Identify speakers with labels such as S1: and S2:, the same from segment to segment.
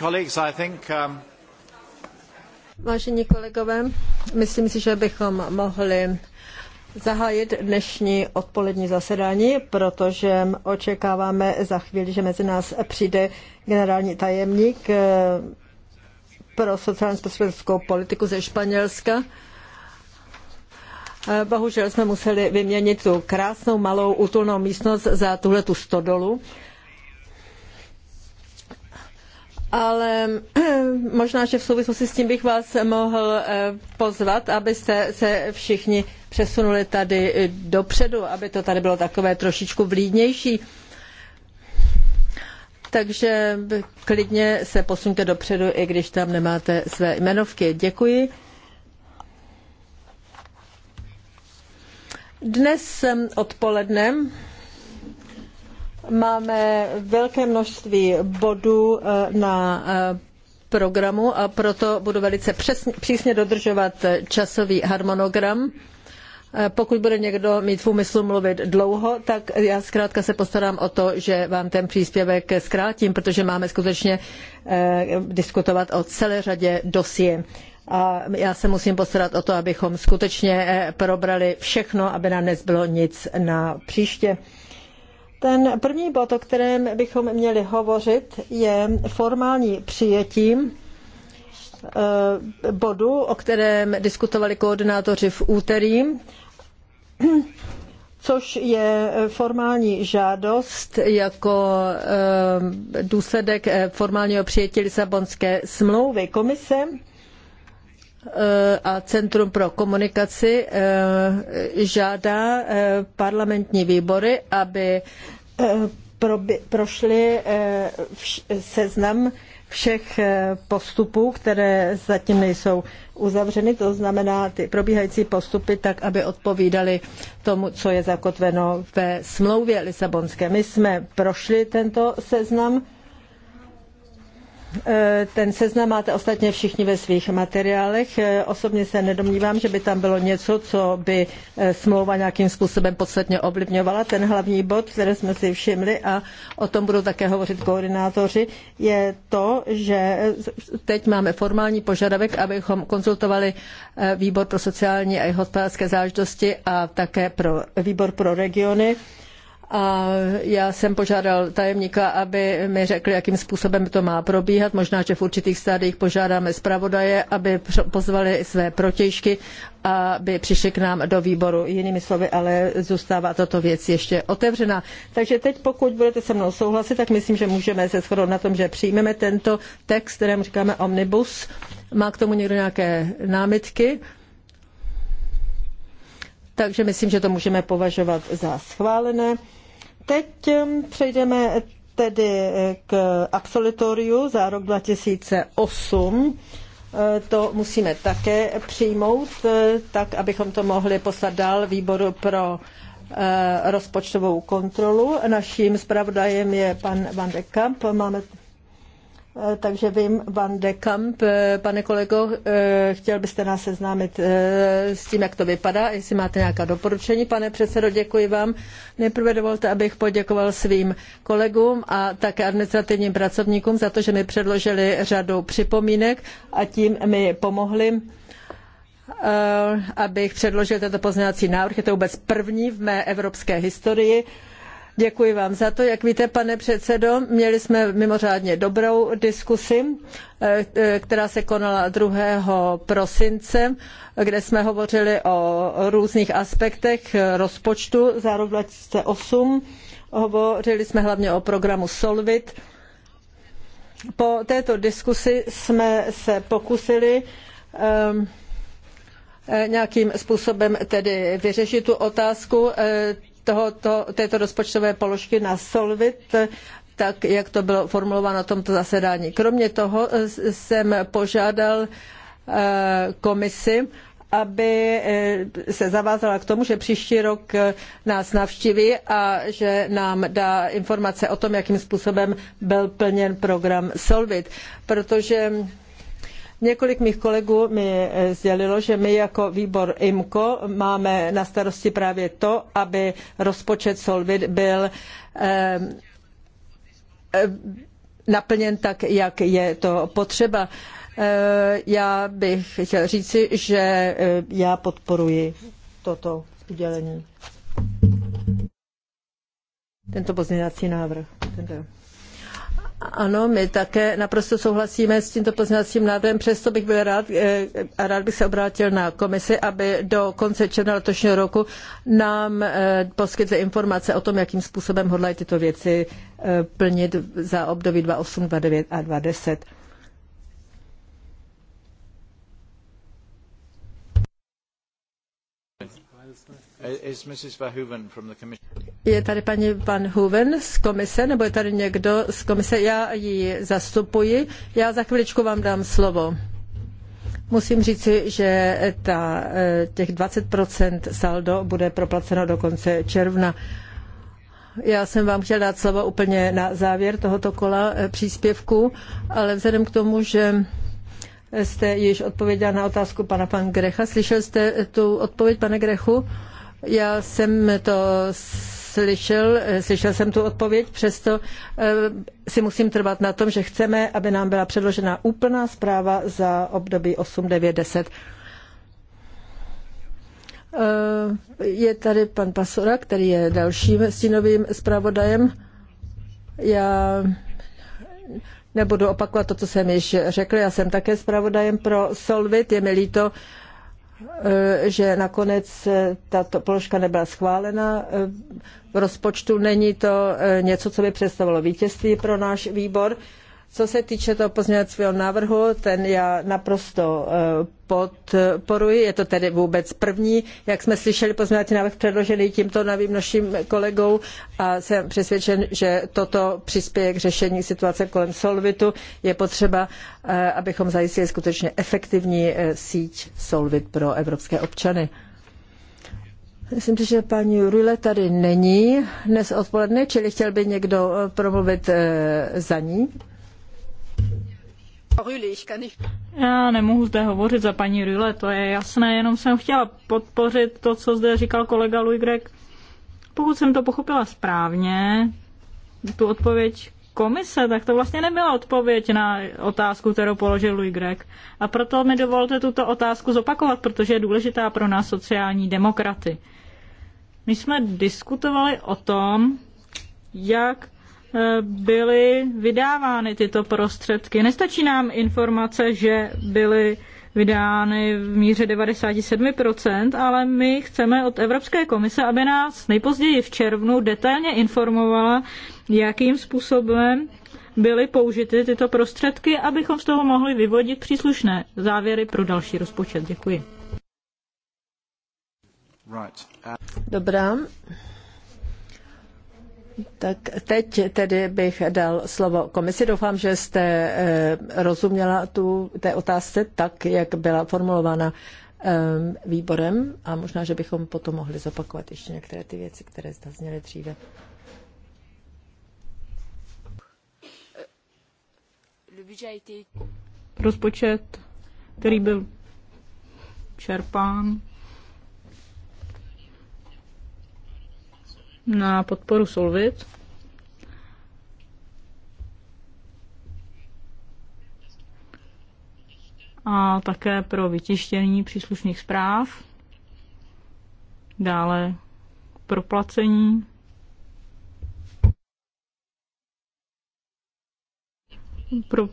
S1: Uh, um,
S2: Vážení kolegové, myslím si, že bychom mohli zahájit dnešní odpolední zasedání, protože očekáváme za chvíli, že mezi nás přijde generální tajemník eh, pro sociálně spotřebitelskou politiku ze Španělska. Eh, bohužel jsme museli vyměnit tu krásnou malou útulnou místnost za tuhle tu stodolu ale možná, že v souvislosti s tím bych vás mohl eh, pozvat, abyste se všichni přesunuli tady eh, dopředu, aby to tady bylo takové trošičku vlídnější. Takže klidně se posuňte dopředu, i když tam nemáte své jmenovky. Děkuji. Dnes eh, odpoledne. Máme velké množství bodů eh, na eh, programu a proto budu velice přesně, přísně dodržovat časový harmonogram. Eh, pokud bude někdo mít v úmyslu mluvit dlouho, tak já zkrátka se postarám o to, že vám ten příspěvek zkrátím, protože máme skutečně diskutovat o celé řadě dosie. A já se musím postarat o to, abychom skutečně probrali všechno, aby nám nezbylo nic na příště. Ten první bod, o kterém bychom měli hovořit, je formální přijetí eh, bodu, o kterém diskutovali koordinátoři v úterý, což je formální žádost jako eh, důsledek eh, formálního přijetí Lisabonské smlouvy. Komise Eh, a Centrum pro komunikaci eh, žádá eh, parlamentní výbory, aby prošli seznam všech postupů, které zatím nejsou uzavřeny, to znamená ty probíhající postupy, tak aby odpovídaly tomu, co je zakotveno ve smlouvě Lisabonské. My jsme prošli tento seznam Eh, ten seznam máte ostatně všichni ve svých materiálech. Eh, osobně se nedomnívám, že by tam bylo něco, co by eh, smlouva nějakým způsobem podstatně ovlivňovala. Ten hlavní bod, který jsme si všimli a o tom budou také hovořit koordinátoři, je to, že teď máme formální požadavek, abychom konzultovali výbor pro sociální a hospodářské záležitosti a také pro výbor pro regiony a já jsem požádal tajemníka, aby mi řekl, jakým způsobem to má probíhat. Možná, že v určitých stádiích požádáme zpravodaje, aby pozvali své protějšky, aby přišli k nám do výboru. Jinými slovy, ale zůstává tato věc ještě otevřená. Takže teď, pokud budete se mnou souhlasit, tak myslím, že můžeme se shodnout na tom, že přijmeme tento text, kterému říkáme omnibus. Má k tomu někdo nějaké námitky? Takže myslím, že to můžeme považovat za schválené. Teď um, přejdeme tedy eh, k absolutoriu za rok 2008. Eh, to musíme také přijmout, eh, tak abychom to mohli poslat dál výboru pro rozpočtovou kontrolu. Naším zpravodajem je pan Van de Kamp. Máme Eh, takže vím, Van de Kamp, eh, pane kolego, eh, chtěl byste nás seznámit s tím, jak to vypadá, jestli máte nějaká doporučení. Pane předsedo, děkuji vám. Nejprve dovolte, abych poděkoval svým kolegům a také administrativním pracovníkům za to, že mi předložili řadu připomínek a tím mi pomohli abych předložil tento pozměňovací návrh. Je to vůbec první v mé evropské historii. Děkuji vám za to. Jak víte, pane předsedo, měli jsme mimořádně dobrou diskusi, eh, která se konala 2. prosince, kde jsme hovořili o různých aspektech rozpočtu za rok 2008. Hovořili jsme hlavně o programu Solvit. Po této diskusi jsme se pokusili ehm, eh, nějakým způsobem tedy vyřešit tu otázku eh, tohoto, této rozpočtové položky na Solvit, tak jak to bylo formulováno na tomto zasedání. Kromě toho eh, jsem požádal eh, komisi, aby eh, se zavázala k tomu, že příští rok nás navštíví a že nám dá informace o tom, jakým způsobem byl plněn program Solvit. Protože Několik mých kolegů mi eh, sdělilo, že my jako výbor IMCO máme na starosti právě to, aby rozpočet Solvit byl eh, eh, naplněn tak, jak je to potřeba. Já bych chtěl říci, že já podporuji toto udělení. Tento pozměňovací návrh. Tento. Ano, my také naprosto souhlasíme s tímto pozměňovacím návrhem, přesto bych byl rád eh, a rád bych se obrátil na komisi, aby do konce června letošního roku nám eh, poskytli informace o tom, jakým způsobem hodlají tyto věci eh, plnit za období 2008, 2009 a 2010. Je tady paní Van Hoven z komise, nebo je tady někdo z komise? Já ji zastupuji. Já za chviličku vám dám slovo. Musím říci, že ta, eh, těch 20% saldo bude proplaceno do konce června. Já jsem vám chtěla dát slovo úplně na závěr tohoto kola eh, příspěvku, ale vzhledem k tomu, že jste již odpověděla na otázku pana pan Grecha, slyšel jste tu odpověď, pane Grechu? Já jsem to slyšel, slyšel jsem tu odpověď, přesto eh, si musím trvat na tom, že chceme, aby nám byla předložena úplná zpráva za období 8, 9, 10. Je tady pan Pasora, který je dalším stínovým zpravodajem. Já nebudu opakovat to, co jsem již řekl. Já jsem také zpravodajem pro Solvit. Je mi líto, Eh, že nakonec eh, tato položka nebyla schválena. Eh, v rozpočtu není to něco, co by představovalo vítězství pro náš výbor. Co se týče toho pozměňovacího návrhu, ten já naprosto eh, podporuji. Je to tedy vůbec první, jak jsme slyšeli, pozměňovací návrh předložený tímto novým naším kolegou a jsem přesvědčen, že toto přispěje k řešení situace kolem Solvitu. Je potřeba, eh, abychom zajistili skutečně efektivní eh, síť Solvit pro evropské občany. Myslím si, že paní Rule tady není dnes odpoledne, čili chtěl by někdo promluvit za ní.
S3: Já nemohu zde hovořit za paní Rüle, to je jasné, jenom jsem chtěla podpořit to, co zde říkal kolega Louis Greg. Pokud jsem to pochopila správně, tu odpověď komise, tak to vlastně nebyla odpověď na otázku, kterou položil Louis Greg. A proto mi dovolte tuto otázku zopakovat, protože je důležitá pro nás sociální demokraty. My jsme diskutovali o tom, jak byly vydávány tyto prostředky. Nestačí nám informace, že byly vydány v míře 97%, ale my chceme od Evropské komise, aby nás nejpozději v červnu detailně informovala, jakým způsobem byly použity tyto prostředky, abychom z toho mohli vyvodit příslušné závěry
S2: pro další rozpočet. Děkuji. Dobrá. Tak teď tedy bych dal slovo komisi. Doufám, že jste eh, rozuměla tu, té otázce tak, jak byla formulována eh, výborem a možná, že bychom potom mohli zopakovat ještě některé ty věci, které zazněly dříve.
S3: Rozpočet, který byl čerpán, na podporu Solvit. A také pro vytištění příslušných zpráv. Dále proplacení pro,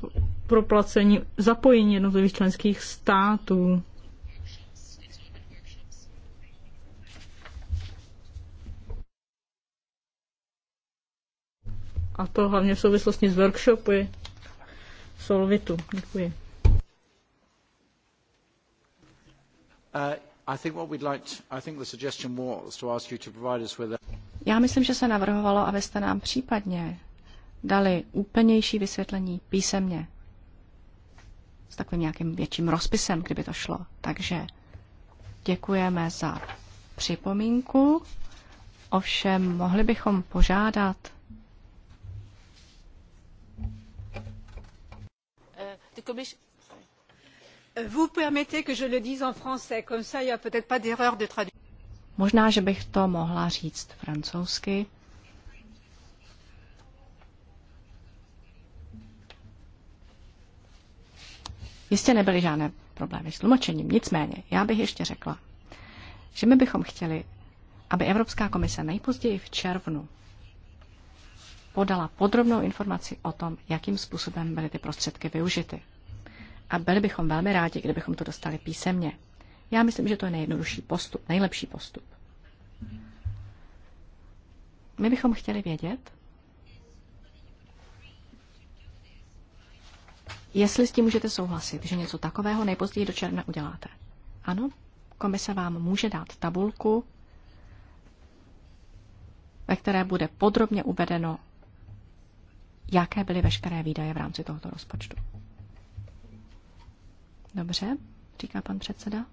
S3: proplacení, zapojení jednotlivých členských států A to hlavně v souvislosti s workshopy Solvitu. Děkuji.
S1: Já myslím, že se navrhovalo, abyste nám případně dali úplnější vysvětlení písemně. S takovým nějakým větším rozpisem, kdyby to šlo. Takže děkujeme za připomínku. Ovšem, mohli bychom požádat Vous permettez que je le dise en
S3: français, comme ça il n'y a peut-être pas d'erreur de traduction.
S1: Možná, že bych to mohla říct francouzsky. Jistě nebyly žádné problémy s tlumočením, nicméně já bych ještě řekla, že my bychom chtěli, aby Evropská komise nejpozději v červnu podala podrobnou informaci o tom, jakým způsobem byly ty prostředky využity. A byli bychom velmi rádi, kdybychom to dostali písemně. Já myslím, že to je nejjednodušší postup, nejlepší postup. My bychom chtěli vědět, jestli s tím můžete souhlasit, že něco takového nejpozději do června uděláte. Ano, komise vám může dát tabulku, ve které bude podrobně uvedeno, jaké byly veškeré výdaje v rámci tohoto rozpočtu. Dobře, říká pan předseda.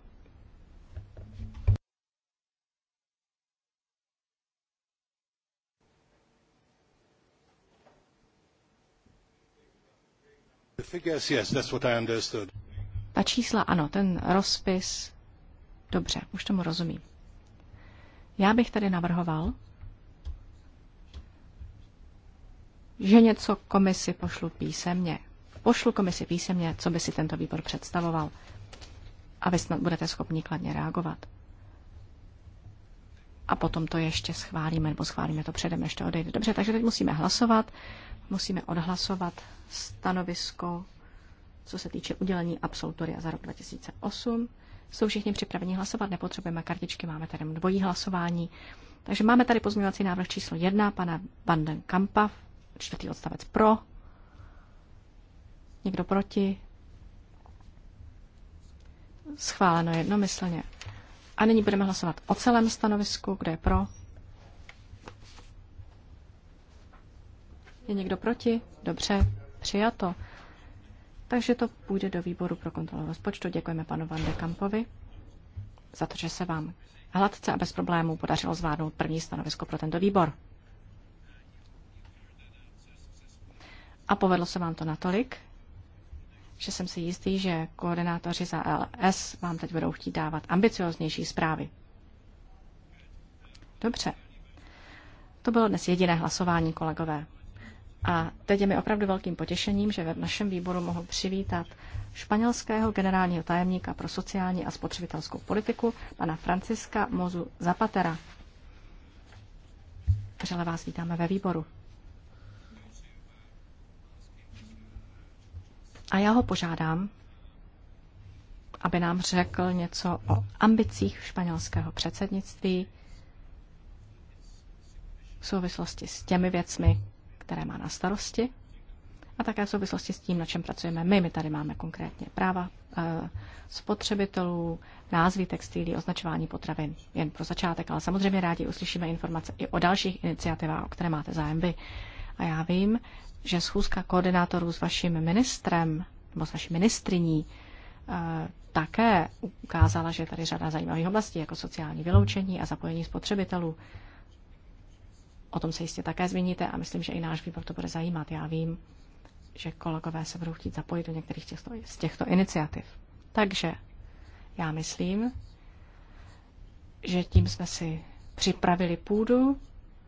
S1: Ta čísla, ano, ten rozpis. Dobře, už tomu rozumím. Já bych tady navrhoval, že něco komisi pošlu písemně. Pošlu komisi písemně, co by si tento výbor představoval. A vy snad budete schopni kladně reagovat. A potom to ještě schválíme, nebo schválíme to předem, než to odejde. Dobře, takže teď musíme hlasovat. Musíme odhlasovat stanovisko, co se týče udělení absolutoria za rok 2008. Jsou všichni připraveni hlasovat, nepotřebujeme kartičky, máme tady dvojí hlasování. Takže máme tady pozměňovací návrh číslo 1 pana Vanden Kampa čtvrtý odstavec pro, někdo proti. Schváleno jednomyslně. A nyní budeme hlasovat o celém stanovisku, kde je pro. Je někdo proti? Dobře, přijato. Takže to půjde do výboru pro kontrolu rozpočtu. Děkujeme panu Van de Kampovi za to, že se vám hladce a bez problémů podařilo zvládnout první stanovisko pro tento výbor. A povedlo se vám to natolik, že jsem si jistý, že koordinátoři za LS vám teď budou chtít dávat ambicioznější zprávy. Dobře. To bylo dnes jediné hlasování, kolegové. A teď je mi opravdu velkým potěšením, že ve našem výboru mohu přivítat španělského generálního tajemníka pro sociální a spotřebitelskou politiku, pana Franciska Mozu Zapatera. Řele vás vítáme ve výboru. A já ho požádám, aby nám řekl něco o ambicích španělského předsednictví v souvislosti s těmi věcmi, které má na starosti a také v souvislosti s tím, na čem pracujeme my. My tady máme konkrétně práva eh, spotřebitelů, názvy textilí, označování potravin jen pro začátek, ale samozřejmě rádi uslyšíme informace i o dalších iniciativách, o které máte zájem vy. A já vím, že schůzka koordinátorů s vaším ministrem nebo s vaší ministriní eh, také ukázala, že je tady řada zajímavých oblastí, jako sociální vyloučení a zapojení spotřebitelů. O tom se jistě také zmíníte a myslím, že i náš výbor to bude zajímat. Já vím, že kolegové se budou chtít zapojit do některých těchto, z těchto iniciativ. Takže já myslím, že tím jsme si připravili půdu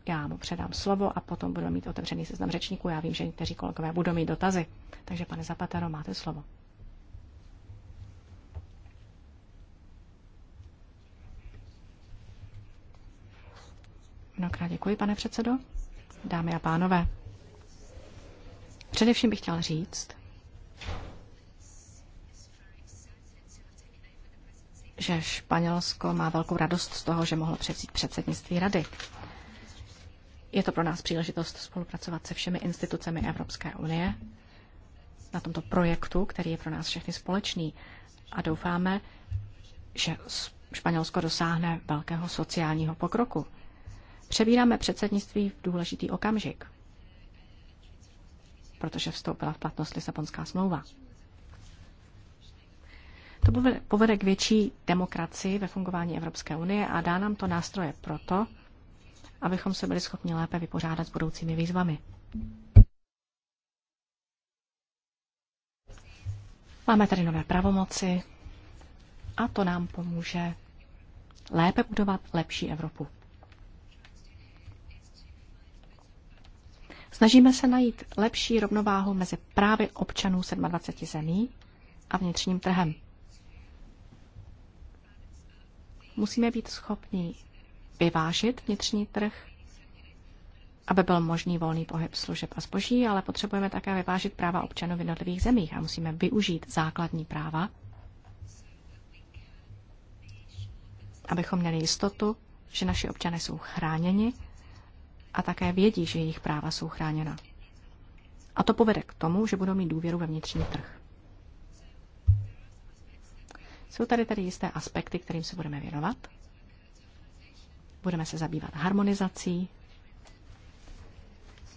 S1: já mu předám slovo a potom budeme mít otevřený seznam řečníků. Já vím, že někteří kolegové budou mít dotazy. Takže, pane Zapatero, máte slovo. Mnohokrát děkuji, pane předsedo. Dámy a pánové, především bych chtěl říct, že Španělsko má velkou radost z toho, že mohlo převzít předsednictví rady. Je to pro nás příležitost spolupracovat se všemi institucemi Evropské unie na tomto projektu, který je pro nás všechny společný. A doufáme, že Španělsko dosáhne velkého sociálního pokroku. Přebíráme předsednictví v důležitý okamžik, protože vstoupila v platnost Lisabonská smlouva. To povede k větší demokracii ve fungování Evropské unie a dá nám to nástroje proto, abychom se byli schopni lépe vypořádat s budoucími výzvami. Máme tady nové pravomoci a to nám pomůže lépe budovat lepší Evropu. Snažíme se najít lepší rovnováhu mezi právy občanů 27 zemí a vnitřním trhem. Musíme být schopni vyvážit vnitřní trh, aby byl možný volný pohyb služeb a zboží, ale potřebujeme také vyvážit práva občanů v jednotlivých zemích a musíme využít základní práva, abychom měli jistotu, že naši občané jsou chráněni a také vědí, že jejich práva jsou chráněna. A to povede k tomu, že budou mít důvěru ve vnitřní trh. Jsou tady tedy jisté aspekty, kterým se budeme věnovat Budeme se zabývat harmonizací.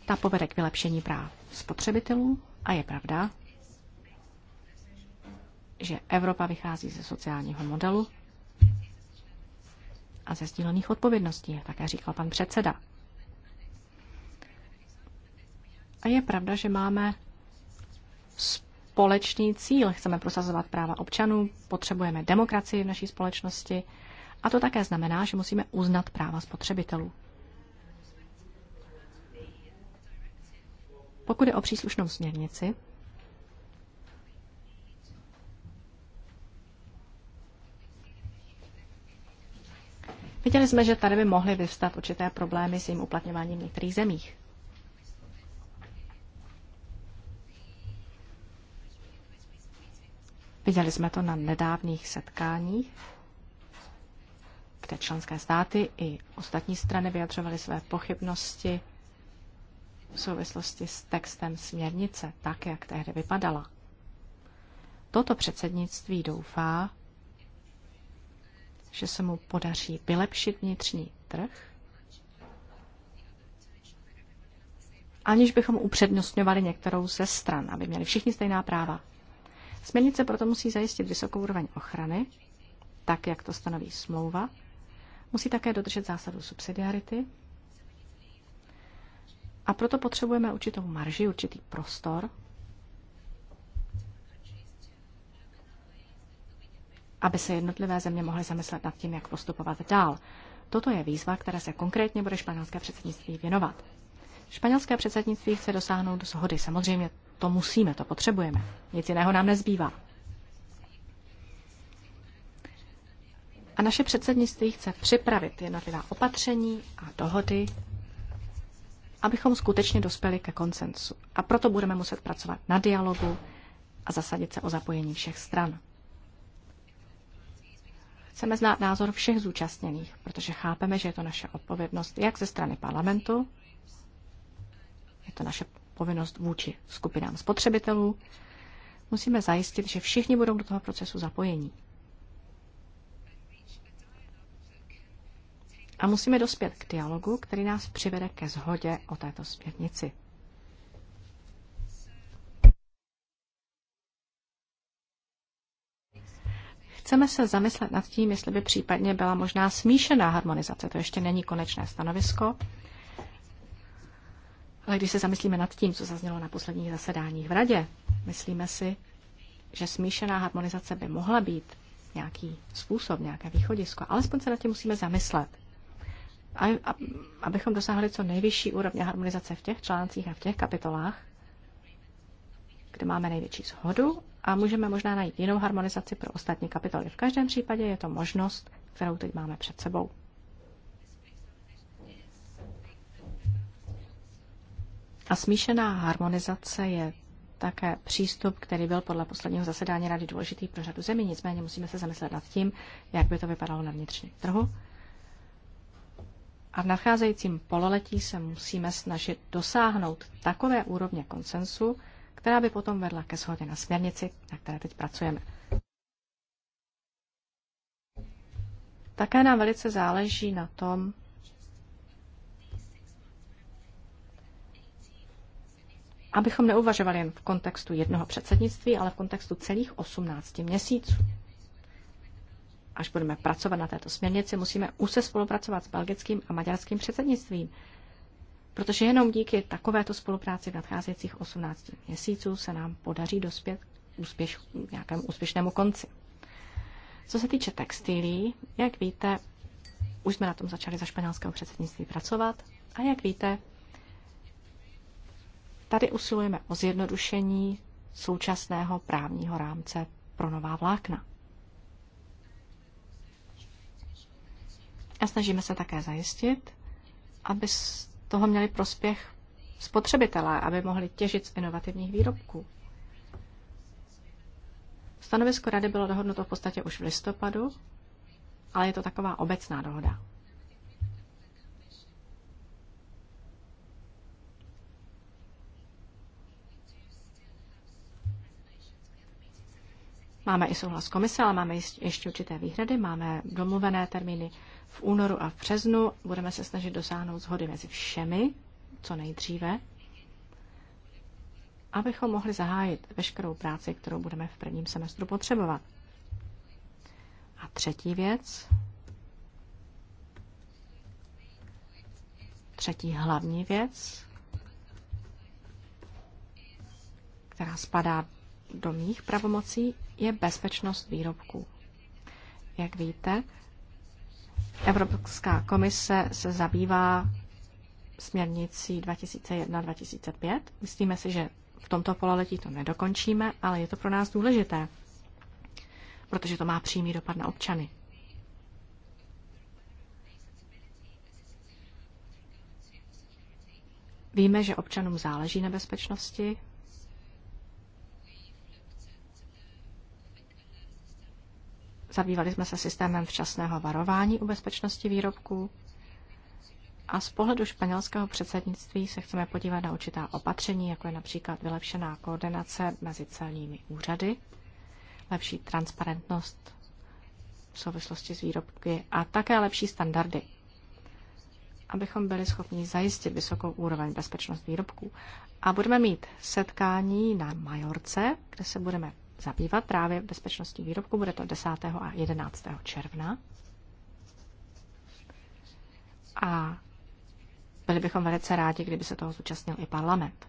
S1: Ta povede k vylepšení práv spotřebitelů a je pravda, že Evropa vychází ze sociálního modelu a ze sdílených odpovědností, jak také říkal pan předseda. A je pravda, že máme společný cíl. Chceme prosazovat práva občanů, potřebujeme demokracii v naší společnosti a to také znamená, že musíme uznat práva spotřebitelů. Pokud je o příslušnou směrnici, Viděli jsme, že tady by mohly vyvstat určité problémy s jejím uplatňováním v některých zemích. Viděli jsme to na nedávných setkáních kde členské státy i ostatní strany vyjadřovaly své pochybnosti v souvislosti s textem směrnice, tak jak tehdy vypadala. Toto předsednictví doufá, že se mu podaří vylepšit vnitřní trh, aniž bychom upřednostňovali některou ze stran, aby měli všichni stejná práva. Směrnice proto musí zajistit vysokou úroveň ochrany, tak jak to stanoví smlouva, musí také dodržet zásadu subsidiarity. A proto potřebujeme určitou marži, určitý prostor, aby se jednotlivé země mohly zamyslet nad tím, jak postupovat dál. Toto je výzva, která se konkrétně bude španělské předsednictví věnovat. Španělské předsednictví chce dosáhnout shody. Samozřejmě to musíme, to potřebujeme. Nic jiného nám nezbývá. A naše předsednictví chce připravit jednotlivá opatření a dohody, abychom skutečně dospěli ke konsensu. A proto budeme muset pracovat na dialogu a zasadit se o zapojení všech stran. Chceme znát názor všech zúčastněných, protože chápeme, že je to naše odpovědnost jak ze strany parlamentu, je to naše povinnost vůči skupinám spotřebitelů. Musíme zajistit, že všichni budou do toho procesu zapojení. A musíme dospět k dialogu, který nás přivede ke shodě o této směrnici. Chceme se zamyslet nad tím, jestli by případně byla možná smíšená harmonizace. To ještě není konečné stanovisko. Ale když se zamyslíme nad tím, co zaznělo na posledních zasedáních v Radě, myslíme si, že smíšená harmonizace by mohla být nějaký způsob, nějaké východisko. Alespoň se nad tím musíme zamyslet a, abychom dosáhli co nejvyšší úrovně harmonizace v těch článcích a v těch kapitolách, kde máme největší shodu a můžeme možná najít jinou harmonizaci pro ostatní kapitoly. V každém případě je to možnost, kterou teď máme před sebou. A smíšená harmonizace je také přístup, který byl podle posledního zasedání rady důležitý pro řadu zemí. Nicméně musíme se zamyslet nad tím, jak by to vypadalo na vnitřním trhu a v nadcházejícím pololetí se musíme snažit dosáhnout takové úrovně konsensu, která by potom vedla ke shodě na směrnici, na které teď pracujeme. Také nám velice záleží na tom, abychom neuvažovali jen v kontextu jednoho předsednictví, ale v kontextu celých 18 měsíců až budeme pracovat na této směrnici, musíme úzce spolupracovat s belgickým a maďarským předsednictvím, protože jenom díky takovéto spolupráci v nadcházejících 18 měsíců se nám podaří dospět úspěš, nějakému úspěšnému konci. Co se týče textilí, jak víte, už jsme na tom začali za španělského předsednictví pracovat a jak víte, tady usilujeme o zjednodušení současného právního rámce pro nová vlákna. A snažíme se také zajistit, aby z toho měli prospěch spotřebitelé, aby mohli těžit z inovativních výrobků. Stanovisko rady bylo dohodnuto v podstatě už v listopadu, ale je to taková obecná dohoda. Máme i souhlas komise, ale máme ještě určité výhrady. Máme domluvené termíny v únoru a v březnu budeme se snažit dosáhnout zhody mezi všemi, co nejdříve, abychom mohli zahájit veškerou práci, kterou budeme v prvním semestru potřebovat. A třetí věc, třetí hlavní věc, která spadá do mých pravomocí, je bezpečnost výrobků. Jak víte, Evropská komise se zabývá směrnicí 2001-2005. Myslíme si, že v tomto pololetí to nedokončíme, ale je to pro nás důležité, protože to má přímý dopad na občany. Víme, že občanům záleží na bezpečnosti, Zabývali jsme se systémem včasného varování u bezpečnosti výrobků a z pohledu španělského předsednictví se chceme podívat na určitá opatření, jako je například vylepšená koordinace mezi celními úřady, lepší transparentnost v souvislosti s výrobky a také lepší standardy, abychom byli schopni zajistit vysokou úroveň bezpečnost výrobků. A budeme mít setkání na Majorce, kde se budeme zabývat právě bezpečností výrobku. Bude to 10. a 11. června. A byli bychom velice rádi, kdyby se toho zúčastnil i parlament.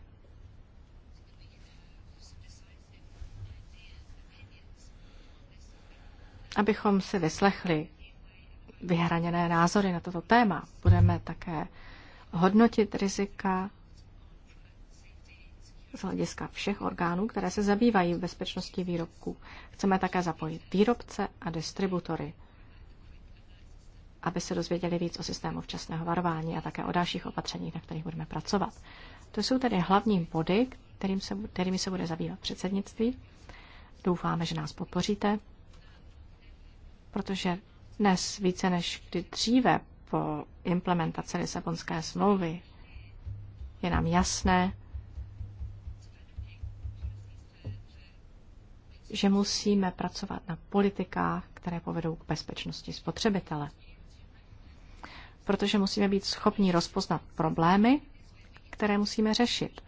S1: Abychom si vyslechli vyhraněné názory na toto téma, budeme také hodnotit rizika z hlediska všech orgánů, které se zabývají bezpečnosti výrobků. Chceme také zapojit výrobce a distributory, aby se dozvěděli víc o systému včasného varování a také o dalších opatřeních, na kterých budeme pracovat. To jsou tedy hlavní body, kterým se, kterými se bude zabývat předsednictví. Doufáme, že nás podpoříte, protože dnes více než kdy dříve po implementaci Lisabonské smlouvy je nám jasné, že musíme pracovat na politikách, které povedou k bezpečnosti spotřebitele. Protože musíme být schopni rozpoznat problémy, které musíme řešit.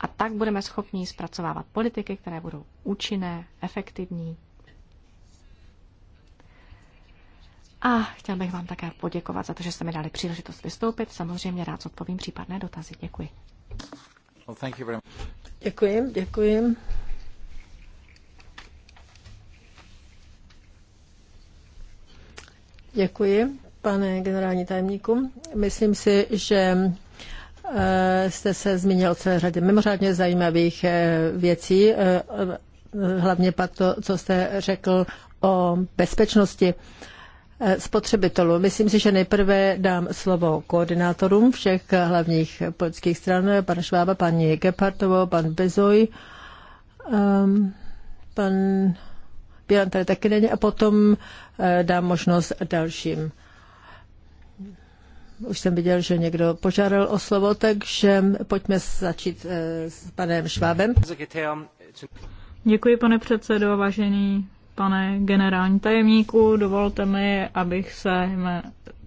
S1: A tak budeme schopni zpracovávat politiky, které budou účinné, efektivní. A chtěl bych vám také poděkovat za to, že jste mi dali příležitost vystoupit. Samozřejmě rád odpovím případné
S2: dotazy. Děkuji. Well, Děkuji, děkuji. Děkuji, pane generální tajemníku. Myslím si, že eh, jste se zmínil o celé řadě mimořádně zajímavých eh, věcí, eh, hlavně pak to, co jste řekl o bezpečnosti spotřebitelů. Myslím si, že nejprve dám slovo koordinátorům všech hlavních politických stran, pan Švába, paní Gepartovo, pan Bezoj, ehm, pan Bilan tady taky není a potom eh, dám možnost dalším. Už jsem viděl, že někdo požádal o slovo, takže pojďme začít eh, s panem Švábem.
S3: Děkuji, pane předsedo, vážený pane generální tajemníku. Dovolte mi, abych, se,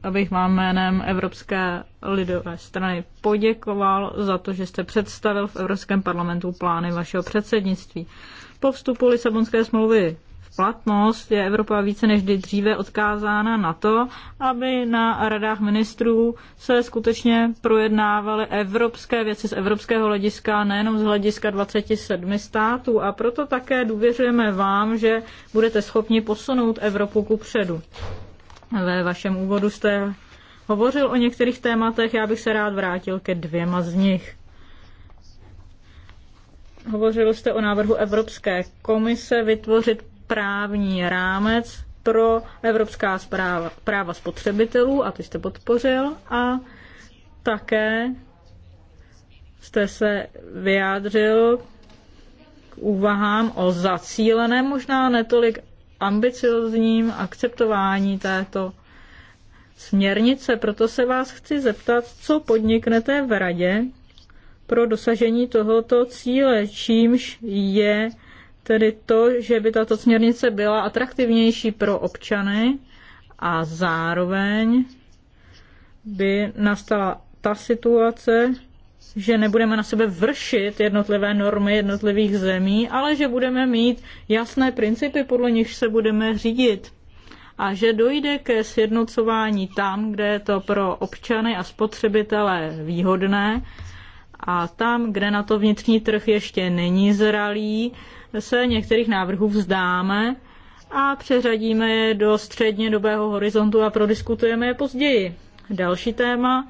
S3: abych vám jménem Evropské lidové strany poděkoval za to, že jste představil v Evropském parlamentu plány vašeho předsednictví. Po vstupu Lisabonské smlouvy platnost, je Evropa více než kdy dříve odkázána na to, aby na radách ministrů se skutečně projednávaly evropské věci z evropského hlediska, nejenom z hlediska 27 států. A proto také důvěřujeme vám, že budete schopni posunout Evropu ku předu. Ve vašem úvodu jste hovořil o některých tématech, já bych se rád vrátil ke dvěma z nich. Hovořil jste o návrhu Evropské komise vytvořit právní rámec pro evropská zpráva, práva spotřebitelů, a ty jste podpořil, a také jste se vyjádřil k úvahám o zacílené možná netolik ambiciozním akceptování této směrnice. Proto se vás chci zeptat, co podniknete v radě pro dosažení tohoto cíle, čímž je tedy to, že by tato směrnice byla atraktivnější pro občany a zároveň by nastala ta situace, že nebudeme na sebe vršit jednotlivé normy jednotlivých zemí, ale že budeme mít jasné principy, podle nichž se budeme řídit. A že dojde ke sjednocování tam, kde je to pro občany a spotřebitele výhodné a tam, kde na to vnitřní trh ještě není zralý, se některých návrhů vzdáme a přeřadíme je do střednědobého horizontu a prodiskutujeme je později. Další téma,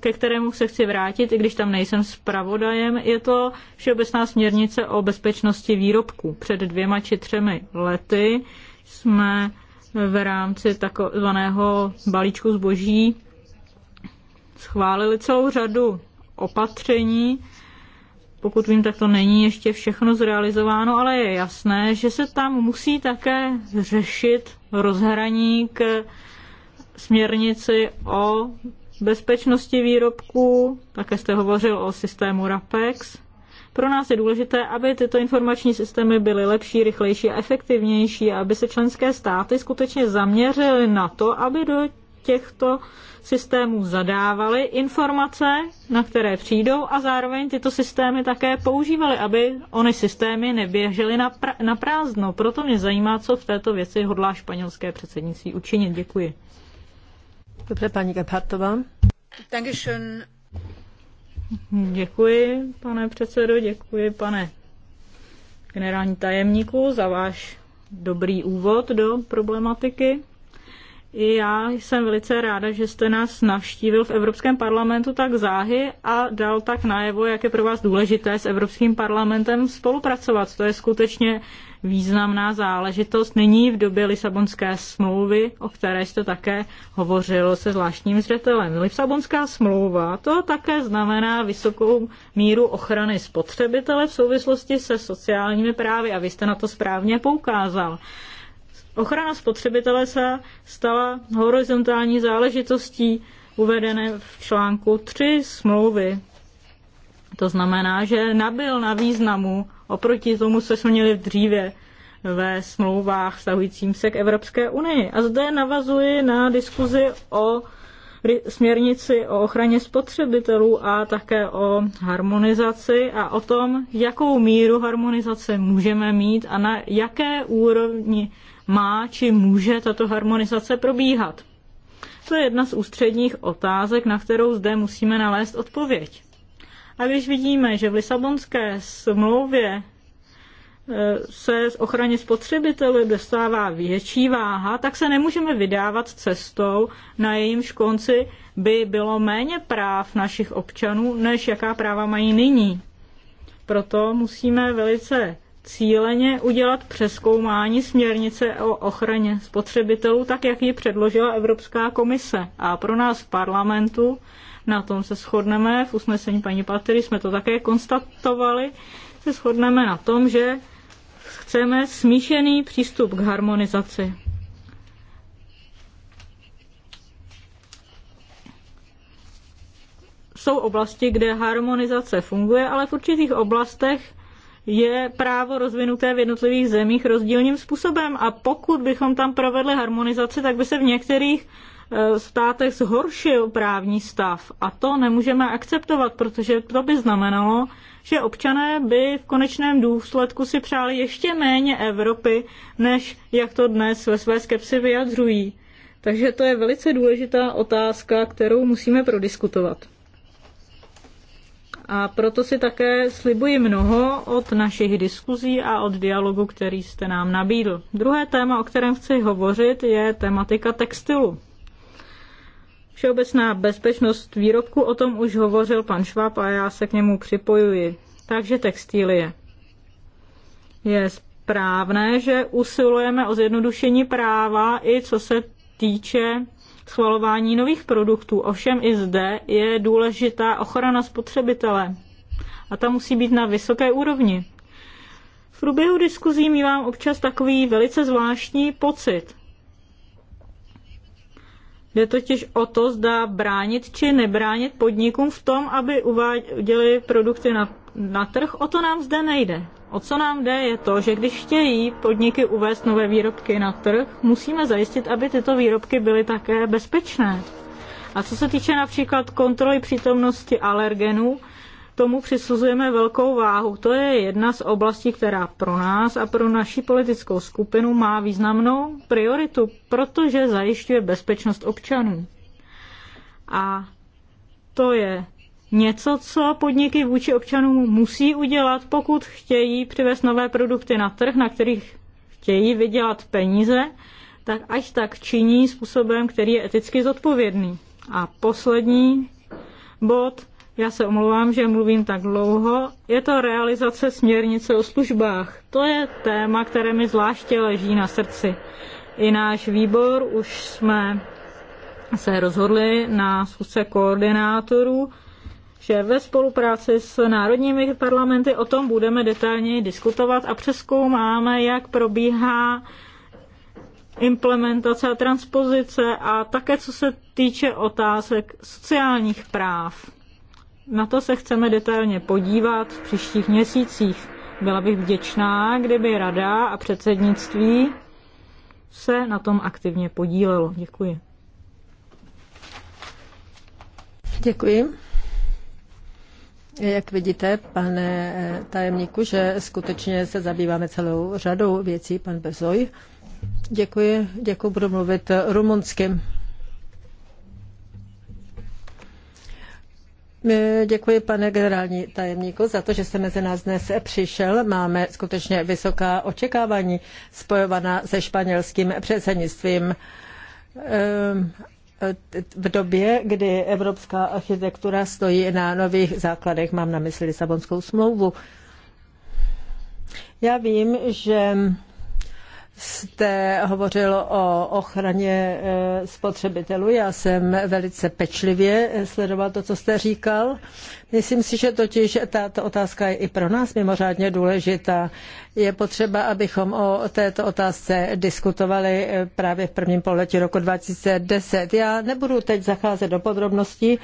S3: ke kterému se chci vrátit, i když tam nejsem zpravodajem, je to Všeobecná směrnice o bezpečnosti výrobků. Před dvěma či třemi lety jsme v rámci takzvaného balíčku zboží schválili celou řadu opatření, pokud vím, tak to není ještě všechno zrealizováno, ale je jasné, že se tam musí také řešit rozhraní k směrnici o bezpečnosti výrobků, také jste hovořil o systému RAPEX. Pro nás je důležité, aby tyto informační systémy byly lepší, rychlejší a efektivnější, aby se členské státy skutečně zaměřily na to, aby do těchto systémů zadávaly informace, na které přijdou a zároveň tyto systémy také používaly, aby ony systémy neběžely na, pr- na prázdno. Proto mě zajímá, co v této věci hodlá španělské předsednictví učinit. Děkuji. Dobře, paní Gebhardtová. Děkuji, pane předsedo, děkuji, pane generální tajemníku, za váš dobrý úvod do problematiky. I já jsem velice ráda, že jste nás navštívil v Evropském parlamentu tak záhy a dal tak najevo, jak je pro vás důležité s Evropským parlamentem spolupracovat. To je skutečně významná záležitost. Nyní v době Lisabonské smlouvy, o které jste také hovořil se zvláštním zřetelem. Lisabonská smlouva to také znamená vysokou míru ochrany spotřebitele v souvislosti se sociálními právy a vy jste na to správně poukázal. Ochrana spotřebitele se stala horizontální záležitostí uvedené v článku 3 smlouvy. To znamená, že nabyl na významu oproti tomu, co jsme měli dříve ve smlouvách stahujícím se k Evropské unii. A zde navazuji na diskuzi o směrnici o ochraně spotřebitelů a také o harmonizaci a o tom, jakou míru harmonizace můžeme mít a na jaké úrovni má či může tato harmonizace probíhat? To je jedna z ústředních otázek, na kterou zde musíme nalézt odpověď. A když vidíme, že v Lisabonské smlouvě e, se z ochraně spotřebitelů dostává větší váha, tak se nemůžeme vydávat cestou, na jejímž konci by bylo méně práv našich občanů, než jaká práva mají nyní. Proto musíme velice cíleně udělat přeskoumání směrnice o ochraně spotřebitelů, tak jak ji předložila Evropská komise. A pro nás v parlamentu, na tom se shodneme, v usnesení paní Patry jsme to také konstatovali, se shodneme na tom, že chceme smíšený přístup k harmonizaci. Jsou oblasti, kde harmonizace funguje, ale v určitých oblastech je právo rozvinuté v jednotlivých zemích rozdílným způsobem a pokud bychom tam provedli harmonizaci, tak by se v některých eh, státech zhoršil právní stav a to nemůžeme akceptovat, protože to by znamenalo, že občané by v konečném důsledku si přáli ještě méně Evropy, než jak to dnes ve své skepsi vyjadřují. Takže to je velice důležitá otázka, kterou musíme prodiskutovat. A proto si také slibuji mnoho od našich diskuzí a od dialogu, který jste nám nabídl. Druhé téma, o kterém chci hovořit, je tematika textilu. Všeobecná bezpečnost výrobku, o tom už hovořil pan Švab a já se k němu připojuji. Takže textilie. Je správné, že usilujeme o zjednodušení práva i co se týče schvalování nových produktů. Ovšem i zde je důležitá ochrana spotřebitele. A ta musí být na vysoké úrovni. V průběhu diskuzí mívám občas takový velice zvláštní pocit. Jde totiž o to, zda bránit či nebránit podnikům v tom, aby uváděli produkty na, na trh. O to nám zde nejde. O co nám jde, je to, že když chtějí podniky uvést nové výrobky na trh, musíme zajistit, aby tyto výrobky byly také bezpečné. A co se týče například kontroly přítomnosti alergenů, tomu přisuzujeme velkou váhu. To je jedna z oblastí, která pro nás a pro naši politickou skupinu má významnou prioritu, protože zajišťuje bezpečnost občanů. A to je něco, co podniky vůči občanům musí udělat, pokud chtějí přivést nové produkty na trh, na kterých chtějí vydělat peníze, tak až tak činí způsobem, který je eticky zodpovědný. A poslední bod, já se omlouvám, že mluvím tak dlouho, je to realizace směrnice o službách. To je téma, které mi zvláště leží na srdci. I náš výbor už jsme se rozhodli na schůzce koordinátorů, že ve spolupráci s národními parlamenty o tom budeme detailněji diskutovat a přeskoumáme, jak probíhá implementace a transpozice a také co se týče otázek sociálních práv. Na to se chceme detailně podívat v příštích měsících. Byla bych vděčná, kdyby rada a předsednictví se na tom aktivně podílelo. Děkuji.
S2: Děkuji. Jak vidíte, pane eh, tajemníku, že skutečně se zabýváme celou řadou věcí, pan Bezoj. Děkuji, děkuji, budu mluvit rumunsky. Eh, děkuji, pane generální tajemníku, za to, že jste mezi nás dnes přišel. Máme skutečně vysoká očekávání spojovaná se španělským předsednictvím ehm, v době, kdy evropská architektura stojí na nových základech, mám na mysli Lisabonskou smlouvu. Já vím, že jste hovořil o ochraně e, spotřebitelů. Já jsem velice pečlivě e, sledoval to, co jste říkal. Myslím si, že totiž tato otázka je i pro nás mimořádně důležitá. Je potřeba, abychom o této otázce diskutovali e, právě v prvním pololetí roku 2010. Já nebudu teď zacházet do podrobností,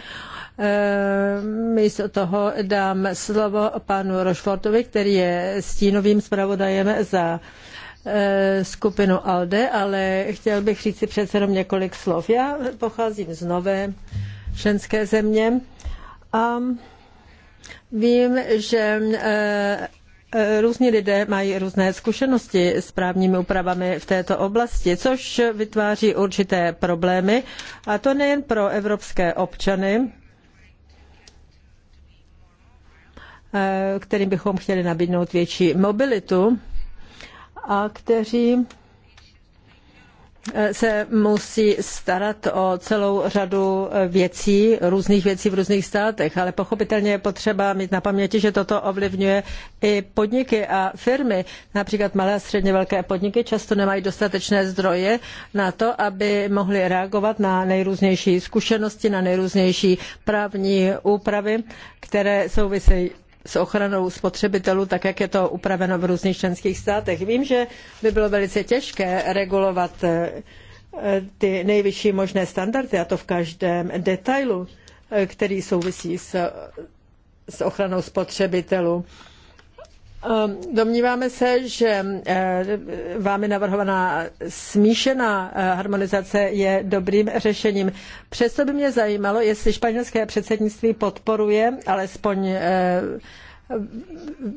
S2: místo toho dám slovo panu Rošfortovi, který je stínovým zpravodajem za Eh, skupinu ALDE, ale chtěl bych říct si přece jenom několik slov. Já pocházím z nové členské země a vím, že eh, eh, Různí lidé mají různé zkušenosti s právními úpravami v této oblasti, což vytváří určité problémy, a to nejen pro evropské občany, kterým bychom chtěli nabídnout větší mobilitu, a kteří eh, se musí starat o celou řadu eh, věcí, různých věcí v různých státech, ale pochopitelně je potřeba mít na paměti, že toto ovlivňuje i podniky a firmy. Například malé a středně velké podniky často nemají dostatečné zdroje na to, aby mohly reagovat na nejrůznější zkušenosti, na nejrůznější právní úpravy, které souvisejí s ochranou spotřebitelů, tak jak je to upraveno v různých členských státech. Vím, že by bylo velice těžké regulovat eh, ty nejvyšší možné standardy, a to v každém detailu, eh, který souvisí s, s ochranou spotřebitelů. Ehm, domníváme se, že eh, vámi navrhovaná smíšená eh, harmonizace je dobrým řešením. Přesto by mě zajímalo, jestli španělské předsednictví podporuje alespoň eh,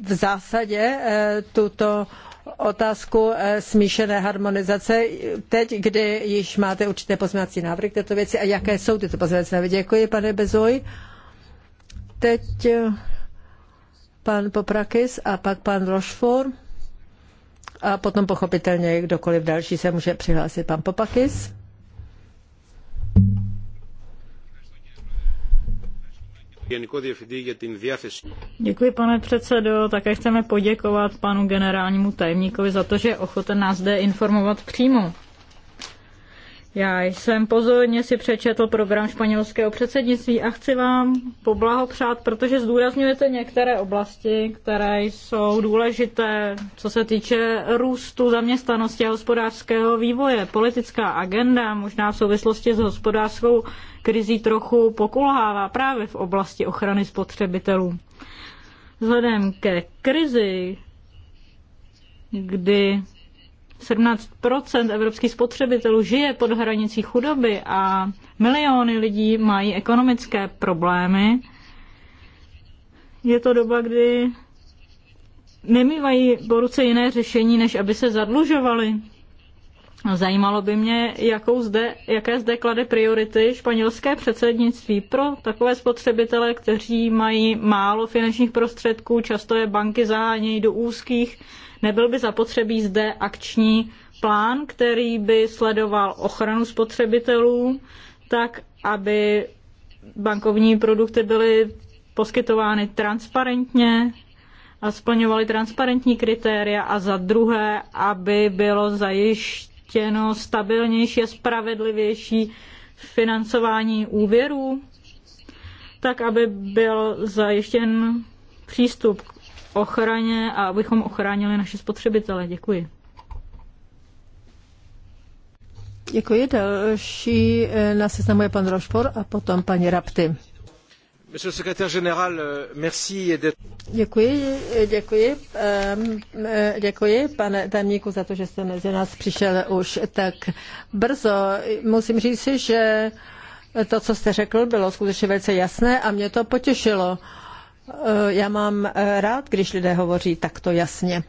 S2: v zásadě tuto otázku smíšené harmonizace. Teď, kdy již máte určité pozměňovací návrhy k této věci a jaké jsou tyto pozměňovací návrhy? Děkuji, pane Bezoj. Teď pan Poprakis a pak pan Rochefort a potom pochopitelně kdokoliv další se může přihlásit. Pan Popakis.
S3: Děkuji, pane předsedo. Také chceme poděkovat panu generálnímu tajemníkovi za to, že je ochoten nás zde informovat přímo. Já jsem pozorně si přečetl program španělského předsednictví a chci vám poblahopřát, protože zdůrazňujete některé oblasti, které jsou důležité, co se týče růstu zaměstnanosti a hospodářského vývoje. Politická agenda možná v souvislosti s hospodářskou krizí trochu pokulhává právě v oblasti ochrany spotřebitelů. Vzhledem ke krizi, kdy 17 evropských spotřebitelů žije pod hranicí chudoby a miliony lidí mají ekonomické problémy, je to doba, kdy nemývají po ruce jiné řešení, než aby se zadlužovali. Zajímalo by mě, jakou zde, jaké zde klade priority španělské předsednictví pro takové spotřebitele, kteří mají málo finančních prostředků, často je banky zahánějí do úzkých Nebyl by zapotřebí zde akční plán, který by sledoval ochranu spotřebitelů, tak aby bankovní produkty byly poskytovány transparentně a splňovaly transparentní kritéria a za druhé, aby bylo zajištěno stabilnější a spravedlivější financování úvěrů, tak aby byl zajištěn přístup k ochraně a abychom ochránili naše spotřebitele. Děkuji.
S2: Děkuji. Další eh, na seznamu je pan Rošpor a potom paní Rapty. Euh, děkuji, děkuji, ehm, eh, děkuji, pane tajemníku, za to, že jste mezi nás přišel už tak brzo. Musím si, že to, co jste řekl, bylo skutečně velice jasné a mě to potěšilo. Eh, já mám eh, rád, když lidé hovoří takto jasně.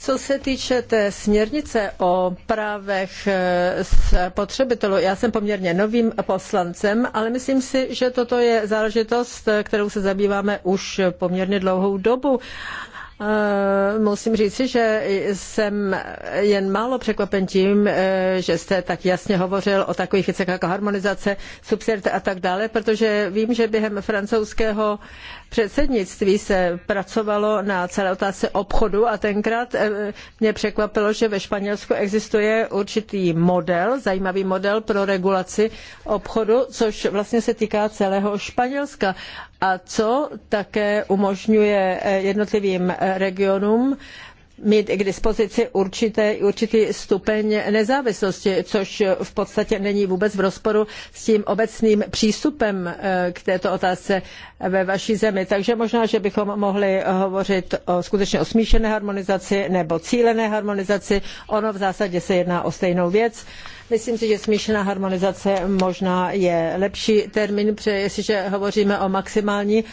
S2: Co se týče té směrnice o právech eh, spotřebitelů, já jsem poměrně novým poslancem, ale myslím si, že toto je záležitost, kterou se zabýváme už poměrně dlouhou dobu. Musím říci, že jsem jen málo překvapen tím, že jste tak jasně hovořil o takových věcech jako harmonizace, subsidiarity a tak dále, protože vím, že během francouzského předsednictví se pracovalo na celé otázce obchodu a tenkrát eh, mě překvapilo, že ve Španělsku existuje určitý model, zajímavý model pro regulaci obchodu, což vlastně se týká celého Španělska a co také umožňuje eh, jednotlivým eh, regionům mít k dispozici určité, určitý stupeň nezávislosti, což v podstatě není vůbec v rozporu s tím obecným přístupem eh, k této otázce ve vaší zemi. Takže možná, že bychom mohli hovořit o, skutečně o smíšené harmonizaci nebo cílené harmonizaci. Ono v zásadě se jedná o stejnou věc. Myslím si, že smíšená harmonizace možná je lepší termín, protože jestliže hovoříme o maximální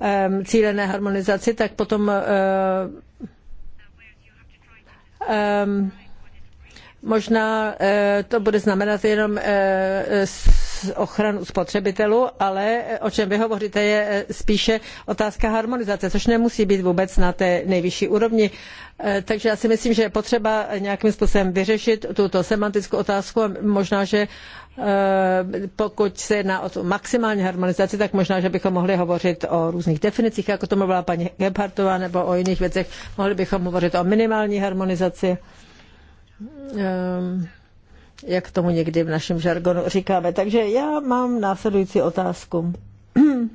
S2: eh, cílené harmonizaci, tak potom eh, Ehm, možná eh, to bude znamenat jenom eh, ochranu spotřebitelů, ale eh, o čem vy hovoříte je spíše otázka harmonizace, což nemusí být vůbec na té nejvyšší úrovni. Takže já si myslím, že je potřeba nějakým způsobem vyřešit tuto semantickou otázku a možná, že Eh, pokud se jedná o tu maximální harmonizaci, tak možná, že bychom mohli hovořit o různých definicích, jako tomu byla paní Gebhardtová, nebo o jiných věcech. Mohli bychom hovořit o minimální harmonizaci, eh, jak tomu někdy v našem žargonu říkáme. Takže já mám následující otázku.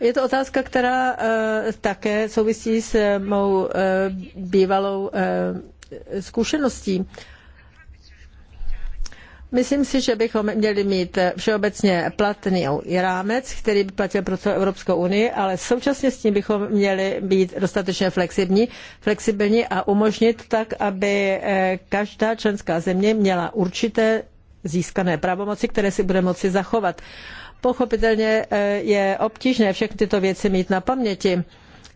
S2: Je to otázka, která eh, také souvisí s mou bývalou zkušeností. Myslím si, že bychom měli mít všeobecně platný rámec, který by platil pro celou Evropskou unii, ale současně s tím bychom měli být dostatečně flexibilní, flexibilní a umožnit tak, aby eh, každá členská země měla určité získané pravomoci, které si bude moci zachovat. Pochopitelně eh, je obtížné všechny tyto věci mít na paměti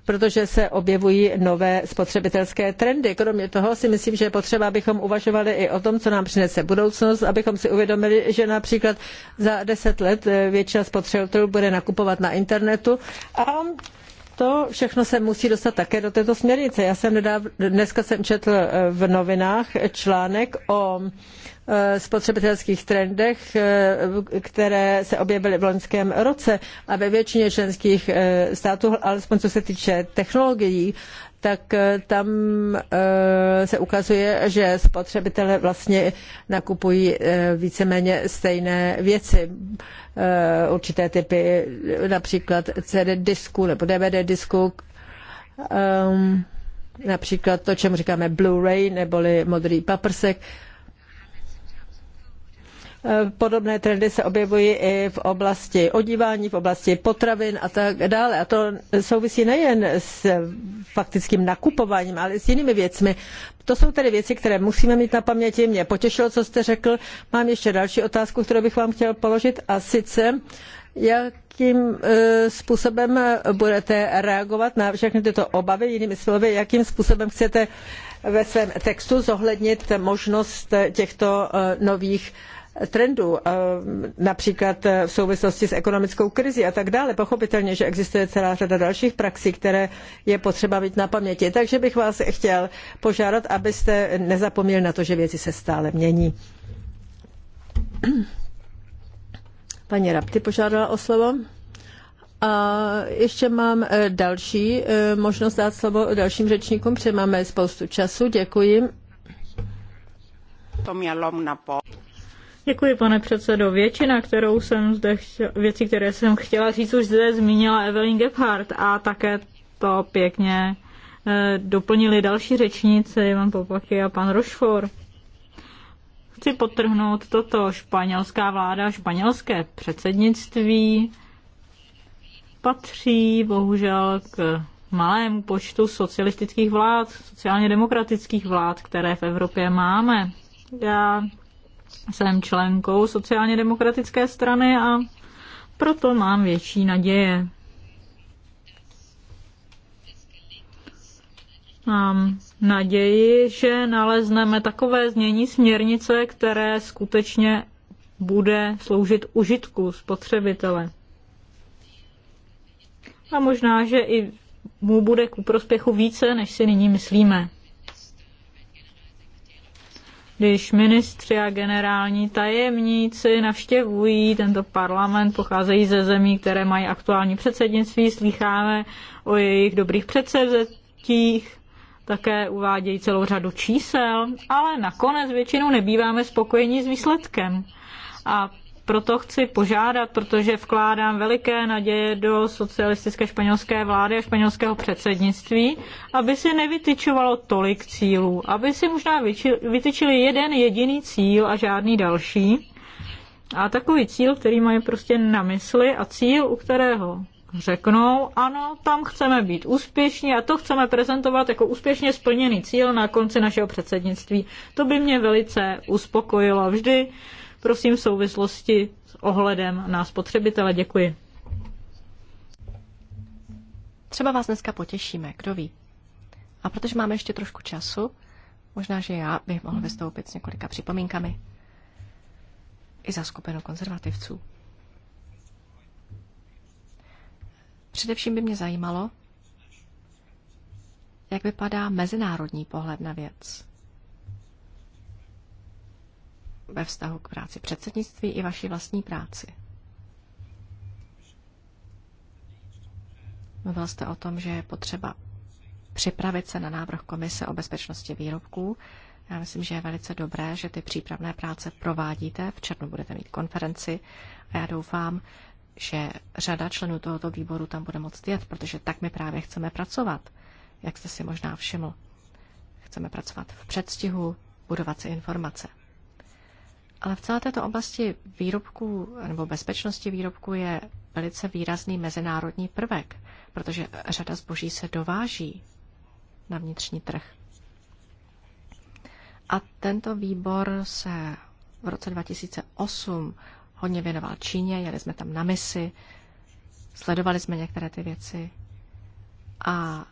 S2: protože se objevují nové spotřebitelské trendy. Kromě toho si myslím, že je potřeba, abychom uvažovali i o tom, co nám přinese budoucnost, abychom si uvědomili, že například za deset let eh, většina spotřebitelů bude nakupovat na internetu a to všechno se musí dostat také do této směrnice. Já jsem nedáv, dneska jsem četl eh, v novinách článek o Eh, spotřebitelských trendech, eh, které se objevily v loňském roce a ve většině členských eh, států, alespoň co se týče technologií, tak tam se ukazuje, že spotřebitelé vlastně nakupují víceméně stejné věci. Určité typy, například CD disku nebo DVD disku, ehm, například to, čemu říkáme Blu-ray neboli modrý paprsek. Podobné trendy se objevují i v oblasti odívání, v oblasti potravin a tak dále. A to souvisí nejen s faktickým nakupováním, ale i s jinými věcmi. To jsou tedy věci, které musíme mít na paměti. Mě potěšilo, co jste řekl. Mám ještě další otázku, kterou bych vám chtěl položit a sice, jakým e, způsobem budete reagovat na všechny tyto obavy, jinými slovy, jakým způsobem chcete ve svém textu zohlednit možnost těchto e, nových trendů, eh, například eh, v souvislosti s ekonomickou krizí a tak dále. Pochopitelně, že existuje celá řada dalších praxí, které je potřeba mít na paměti. Takže bych vás chtěl požádat, abyste nezapomněli na to, že věci se stále mění. Paní Rapty požádala o slovo. A ještě mám eh, další možnost dát slovo dalším řečníkům, protože máme spoustu času. Děkuji. Děkuji,
S3: pane předsedo. Většina, kterou jsem zde chtěl, věci, které jsem chtěla říct, už zde zmínila Evelyn Gebhardt a také to pěkně eh, doplnili další řečníci, Ivan Popaky a pan Rošfor. Chci potrhnout toto. Španělská vláda, španělské předsednictví patří bohužel k malému počtu socialistických vlád, sociálně demokratických vlád, které v Evropě máme. Já jsem členkou sociálně demokratické strany a proto mám větší naděje. Mám naději, že nalezneme takové změní směrnice, které skutečně bude sloužit užitku spotřebitele. A možná, že i mu bude ku prospěchu více, než si nyní myslíme když ministři a generální tajemníci navštěvují tento parlament, pocházejí ze zemí, které mají aktuální předsednictví, slycháme o jejich dobrých předsevzetích, také uvádějí celou řadu čísel, ale nakonec většinou nebýváme spokojeni s výsledkem. A proto chci požádat, protože vkládám veliké naděje do socialistické španělské vlády a španělského předsednictví, aby si nevytyčovalo tolik cílů, aby si možná vytyčili jeden jediný cíl a žádný další. A takový cíl, který mají prostě na mysli a cíl, u kterého řeknou, ano, tam chceme být úspěšní a to chceme prezentovat jako úspěšně splněný cíl na konci našeho předsednictví. To by mě velice uspokojilo. Vždy prosím v souvislosti s ohledem na spotřebitele. Děkuji.
S1: Třeba vás dneska potěšíme, kdo ví. A protože máme ještě trošku času, možná, že já bych mohl vystoupit s několika připomínkami. I za skupinu konzervativců. Především by mě zajímalo, jak vypadá mezinárodní pohled na věc ve vztahu k práci předsednictví i vaší vlastní práci. Mluvil jste o tom, že je potřeba připravit se na návrh Komise o bezpečnosti výrobků. Já myslím, že je velice dobré, že ty přípravné práce provádíte. V červnu budete mít konferenci a já doufám, že řada členů tohoto výboru tam bude moct jet, protože tak my právě chceme pracovat, jak jste si možná všiml. Chceme pracovat v předstihu, budovat si informace. Ale v celé této oblasti výrobku nebo bezpečnosti výrobku je velice výrazný mezinárodní prvek, protože řada zboží se dováží na vnitřní trh. A tento výbor se v roce 2008 hodně věnoval Číně, jeli jsme tam na misi, sledovali jsme některé ty věci. A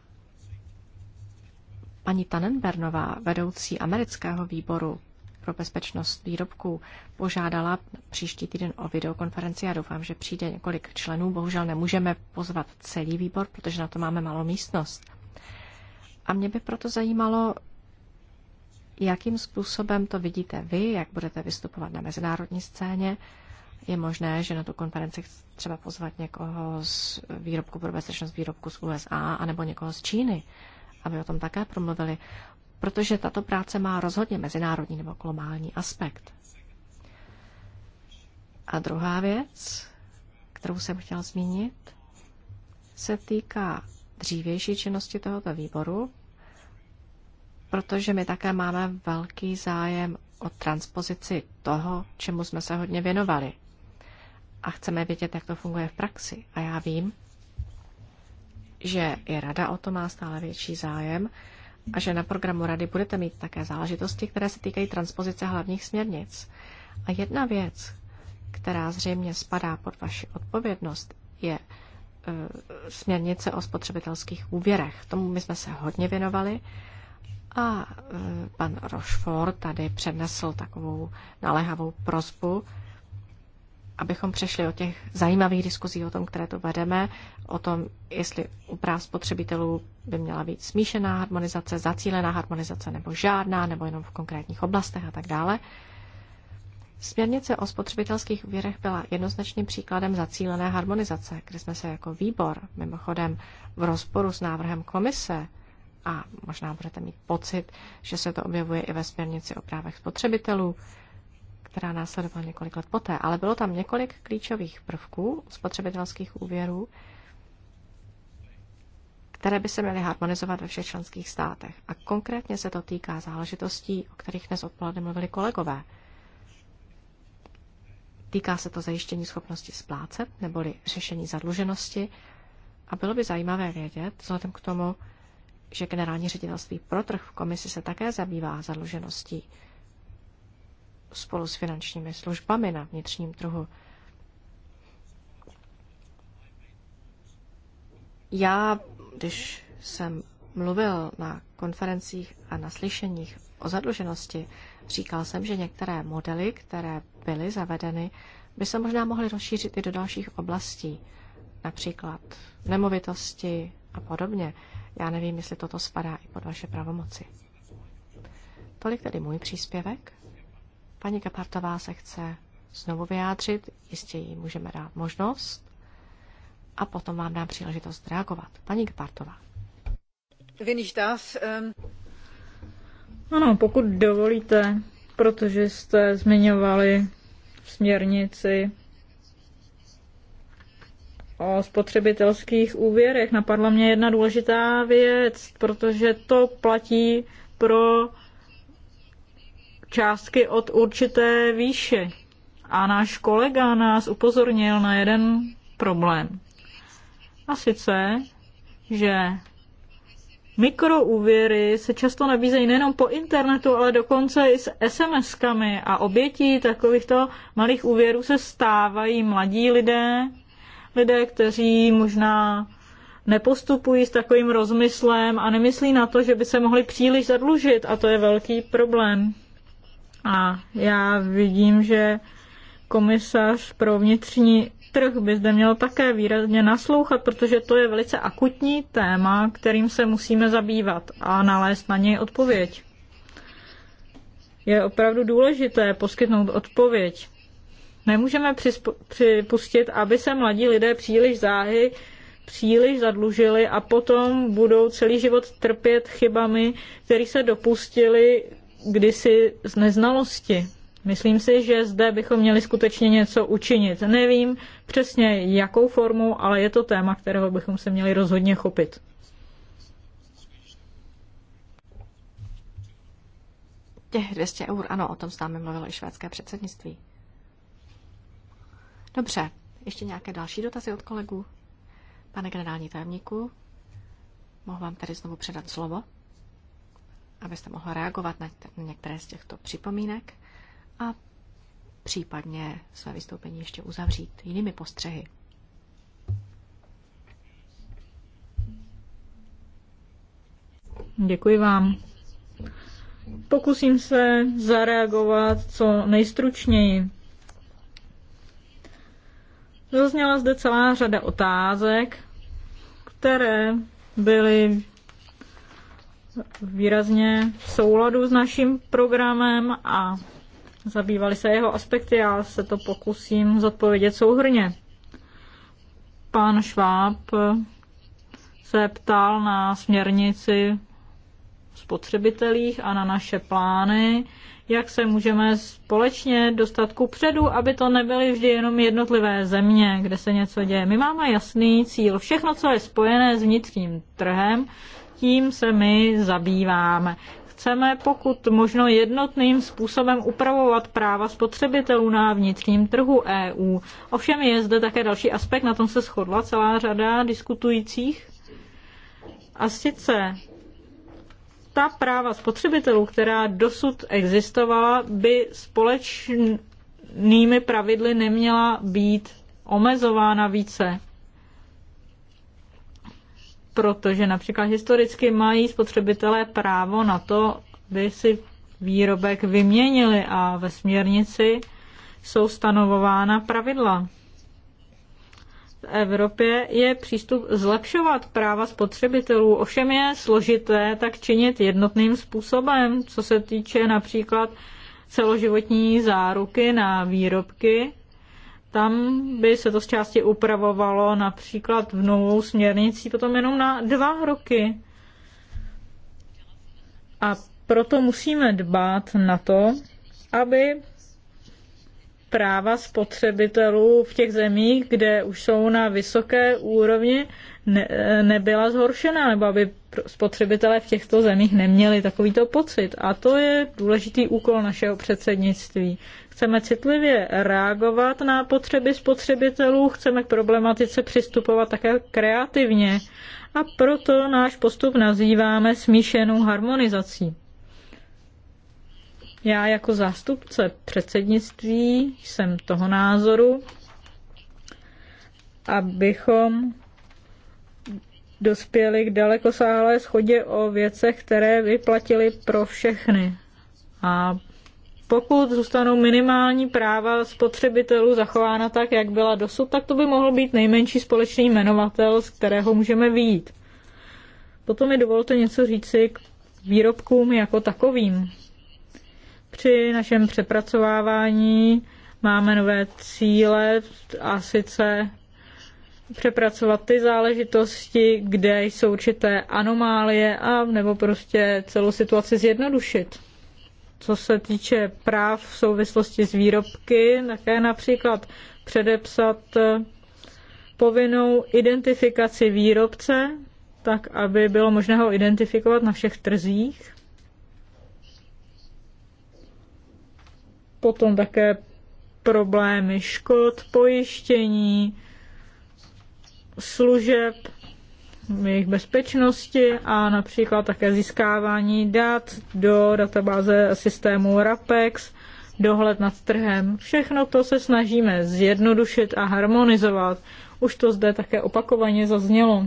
S1: paní Tannenbernová, vedoucí amerického výboru pro bezpečnost výrobků požádala příští týden o videokonferenci. Já doufám, že přijde několik členů. Bohužel nemůžeme pozvat celý výbor, protože na to máme malou místnost. A mě by proto zajímalo, jakým způsobem to vidíte vy, jak budete vystupovat na mezinárodní scéně. Je možné, že na tu konferenci třeba pozvat někoho z výrobku pro bezpečnost výrobku z USA anebo někoho z Číny, aby o tom také promluvili protože tato práce má rozhodně mezinárodní nebo globální aspekt. A druhá věc, kterou jsem chtěl zmínit, se týká dřívější činnosti tohoto výboru, protože my také máme velký zájem o transpozici toho, čemu jsme se hodně věnovali. A chceme vědět, jak to funguje v praxi. A já vím, že i rada o to má stále větší zájem a že na programu Rady budete mít také záležitosti, které se týkají transpozice hlavních směrnic. A jedna věc, která zřejmě spadá pod vaši odpovědnost, je e, směrnice o spotřebitelských úvěrech. Tomu my jsme se hodně věnovali a e, pan Rochefort tady přednesl takovou naléhavou prozbu, abychom přešli od těch zajímavých diskuzí o tom, které to vedeme, o tom, jestli u práv spotřebitelů by měla být smíšená harmonizace, zacílená harmonizace nebo žádná, nebo jenom v konkrétních oblastech a tak dále. Směrnice o spotřebitelských úvěrech byla jednoznačným příkladem zacílené harmonizace, kde jsme se jako výbor, mimochodem v rozporu s návrhem komise, a možná budete mít pocit, že se to objevuje i ve směrnici o právech spotřebitelů, která následovala několik let poté. Ale bylo tam několik klíčových prvků spotřebitelských úvěrů, které by se měly harmonizovat ve všech členských státech. A konkrétně se to týká záležitostí, o kterých dnes odpoledne mluvili kolegové. Týká se to zajištění schopnosti splácet neboli řešení zadluženosti. A bylo by zajímavé vědět, vzhledem k tomu, že generální ředitelství pro trh v komisi se také zabývá zadlužeností spolu s finančními službami na vnitřním trhu. Já, když jsem mluvil na konferencích a na slyšeních o zadluženosti, říkal jsem, že některé modely, které byly zavedeny, by se možná mohly rozšířit i do dalších oblastí, například nemovitosti a podobně. Já nevím, jestli toto spadá i pod vaše pravomoci. Tolik tedy můj příspěvek Paní Kapartová se chce znovu vyjádřit, jistě jí můžeme dát možnost a potom vám dám příležitost reagovat. Paní Kapartová.
S2: Wenn ehm.
S3: Ano, pokud dovolíte, protože jste zmiňovali směrnici o spotřebitelských úvěrech. Napadla mě jedna důležitá věc, protože to platí pro částky od určité výše. A náš kolega nás upozornil na jeden problém. A sice, že mikroúvěry se často nabízejí nejenom po internetu, ale dokonce i s SMS-kami a obětí takovýchto malých úvěrů se stávají mladí lidé, lidé, kteří možná nepostupují s takovým rozmyslem a nemyslí na to, že by se mohli příliš zadlužit a to je velký problém. A já vidím, že komisař pro vnitřní trh by zde měl také výrazně naslouchat, protože to je velice akutní téma, kterým se musíme zabývat a nalézt na něj odpověď. Je opravdu důležité poskytnout odpověď. Nemůžeme připustit, aby se mladí lidé příliš záhy příliš zadlužili a potom budou celý život trpět chybami, které se dopustili kdysi z neznalosti. Myslím si, že zde bychom měli skutečně něco učinit. Nevím přesně jakou formu, ale je to téma, kterého bychom se měli rozhodně chopit.
S1: Těch 200 eur, ano, o tom s námi mluvilo i švédské předsednictví. Dobře, ještě nějaké další dotazy od kolegů? Pane generální tajemníku, mohu vám tady znovu předat slovo? abyste mohla reagovat na, na některé z těchto připomínek a případně své vystoupení ještě uzavřít jinými postřehy. Děkuji vám.
S3: Pokusím se zareagovat co nejstručněji. Zazněla zde celá řada otázek, které byly výrazně v souladu s naším programem a zabývali se jeho aspekty. Já se to pokusím zodpovědět souhrně. Pan Šváb se ptal na směrnici spotřebitelích a na naše plány, jak se můžeme společně dostat ku předu, aby to nebyly vždy jenom jednotlivé země, kde se něco děje. My máme jasný cíl. Všechno, co je spojené s vnitřním trhem, tím se my zabýváme. Chceme pokud možno jednotným způsobem upravovat práva spotřebitelů na vnitřním trhu EU. Ovšem je zde také další aspekt, na tom se shodla celá řada diskutujících. A sice ta práva spotřebitelů, která dosud existovala, by společnými pravidly neměla být omezována více protože například historicky mají spotřebitelé právo na to, aby si výrobek vyměnili a ve směrnici jsou stanovována pravidla. V Evropě je přístup zlepšovat práva spotřebitelů, ovšem je složité tak činit jednotným způsobem, co se týče například celoživotní záruky na výrobky, tam by se to z části upravovalo například v novou směrnici potom jenom na dva roky. A proto musíme dbát na to, aby práva spotřebitelů v těch zemích, kde už jsou na vysoké úrovni, ne, nebyla zhoršena, nebo aby spotřebitelé v těchto zemích neměli takovýto pocit. A to je důležitý úkol našeho předsednictví. Chceme citlivě reagovat na potřeby spotřebitelů, chceme k problematice přistupovat také kreativně a proto náš postup nazýváme smíšenou harmonizací. Já jako zástupce předsednictví jsem toho názoru, abychom dospěli k dalekosáhlé schodě o věcech, které vyplatili pro všechny. A pokud zůstanou minimální práva spotřebitelů zachována tak, jak byla dosud, tak to by mohl být nejmenší společný jmenovatel, z kterého můžeme výjít. Potom mi dovolte něco říci k výrobkům jako takovým. Při našem přepracovávání máme nové cíle a sice přepracovat ty záležitosti, kde jsou určité anomálie a nebo prostě celou situaci zjednodušit co se týče práv v souvislosti s výrobky, také například předepsat eh, povinnou identifikaci výrobce, tak aby bylo možné ho identifikovat na všech trzích. Potom také problémy škod, pojištění, služeb jejich bezpečnosti a například také získávání dat do databáze systému RAPEX, dohled nad trhem. Všechno to se snažíme zjednodušit a harmonizovat. Už to zde také opakovaně zaznělo.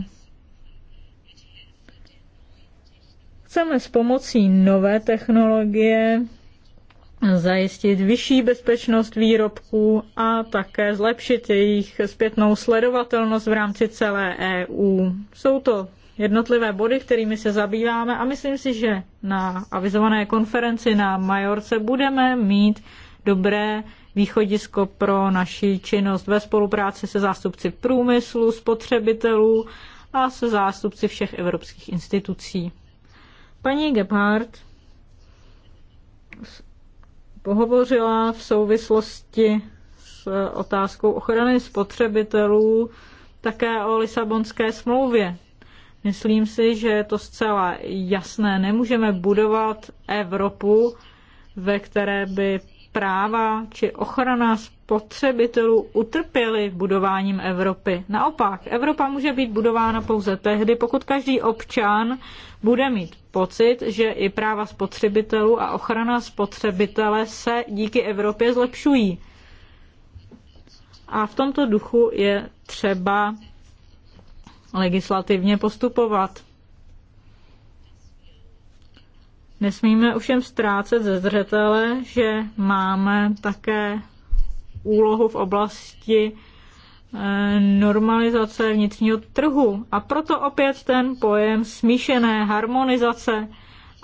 S3: Chceme s pomocí nové technologie zajistit vyšší bezpečnost výrobků a také zlepšit jejich zpětnou sledovatelnost v rámci celé EU. Jsou to jednotlivé body, kterými se zabýváme a myslím si, že na avizované konferenci na Majorce budeme mít dobré východisko pro naši činnost ve spolupráci se zástupci průmyslu, spotřebitelů a se zástupci všech evropských institucí. Paní Gebhardt pohovořila v souvislosti s otázkou ochrany spotřebitelů také o Lisabonské smlouvě. Myslím si, že je to zcela jasné. Nemůžeme budovat Evropu, ve které by práva či ochrana spotřebitelů utrpěly budováním Evropy. Naopak, Evropa může být budována pouze tehdy, pokud každý občan bude mít pocit, že i práva spotřebitelů a ochrana spotřebitele se díky Evropě zlepšují. A v tomto duchu je třeba legislativně postupovat. Nesmíme ovšem ztrácet ze zřetele, že máme také úlohu v oblasti eh, normalizace vnitřního trhu. A proto opět ten pojem smíšené harmonizace,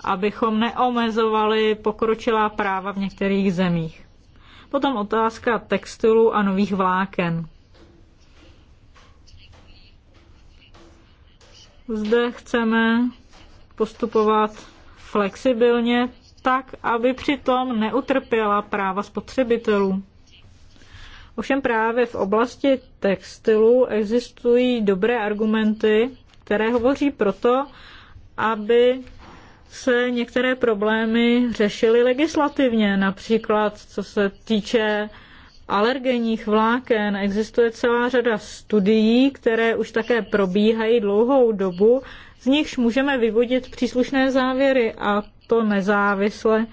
S3: abychom neomezovali pokročilá práva v některých zemích. Potom otázka textilu a nových vláken. Zde chceme postupovat flexibilně tak, aby přitom neutrpěla práva spotřebitelů. Ovšem právě v oblasti textilu existují dobré argumenty, které hovoří proto, aby se některé problémy řešily legislativně, například co se týče alergenních vláken. Existuje celá řada studií, které už také probíhají dlouhou dobu z nichž můžeme vyvodit příslušné závěry a to nezávisle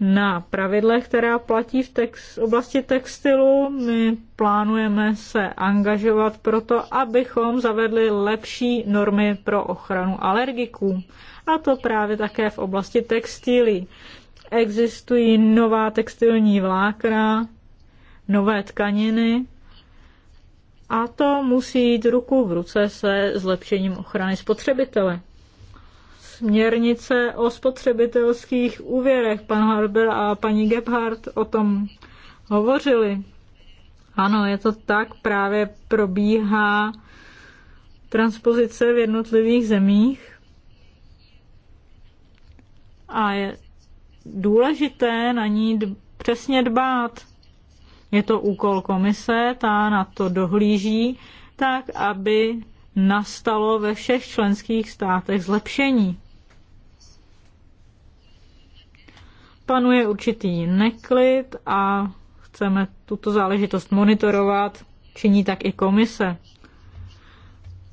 S3: na pravidlech, která platí v text, oblasti textilu. My plánujeme se angažovat proto, abychom zavedli lepší normy pro ochranu alergiků. A to právě také v oblasti textilí. Existují nová textilní vlákna, nové tkaniny, a to musí jít ruku v ruce se zlepšením ochrany spotřebitele. Směrnice o spotřebitelských úvěrech, pan Harber a paní Gebhardt o tom hovořili. Ano, je to tak, právě probíhá transpozice v jednotlivých zemích a je důležité na ní přesně dbát. Je to úkol komise, ta na to dohlíží, tak aby nastalo ve všech členských státech zlepšení. Panuje určitý neklid a chceme tuto záležitost monitorovat, činí tak i komise.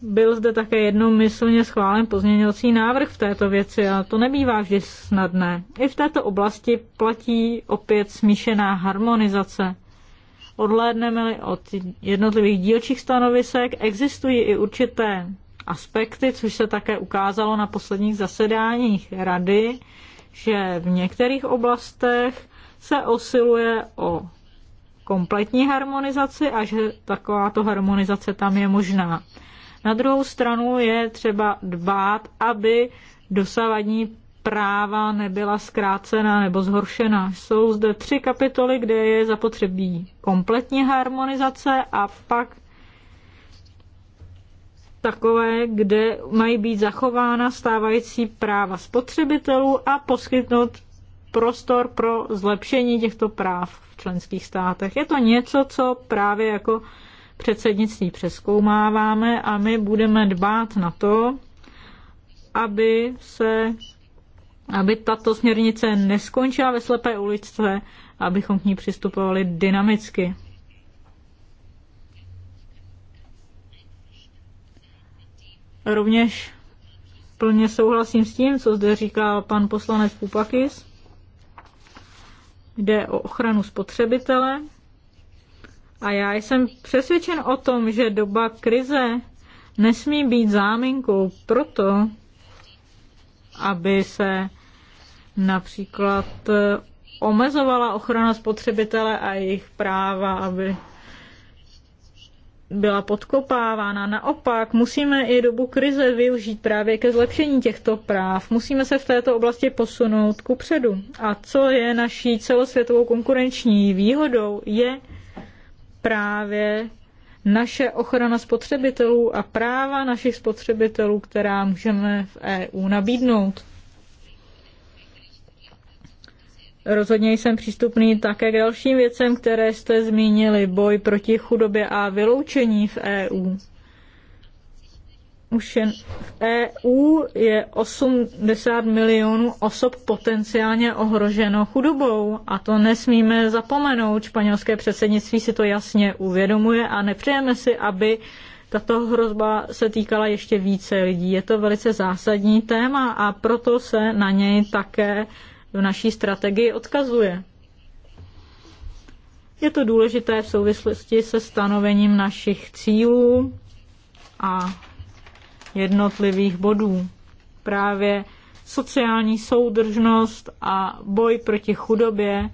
S3: Byl zde také jednomyslně schválen pozměňovací návrh v této věci a to nebývá vždy snadné. I v této oblasti platí opět smíšená harmonizace. Odhlédneme-li od jednotlivých dílčích stanovisek, existují i určité aspekty, což se také ukázalo na posledních zasedáních rady, že v některých oblastech se osiluje o kompletní harmonizaci a že takováto harmonizace tam je možná. Na druhou stranu je třeba dbát, aby dosavadní práva nebyla zkrácena nebo zhoršena. Jsou zde tři kapitoly, kde je zapotřebí kompletní harmonizace a pak takové, kde mají být zachována stávající práva spotřebitelů a poskytnout prostor pro zlepšení těchto práv v členských státech. Je to něco, co právě jako předsednictví přeskoumáváme a my budeme dbát na to, aby se aby tato směrnice neskončila ve slepé uličce, abychom k ní přistupovali dynamicky. Rovněž plně souhlasím s tím, co zde říká pan poslanec Pupakis. Jde o ochranu spotřebitele. A já jsem přesvědčen o tom, že doba krize nesmí být záminkou proto, aby se například eh, omezovala ochrana spotřebitele a jejich práva, aby byla podkopávána. Naopak, musíme i dobu krize využít právě ke zlepšení těchto práv. Musíme se v této oblasti posunout ku předu. A co je naší celosvětovou konkurenční výhodou, je právě naše ochrana spotřebitelů a práva našich spotřebitelů, která můžeme v EU nabídnout. Rozhodně jsem přístupný také k dalším věcem, které jste zmínili, boj proti chudobě a vyloučení v EU. Už jen v EU je 80 milionů osob potenciálně ohroženo chudobou a to nesmíme zapomenout. Španělské předsednictví si to jasně uvědomuje a nepřejeme si, aby tato hrozba se týkala ještě více lidí. Je to velice zásadní téma a proto se na něj také do naší strategii odkazuje. Je to důležité v souvislosti se stanovením našich cílů a jednotlivých bodů. Právě sociální soudržnost a boj proti chudobě,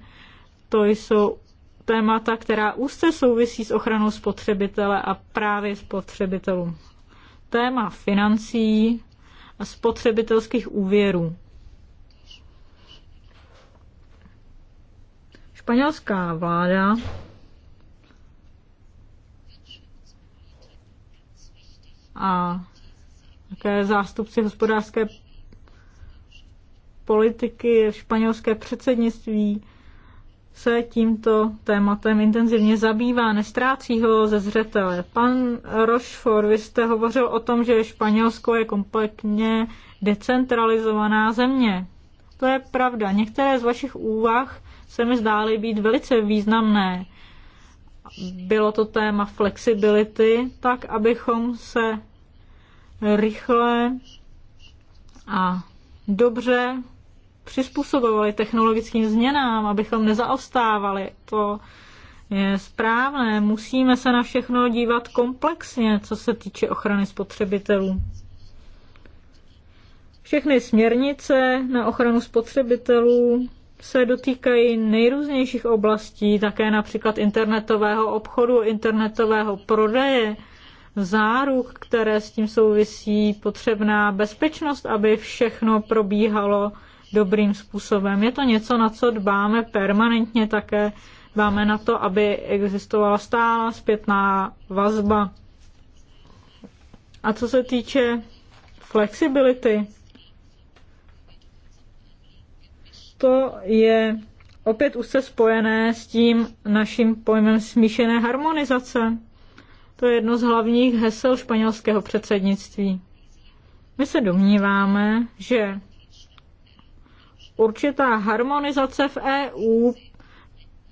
S3: to jsou témata, která úzce souvisí s ochranou spotřebitele a právě spotřebitelů. Téma financí a spotřebitelských úvěrů. Španělská vláda a také zástupci hospodářské politiky, španělské předsednictví se tímto tématem intenzivně zabývá, nestrácí ho ze zřetele. Pan Rochefort, vy jste hovořil o tom, že Španělsko je kompletně decentralizovaná země. To je pravda. Některé z vašich úvah se mi zdály být velice významné. Bylo to téma flexibility, tak abychom se rychle a dobře přizpůsobovali technologickým změnám, abychom nezaostávali. To je správné. Musíme se na všechno dívat komplexně, co se týče ochrany spotřebitelů. Všechny směrnice na ochranu spotřebitelů se dotýkají nejrůznějších oblastí, také například internetového obchodu, internetového prodeje, záruk, které s tím souvisí, potřebná bezpečnost, aby všechno probíhalo dobrým způsobem. Je to něco, na co dbáme permanentně také. Dbáme na to, aby existovala stála zpětná vazba. A co se týče flexibility, to je opět úzce spojené s tím naším pojmem smíšené harmonizace. To je jedno z hlavních hesel španělského předsednictví. My se domníváme, že určitá harmonizace v EU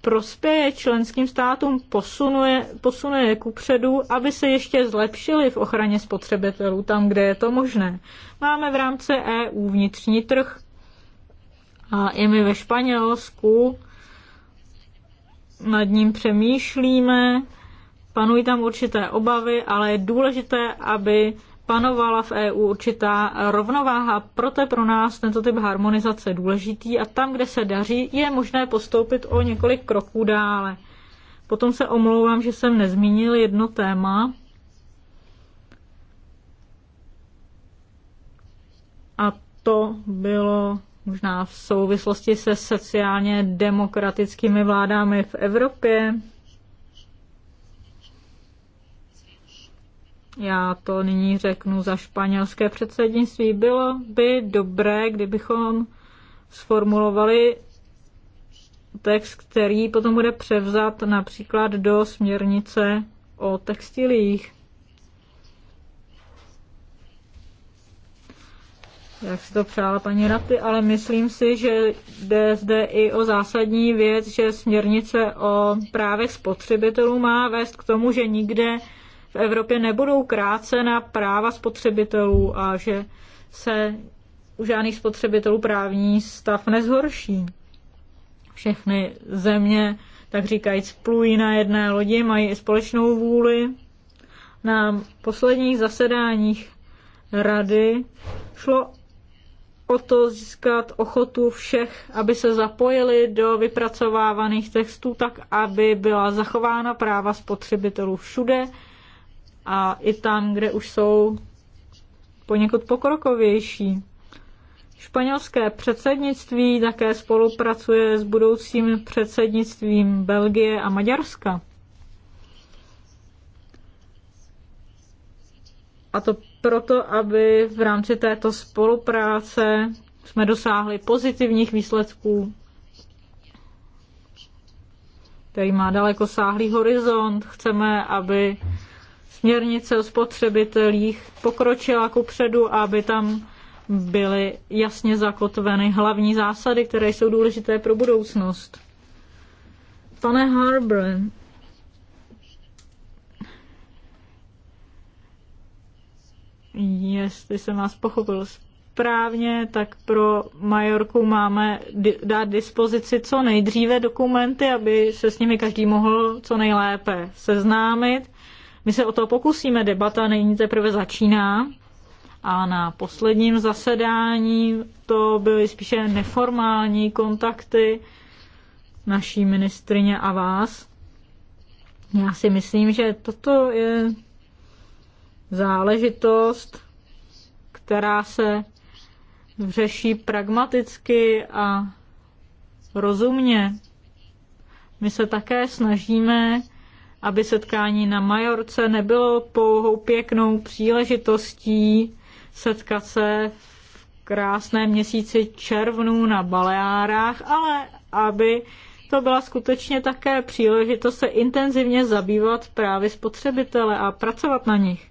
S3: prospěje členským státům, posunuje, posunuje ku předu, aby se ještě zlepšili v ochraně spotřebitelů tam, kde je to možné. Máme v rámci EU vnitřní trh, a i my ve Španělsku nad ním přemýšlíme, panují tam určité obavy, ale je důležité, aby panovala v EU určitá rovnováha. Proto je pro nás tento typ harmonizace důležitý a tam, kde se daří, je možné postoupit o několik kroků dále. Potom se omlouvám, že jsem nezmínil jedno téma. A to bylo možná v souvislosti se sociálně demokratickými vládami v Evropě. Já to nyní řeknu za španělské předsednictví. Bylo by dobré, kdybychom sformulovali text, který potom bude převzat například do směrnice o textilích. jak si to přála paní Raty, ale myslím si, že jde zde i o zásadní věc, že směrnice o právech spotřebitelů má vést k tomu, že nikde v Evropě nebudou krácena práva spotřebitelů a že se u žádných spotřebitelů právní stav nezhorší. Všechny země, tak říkajíc, plují na jedné lodi, mají i společnou vůli. Na posledních zasedáních rady šlo o to získat ochotu všech, aby se zapojili do vypracovávaných textů, tak aby byla zachována práva spotřebitelů všude a i tam, kde už jsou poněkud pokrokovější. Španělské předsednictví také spolupracuje s budoucím předsednictvím Belgie a Maďarska. A to proto, aby v rámci této spolupráce jsme dosáhli pozitivních výsledků, který má daleko sáhlý horizont. Chceme, aby směrnice o spotřebitelích pokročila ku předu, aby tam byly jasně zakotveny hlavní zásady, které jsou důležité pro budoucnost. Pane Harbour, jestli jsem vás pochopil správně, tak pro Majorku máme dát dispozici co nejdříve dokumenty, aby se s nimi každý mohl co nejlépe seznámit. My se o to pokusíme, debata nyní teprve začíná. A na posledním zasedání to byly spíše neformální kontakty naší ministrině a vás. Já si myslím, že toto je záležitost, která se řeší pragmaticky a rozumně. My se také snažíme, aby setkání na Majorce nebylo pouhou pěknou příležitostí setkat se v krásném měsíci červnu na Baleárách, ale aby to byla skutečně také příležitost se intenzivně zabývat právě spotřebitele a pracovat na nich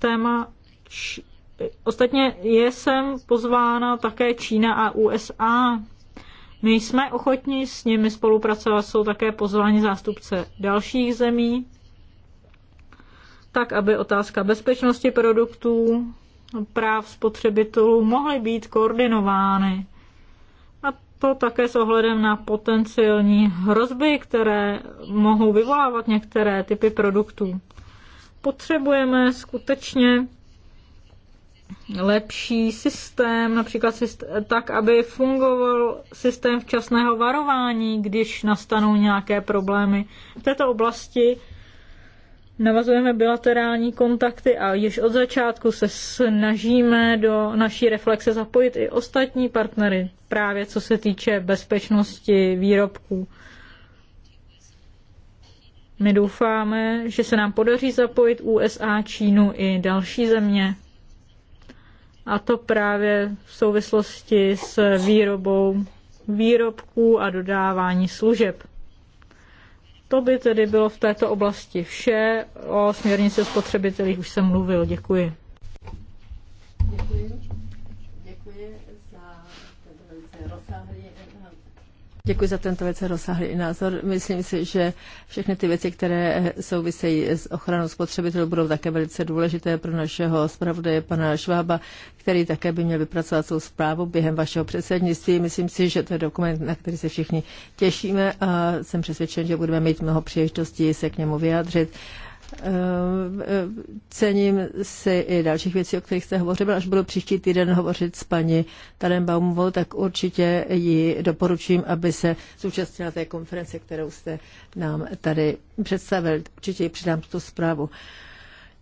S3: téma. Č... Ostatně je sem pozvána také Čína a USA. My jsme ochotni s nimi spolupracovat, jsou také pozváni zástupce dalších zemí, tak aby otázka bezpečnosti produktů, práv spotřebitelů mohly být koordinovány. A to také s ohledem na potenciální hrozby, které mohou vyvolávat některé typy produktů potřebujeme skutečně lepší systém, například systém, tak, aby fungoval systém včasného varování, když nastanou nějaké problémy. V této oblasti navazujeme bilaterální kontakty a již od začátku se snažíme do naší reflexe zapojit i ostatní partnery, právě co se týče bezpečnosti výrobků. My doufáme, že se nám podaří zapojit USA, Čínu i další země. A to právě v souvislosti s výrobou výrobků a dodávání služeb. To by tedy bylo v této oblasti vše. O směrnici spotřebitelích už jsem mluvil. Děkuji.
S2: Děkuji. Děkuji za tento velice rozsáhlý názor. Myslím si, že všechny ty věci, které souvisejí s ochranou spotřebitelů, budou také velice důležité pro našeho zpravodaje pana Švába, který také by měl vypracovat svou zprávu během vašeho předsednictví. Myslím si, že to je dokument, na který se všichni těšíme a jsem přesvědčen, že budeme mít mnoho příležitostí se k němu vyjádřit. Eh, eh, cením si i dalších věcí, o kterých jste hovořil. Až budu příští týden hovořit s paní Tarenbaumovou, tak určitě ji doporučím, aby se zúčastnila té konference, kterou jste nám tady představil. Určitě ji přidám tu zprávu.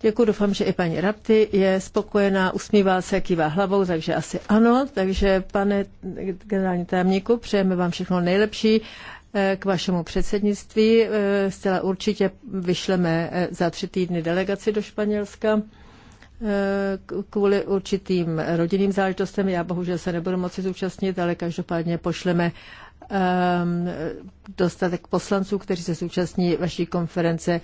S2: Děkuji, doufám, že i paní Rapty je spokojená, usmívá se, kývá hlavou, takže asi ano. Takže, pane generální tajemníku, přejeme vám všechno nejlepší k vašemu předsednictví. Eh, zcela určitě vyšleme eh, za tři týdny delegaci do Španělska eh, kvůli určitým rodinným záležitostem. Já bohužel se nebudu moci zúčastnit, ale každopádně pošleme Ehm, dostatek poslanců, kteří se zúčastní vaší konference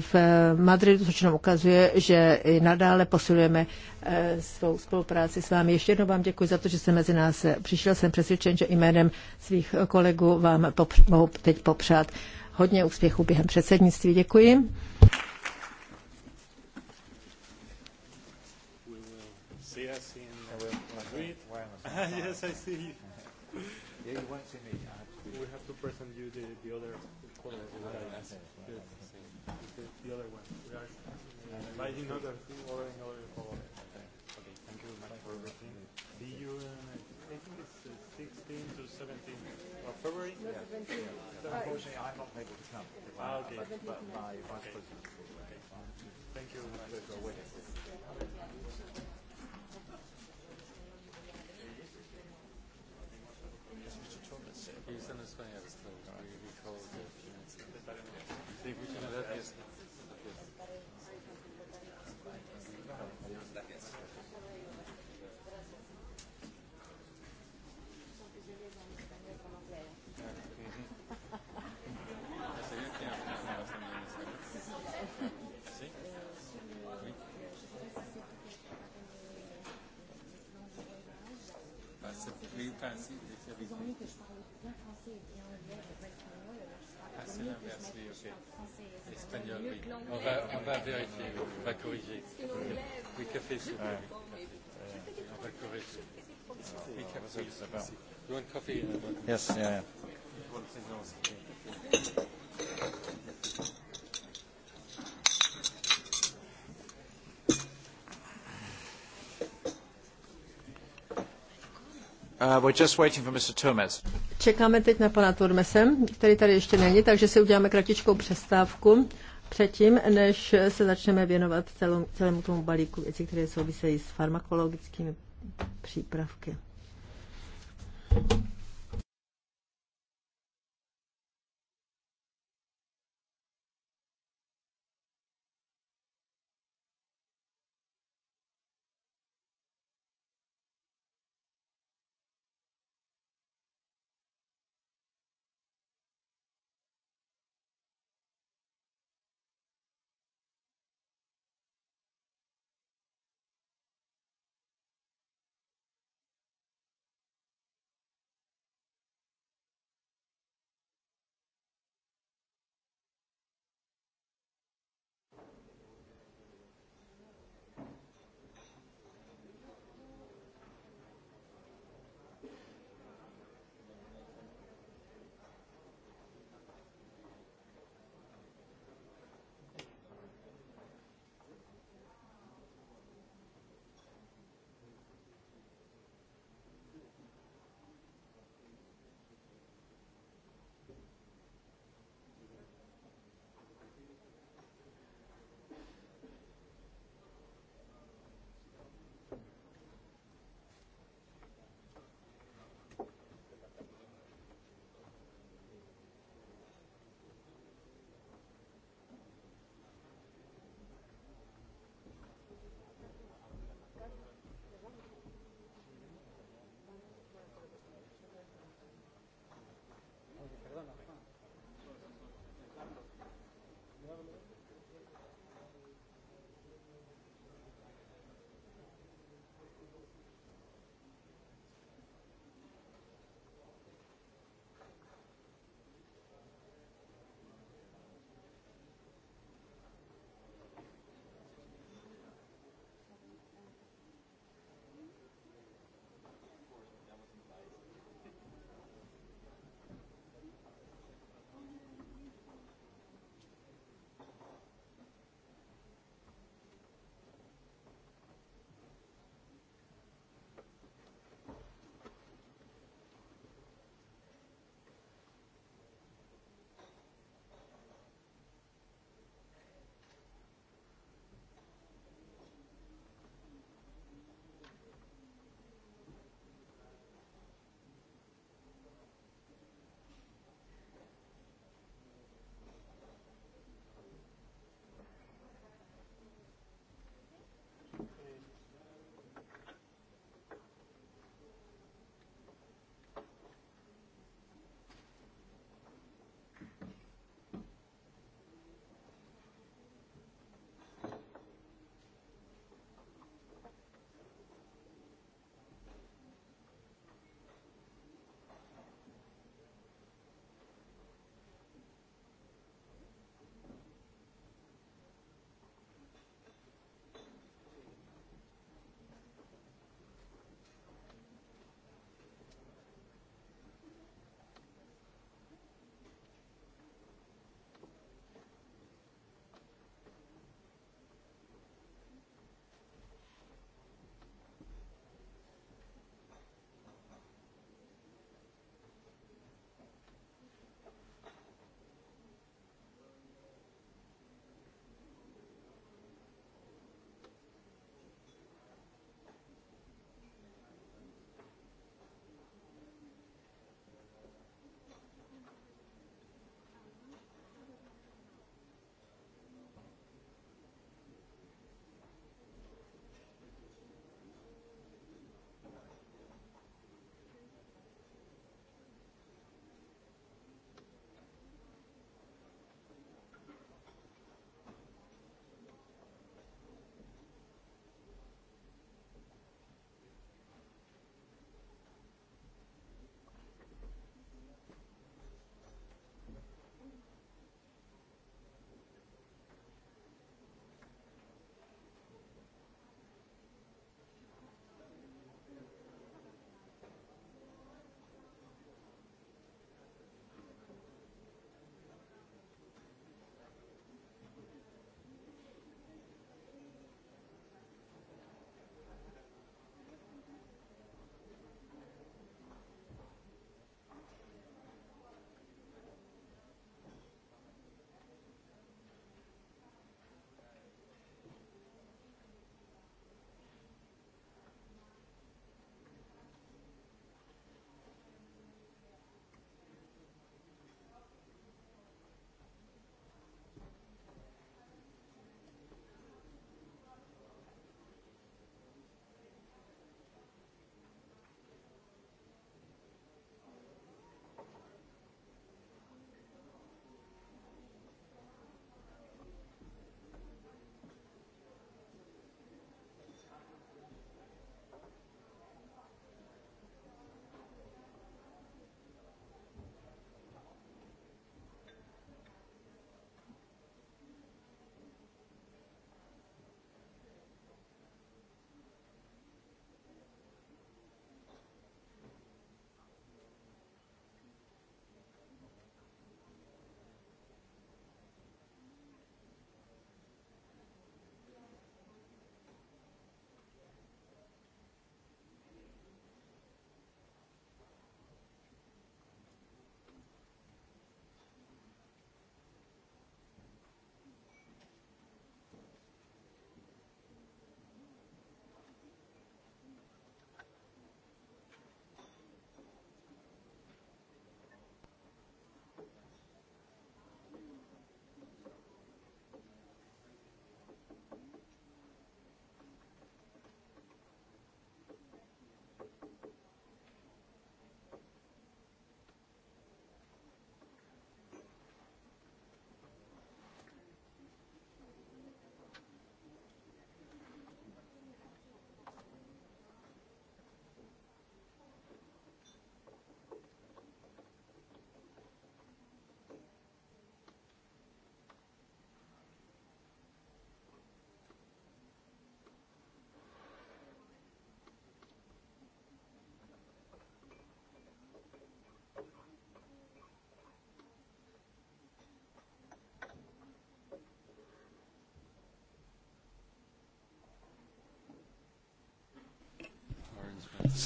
S2: v Madridu, což nám ukazuje, že i nadále posilujeme eh, svou spolupráci s vámi. Ještě jednou vám děkuji za to, že jste mezi nás přišel. Jsem přesvědčen, že jménem svých kolegů vám popř- mohu teď popřát hodně úspěchů během předsednictví. Děkuji. yes, I see you. Yeah, you see me. I didn't know that your follow Okay. thank you very much for everything. See
S1: you in, I think it's 16 to 17 of February? yeah. unfortunately, I'm not able to come. Ah, okay. But, my vice Thank you. Nice.
S2: On va, on va vérifier, on va corriger. Oui, café, s'il vous plaît. On va corriger. Oui, café, ça va. You want coffee? Yes, yeah, yeah.
S1: Uh, we're just waiting for Mr. Turmes.
S2: Čekáme teď na pana Turmese, který tady ještě není, takže si uděláme kratičkou přestávku. Předtím, než se začneme věnovat celom, celému tomu balíku věcí, které souvisejí s farmakologickými přípravky.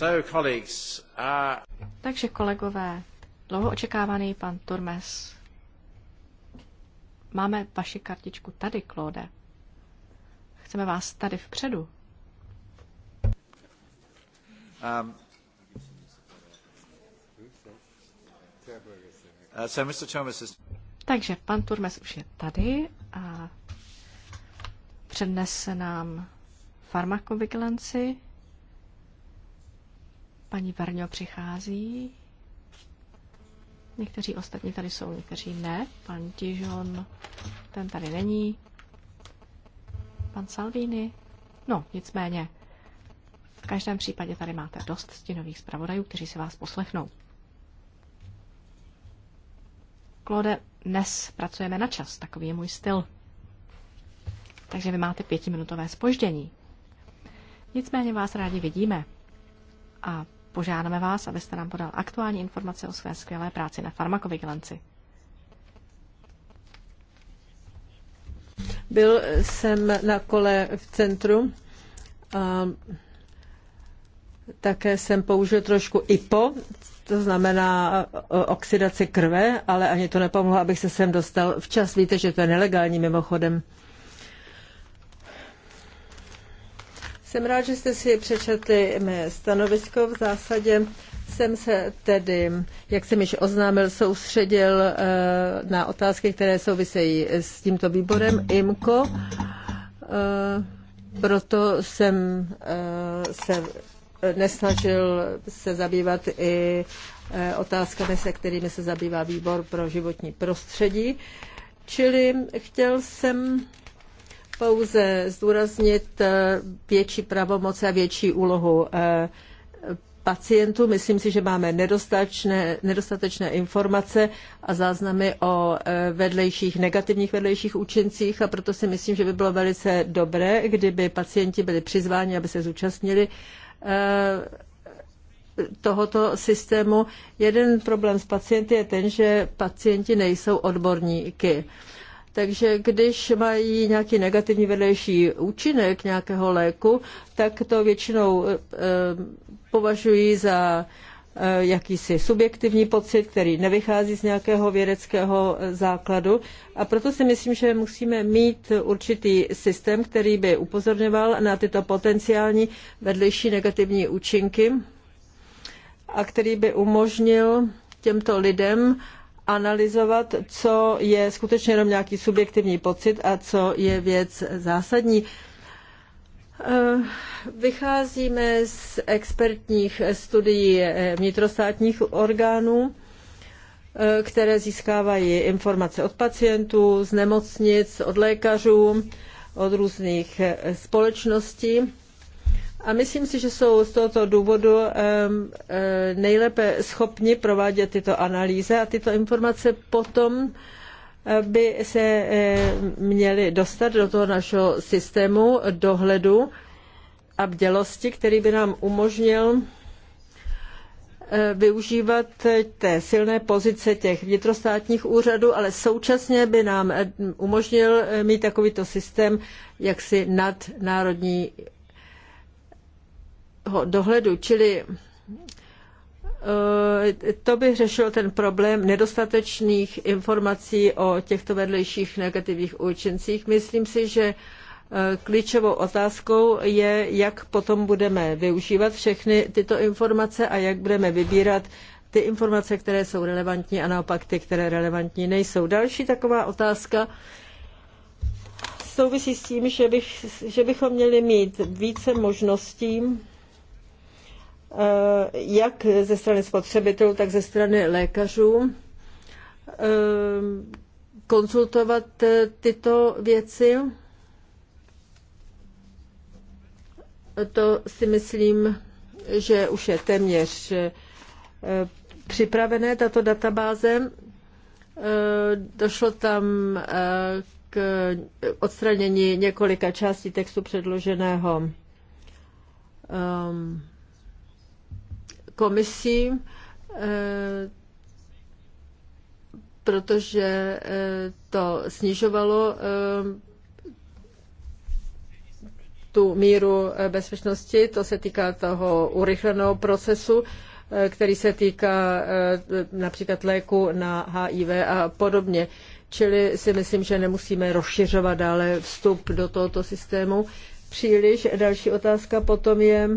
S1: Uh, Takže kolegové, dlouho očekávaný pan Turmes. Máme vaši kartičku tady, Klóde. Chceme vás tady vpředu. Um, uh, so Mr. Thomas is... Takže pan Turmes už je tady a přednese nám farmakovigilanci. Paní Varňo přichází. Někteří ostatní tady jsou, někteří ne. Pan Dijon, ten tady není. Pan Salvini. No, nicméně. V každém případě tady máte dost stinových zpravodajů, kteří si vás poslechnou. Klode, dnes pracujeme na čas, takový je můj styl. Takže vy máte pětiminutové spoždění. Nicméně vás rádi vidíme. A Požádáme vás, abyste nám podal aktuální informace o své skvělé práci
S2: na farmakovigilanci. Byl jsem na kole v centru a také jsem použil trošku IPO, to znamená e, oxidaci krve, ale ani to nepomohlo, abych se sem dostal včas. Víte, že to je nelegální mimochodem. Jsem rád, že jste si přečetli mé stanovisko. V zásadě jsem se tedy, jak jsem již oznámil, soustředil eh, na otázky, které souvisejí s tímto výborem IMCO. Eh, proto jsem eh, se nesnažil se zabývat i otázkami, se kterými se zabývá výbor pro životní prostředí. Čili chtěl jsem pouze zdůraznit eh, větší pravomoce a větší úlohu eh, pacientů. Myslím si, že máme nedostatečné, nedostatečné informace a záznamy o eh, vedlejších, negativních vedlejších účincích a proto si myslím, že by bylo velice dobré, kdyby pacienti byli přizváni, aby se zúčastnili tohoto systému. Jeden problém s pacienty je ten, že pacienti nejsou odborníky. Takže když mají nějaký negativní vedlejší účinek nějakého léku, tak to většinou eh, eh, považují za eh, jakýsi subjektivní pocit, který nevychází z nějakého vědeckého základu. A proto si myslím, že musíme mít určitý systém, který by upozorňoval na tyto potenciální vedlejší negativní účinky a který by umožnil těmto lidem analyzovat, co je skutečně jenom nějaký subjektivní pocit a co je věc zásadní. Eh, vycházíme z expertních studií eh, vnitrostátních orgánů, eh, které získávají informace od pacientů, z nemocnic, od lékařů, od různých společností a myslím si, že jsou z tohoto důvodu e, nejlépe schopni provádět tyto analýzy a tyto informace potom e, by se e, měly dostat do toho našeho systému dohledu a bdělosti, který by nám umožnil využívat té silné pozice těch vnitrostátních úřadů, ale současně by nám umožnil mít takovýto systém jaksi nadnárodní dohledu, čili eh, to by řešilo ten problém nedostatečných informací o těchto vedlejších negativních účincích. Myslím si, že eh, klíčovou otázkou je, jak potom budeme využívat všechny tyto informace a jak budeme vybírat ty informace, které jsou relevantní a naopak ty, které relevantní nejsou. Další taková otázka souvisí s tím, že, bych, že bychom měli mít více možností Eh, jak ze strany spotřebitelů, tak ze strany lékařů eh, konzultovat eh, tyto věci. To si myslím, že už je téměř připravené, tato databáze. Došlo tam k odstranění několika částí textu předloženého um, komisí, eh, protože eh, to snižovalo eh, tu míru bezpečnosti. To se týká toho urychleného procesu, který se týká například léku na HIV a podobně. Čili si myslím, že nemusíme rozšiřovat dále vstup do tohoto systému příliš. Další otázka potom je,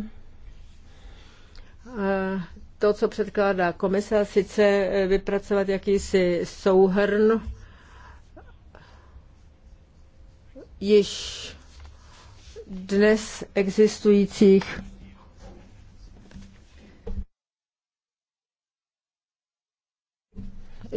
S2: to, co předkládá komise, sice vypracovat jakýsi souhrn již dnes existujících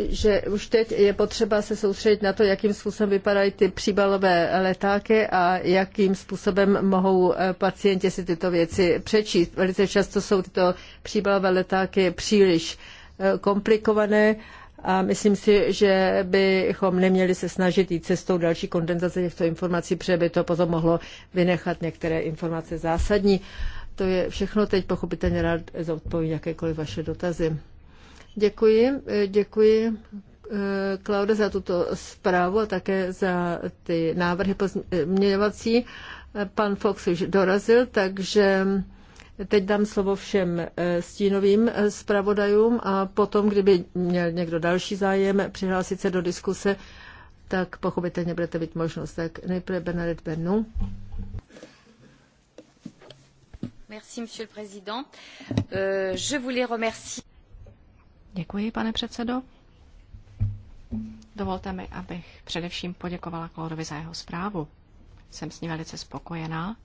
S2: že už teď je potřeba se soustředit na to, jakým způsobem vypadají ty příbalové letáky a jakým způsobem mohou eh, pacienti si tyto věci přečíst. Velice často jsou tyto příbalové letáky příliš eh, komplikované a myslím si, že bychom neměli se snažit jít cestou další kondenzace těchto informací, protože by to potom mohlo vynechat některé informace zásadní. To je všechno. Teď pochopitelně rád zodpovím jakékoliv vaše dotazy. Děkuji, eh, děkuji eh, Klaude za tuto zprávu a také za ty návrhy pozměňovací. Eh, pan Fox už dorazil, takže teď dám slovo všem stínovým zpravodajům a potom, kdyby měl někdo další zájem přihlásit se do diskuse, tak pochopitelně budete mít možnost. Tak nejprve Bernadette Bernou.
S1: Merci, monsieur le président. Euh, je voulais remercier
S2: Děkuji, pane předsedo.
S1: Dovolte mi, abych především poděkovala Klaudovi za jeho zprávu. Jsem s ní velice spokojená,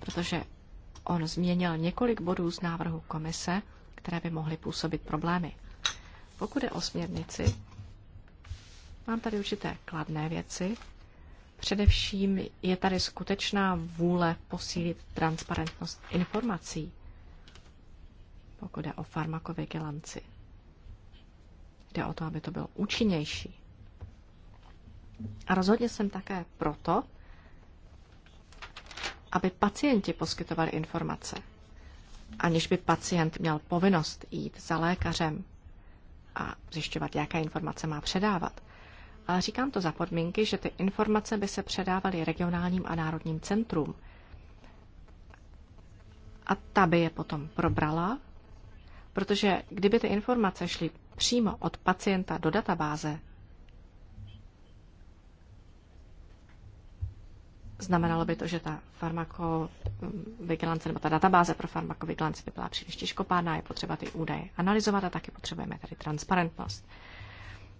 S1: protože on změnil několik bodů z návrhu komise, které by mohly působit problémy. Pokud je o směrnici, mám tady určité kladné věci. Především je tady skutečná vůle posílit transparentnost informací pokud jde o farmakovigilanci. Jde o to, aby to bylo účinnější. A rozhodně jsem také proto, aby pacienti poskytovali informace, aniž by pacient měl povinnost jít za lékařem a zjišťovat, jaké informace má předávat. Ale říkám to za podmínky, že ty informace by se předávaly regionálním a národním centrům. A ta by je potom probrala Protože kdyby ty informace šly přímo od pacienta do databáze, znamenalo by to, že ta farmakovigilance nebo ta databáze pro farmakovigilance by byla příliš těžkopádná, je potřeba ty údaje analyzovat a taky potřebujeme tady transparentnost.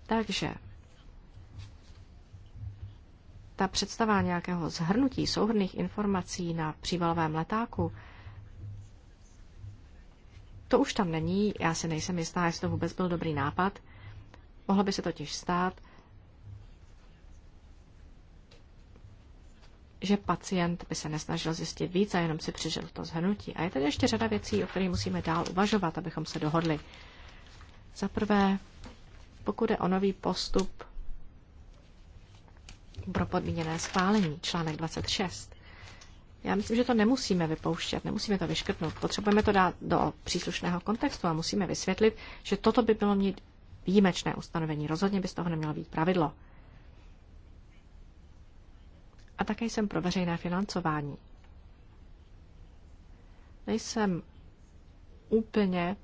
S1: Takže ta představa nějakého zhrnutí souhrných informací na příbalovém letáku to už tam není, já si nejsem jistá, jestli to vůbec byl dobrý nápad. Mohlo by se totiž stát, že pacient by se nesnažil zjistit víc a jenom si přežil to zhrnutí. A je tady ještě řada věcí, o kterých musíme dál uvažovat, abychom se dohodli. Za prvé, pokud je o nový postup pro podmíněné schválení, článek 26. Já myslím, že to nemusíme vypouštět, nemusíme to vyškrtnout. Potřebujeme to dát do příslušného kontextu a musíme vysvětlit, že toto by bylo mít výjimečné ustanovení. Rozhodně by z toho nemělo být pravidlo. A také jsem pro veřejné financování. Nejsem úplně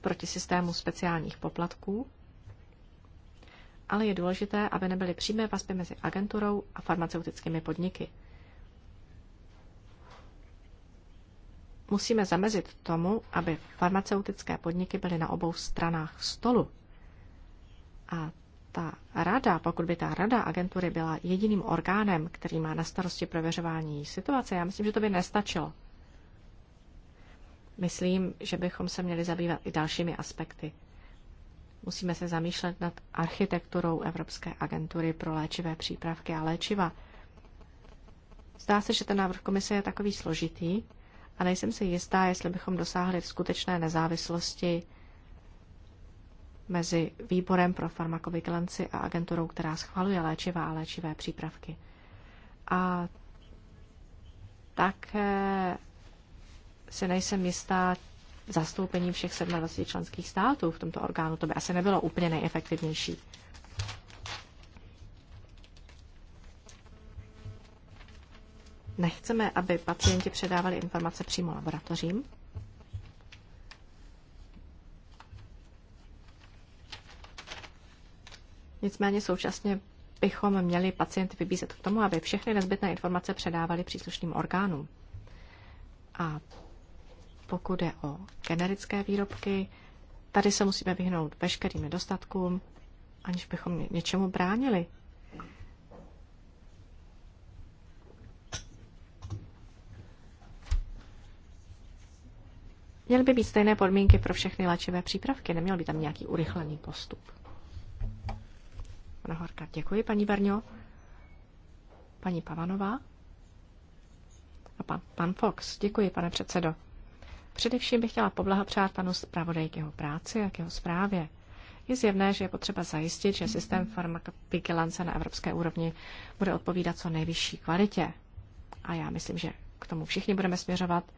S1: proti systému speciálních poplatků, ale je důležité, aby nebyly přímé vazby mezi agenturou a farmaceutickými podniky. musíme zamezit tomu, aby farmaceutické podniky byly na obou stranách stolu. A ta rada, pokud by ta rada agentury byla jediným orgánem, který má na starosti prověřování situace, já myslím, že to by nestačilo. Myslím, že bychom se měli zabývat i dalšími aspekty. Musíme se zamýšlet nad architekturou Evropské agentury pro léčivé přípravky a léčiva. Zdá se, že ten návrh komise je takový složitý, a nejsem si jistá, jestli bychom dosáhli skutečné nezávislosti mezi výborem pro farmakovigilanci a agenturou, která schvaluje léčivá a léčivé přípravky. A také si nejsem jistá zastoupení všech 27 členských států v tomto orgánu. To by asi nebylo úplně nejefektivnější. Nechceme, aby pacienti předávali informace přímo laboratořím. Nicméně současně bychom měli pacienty vybízet k tomu, aby všechny nezbytné informace předávali příslušným orgánům. A pokud je o generické výrobky, tady se musíme vyhnout veškerým nedostatkům, aniž bychom něčemu bránili. Měly by být stejné podmínky pro všechny léčivé přípravky, neměl by tam nějaký urychlený postup. Pana Horka, děkuji, paní Barňo. Paní Pavanová. A pan, pan Fox, děkuji, pane předsedo. Především bych chtěla poblahopřát panu zpravodaj k jeho práci a k jeho zprávě. Je zjevné, že je potřeba zajistit, že systém farmakovigilance na evropské úrovni bude odpovídat co nejvyšší kvalitě. A já myslím, že k tomu všichni budeme směřovat –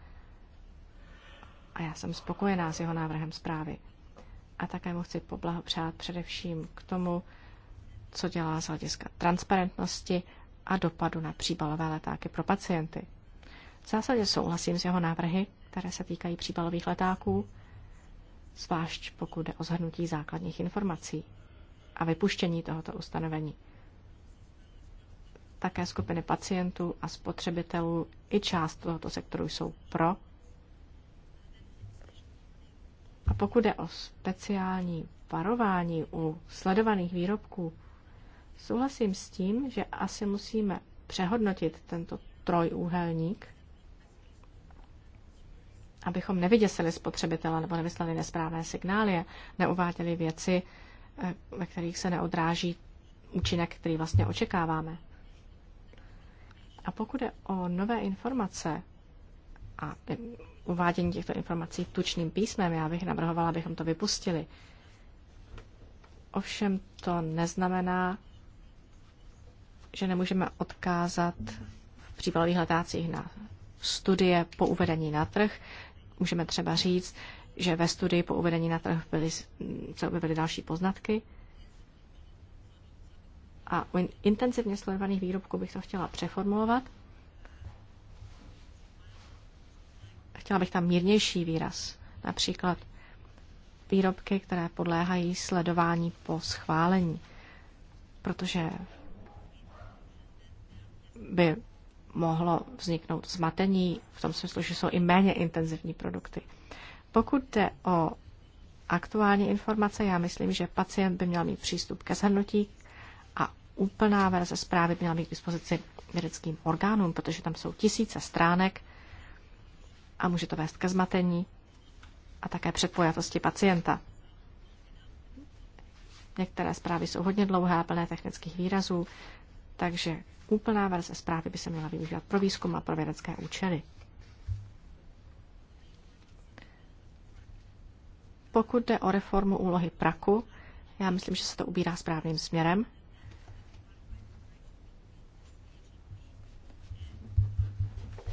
S1: a já jsem spokojená s jeho návrhem zprávy. A také mu chci poblahopřát především k tomu, co dělá z hlediska transparentnosti a dopadu na příbalové letáky pro pacienty. V zásadě souhlasím s jeho návrhy, které se týkají příbalových letáků, zvlášť pokud jde o zhrnutí základních informací a vypuštění tohoto ustanovení. Také skupiny pacientů a spotřebitelů i část tohoto sektoru jsou pro a pokud jde o speciální varování u sledovaných výrobků, souhlasím s tím, že asi musíme přehodnotit tento trojúhelník, abychom nevyděsili spotřebitele nebo nevyslali nesprávné signály a neuváděli věci, eh, ve kterých se neodráží účinek, který vlastně očekáváme. A pokud je o nové informace a uvádění těchto informací tučným písmem. Já bych navrhovala, abychom to vypustili. Ovšem to neznamená, že nemůžeme odkázat v příbalových letácích na studie po uvedení na trh. Můžeme třeba říct, že ve studii po uvedení na trh byly, se objevily další poznatky. A u intenzivně sledovaných výrobků bych to chtěla přeformulovat – Chtěla bych tam mírnější výraz. Například výrobky, které podléhají sledování po schválení, protože by mohlo vzniknout zmatení v tom smyslu, že jsou i méně intenzivní produkty. Pokud jde o aktuální informace, já myslím, že pacient by měl mít přístup ke zhrnutí a úplná verze zprávy by měla mít k dispozici vědeckým orgánům, protože tam jsou tisíce stránek a může to vést ke zmatení a také předpojatosti pacienta. Některé zprávy jsou hodně dlouhé a plné technických výrazů, takže úplná verze zprávy by se měla využívat pro výzkum a pro vědecké účely. Pokud jde o reformu úlohy praku, já myslím, že se to ubírá správným směrem.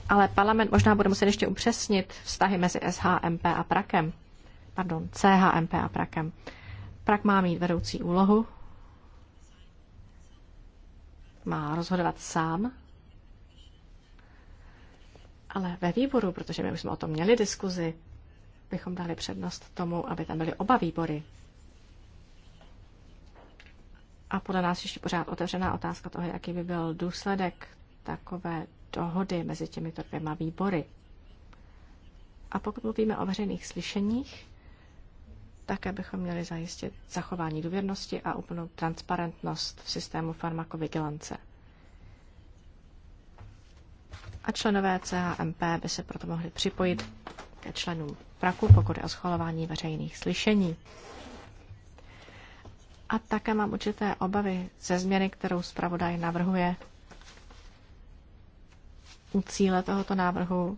S1: ale parlament možná bude muset ještě upřesnit vztahy mezi SHMP a Prakem. Pardon, CHMP a Prakem. Prak má mít vedoucí úlohu, má rozhodovat sám, ale ve výboru, protože my už jsme o tom měli diskuzi, bychom dali přednost tomu, aby tam byly oba výbory. A podle nás ještě pořád otevřená otázka toho, jaký by byl důsledek takové dohody mezi těmito dvěma výbory. A pokud mluvíme o veřejných slyšeních, také bychom měli zajistit zachování důvěrnosti a úplnou transparentnost v systému farmakovigilance. A členové CHMP by se proto mohli připojit ke členům praku, pokud je o schvalování veřejných slyšení. A také mám určité obavy ze změny, kterou zpravodaj navrhuje u cíle tohoto návrhu,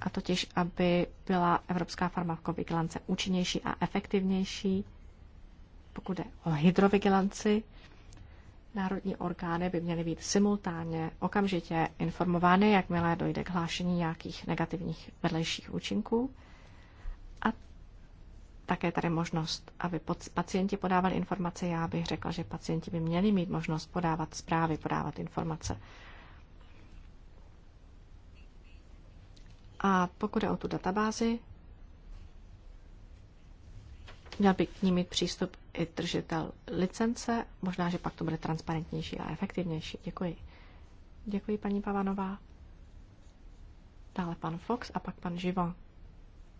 S1: a totiž, aby byla evropská farmakovigilance účinnější a efektivnější, pokud jde o hydrovigilanci, národní orgány by měly být simultánně, okamžitě informovány, jakmile dojde k hlášení nějakých negativních vedlejších účinků. A také tady možnost, aby pacienti podávali informace. Já bych řekla, že pacienti by měli mít možnost podávat zprávy, podávat informace. A pokud je o tu databázi, měl by k ní mít přístup i držitel licence. Možná, že pak to bude transparentnější a efektivnější. Děkuji. Děkuji, paní Pavanová. Dále pan Fox a pak pan Živo.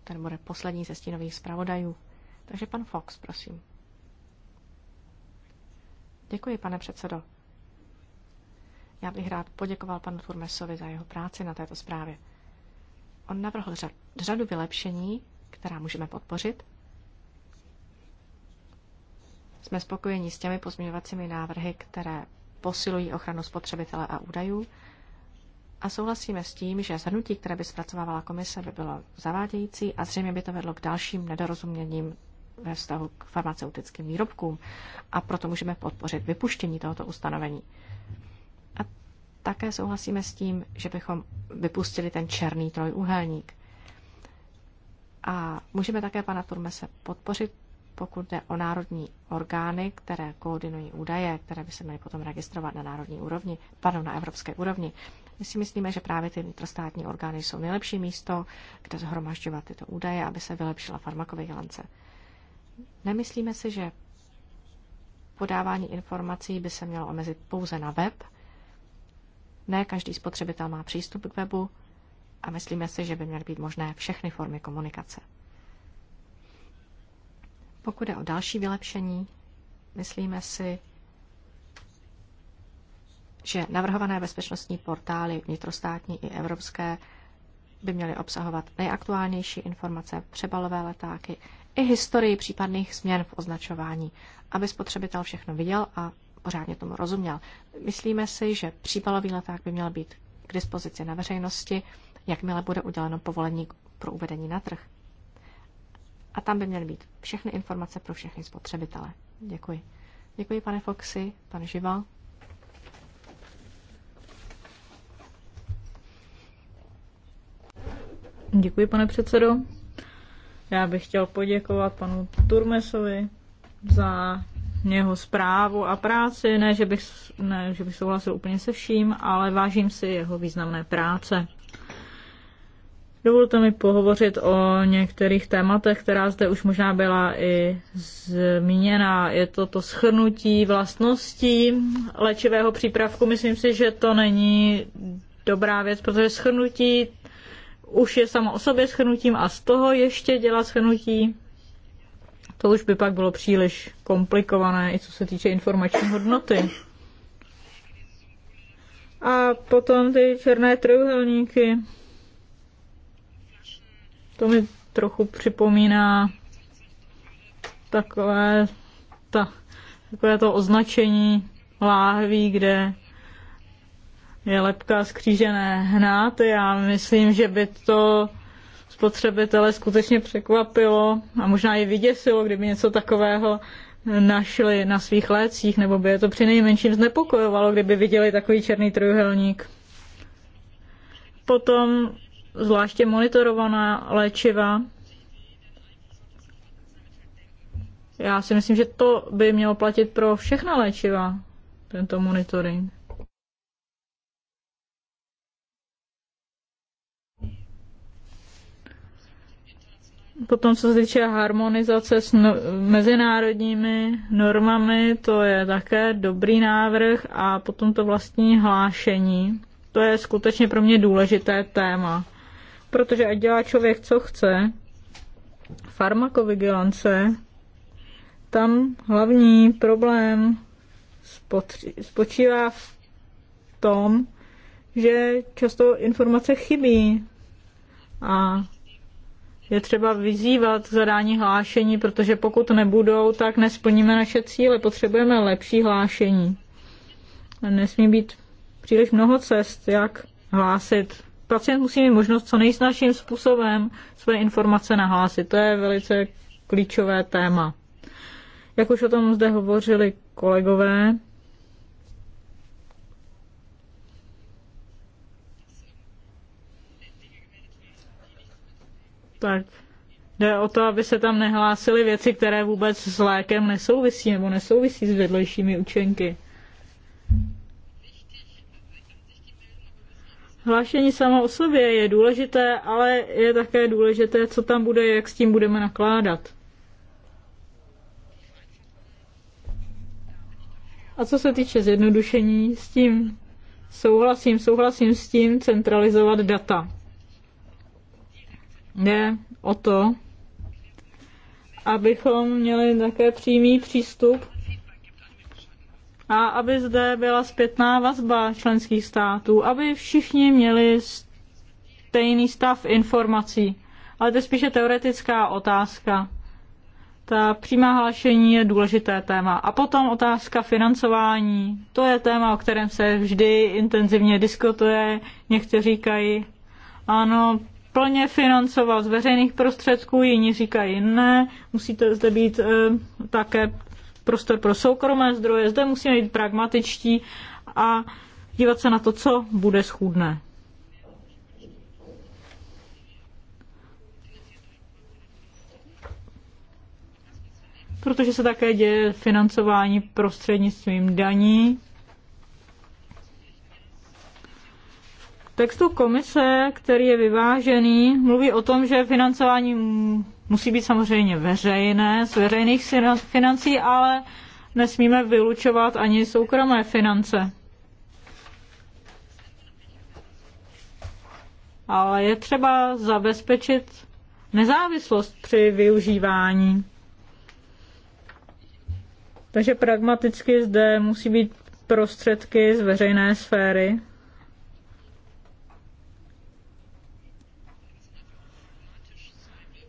S1: Ten bude poslední ze stínových zpravodajů. Takže pan Fox, prosím. Děkuji, pane předsedo. Já bych rád poděkoval panu Turmesovi za jeho práci na této zprávě. On navrhl řadu vylepšení, která můžeme podpořit. Jsme spokojeni s těmi pozměňovacími návrhy, které posilují ochranu spotřebitele a údajů a souhlasíme s tím, že zhrnutí, které by zpracovávala komise, by bylo zavádějící a zřejmě by to vedlo k dalším nedorozuměním ve vztahu k farmaceutickým výrobkům a proto můžeme podpořit vypuštění tohoto ustanovení. Také souhlasíme s tím, že bychom vypustili ten černý trojúhelník. A můžeme také pana Turmese podpořit, pokud jde o národní orgány, které koordinují údaje, které by se měly potom registrovat na národní úrovni, pardon, na evropské úrovni. My si myslíme, že právě ty vnitrostátní orgány jsou nejlepší místo, kde zhromažďovat tyto údaje, aby se vylepšila farmakovigilance. Nemyslíme si, že podávání informací by se mělo omezit pouze na web, ne každý spotřebitel má přístup k webu a myslíme si, že by měly být možné všechny formy komunikace. Pokud je o další vylepšení, myslíme si, že navrhované bezpečnostní portály vnitrostátní i evropské by měly obsahovat nejaktuálnější informace, přebalové letáky i historii případných změn v označování, aby spotřebitel všechno viděl a pořádně tomu rozuměl. Myslíme si, že příbalový leták by měl být k dispozici na veřejnosti, jakmile bude uděleno povolení pro uvedení na trh. A tam by měly být všechny informace pro všechny spotřebitele. Děkuji. Děkuji, pane Foxy, pan Živa.
S3: Děkuji, pane předsedo. Já bych chtěl poděkovat panu Turmesovi za jeho zprávu a práci. Ne že, bych, ne, že bych souhlasil úplně se vším, ale vážím si jeho významné práce. Dovolte mi pohovořit o některých tématech, která zde už možná byla i zmíněna. Je to to schrnutí vlastností léčivého přípravku. Myslím si, že to není dobrá věc, protože schrnutí už je samo o sobě schrnutím a z toho ještě dělat schrnutí to už by pak bylo příliš komplikované, i co se týče informační hodnoty. A potom ty černé trojuhelníky. To mi trochu připomíná takové, ta, takové to označení láhví, kde je lepka skřížené hnáty. Já myslím, že by to spotřebitele skutečně překvapilo a možná i vyděsilo, kdyby něco takového našli na svých lécích, nebo by je to při nejmenším znepokojovalo, kdyby viděli takový černý trojuhelník. Potom zvláště monitorovaná léčiva. Já si myslím, že to by mělo platit pro všechna léčiva, tento monitoring. Potom, co se týče harmonizace s no, mezinárodními normami, to je také dobrý návrh a potom to vlastní hlášení. To je skutečně pro mě důležité téma, protože ať dělá člověk, co chce, farmakovigilance, tam hlavní problém spočívá v tom, že často informace chybí a je třeba vyzývat zadání hlášení, protože pokud nebudou, tak nesplníme naše cíle. Potřebujeme lepší hlášení. Nesmí být příliš mnoho cest, jak hlásit. Pacient musí mít možnost co nejsnažším způsobem své informace nahlásit. To je velice klíčové téma. Jak už o tom zde hovořili kolegové, tak jde o to, aby se tam nehlásily věci, které vůbec s lékem nesouvisí nebo nesouvisí s vedlejšími účinky. Hlášení samo o sobě je důležité, ale je také důležité, co tam bude, jak s tím budeme nakládat. A co se týče zjednodušení, s tím souhlasím, souhlasím s tím centralizovat data jde o to, abychom měli také přímý přístup a aby zde byla zpětná vazba členských států, aby všichni měli stejný stav informací. Ale to je spíše teoretická otázka. Ta přímá hlášení je důležité téma. A potom otázka financování. To je téma, o kterém se vždy intenzivně diskutuje. Někteří říkají, ano, plně financoval z veřejných prostředků, jiní říkají ne, musíte zde být e, také prostor pro soukromé zdroje, zde musíme být pragmatičtí a dívat se na to, co bude schůdné. Protože se také děje financování prostřednictvím daní, textu komise, který je vyvážený, mluví o tom, že financování musí být samozřejmě veřejné, z veřejných financí, ale nesmíme vylučovat ani soukromé finance. Ale je třeba zabezpečit nezávislost při využívání. Takže pragmaticky zde musí být prostředky z veřejné sféry,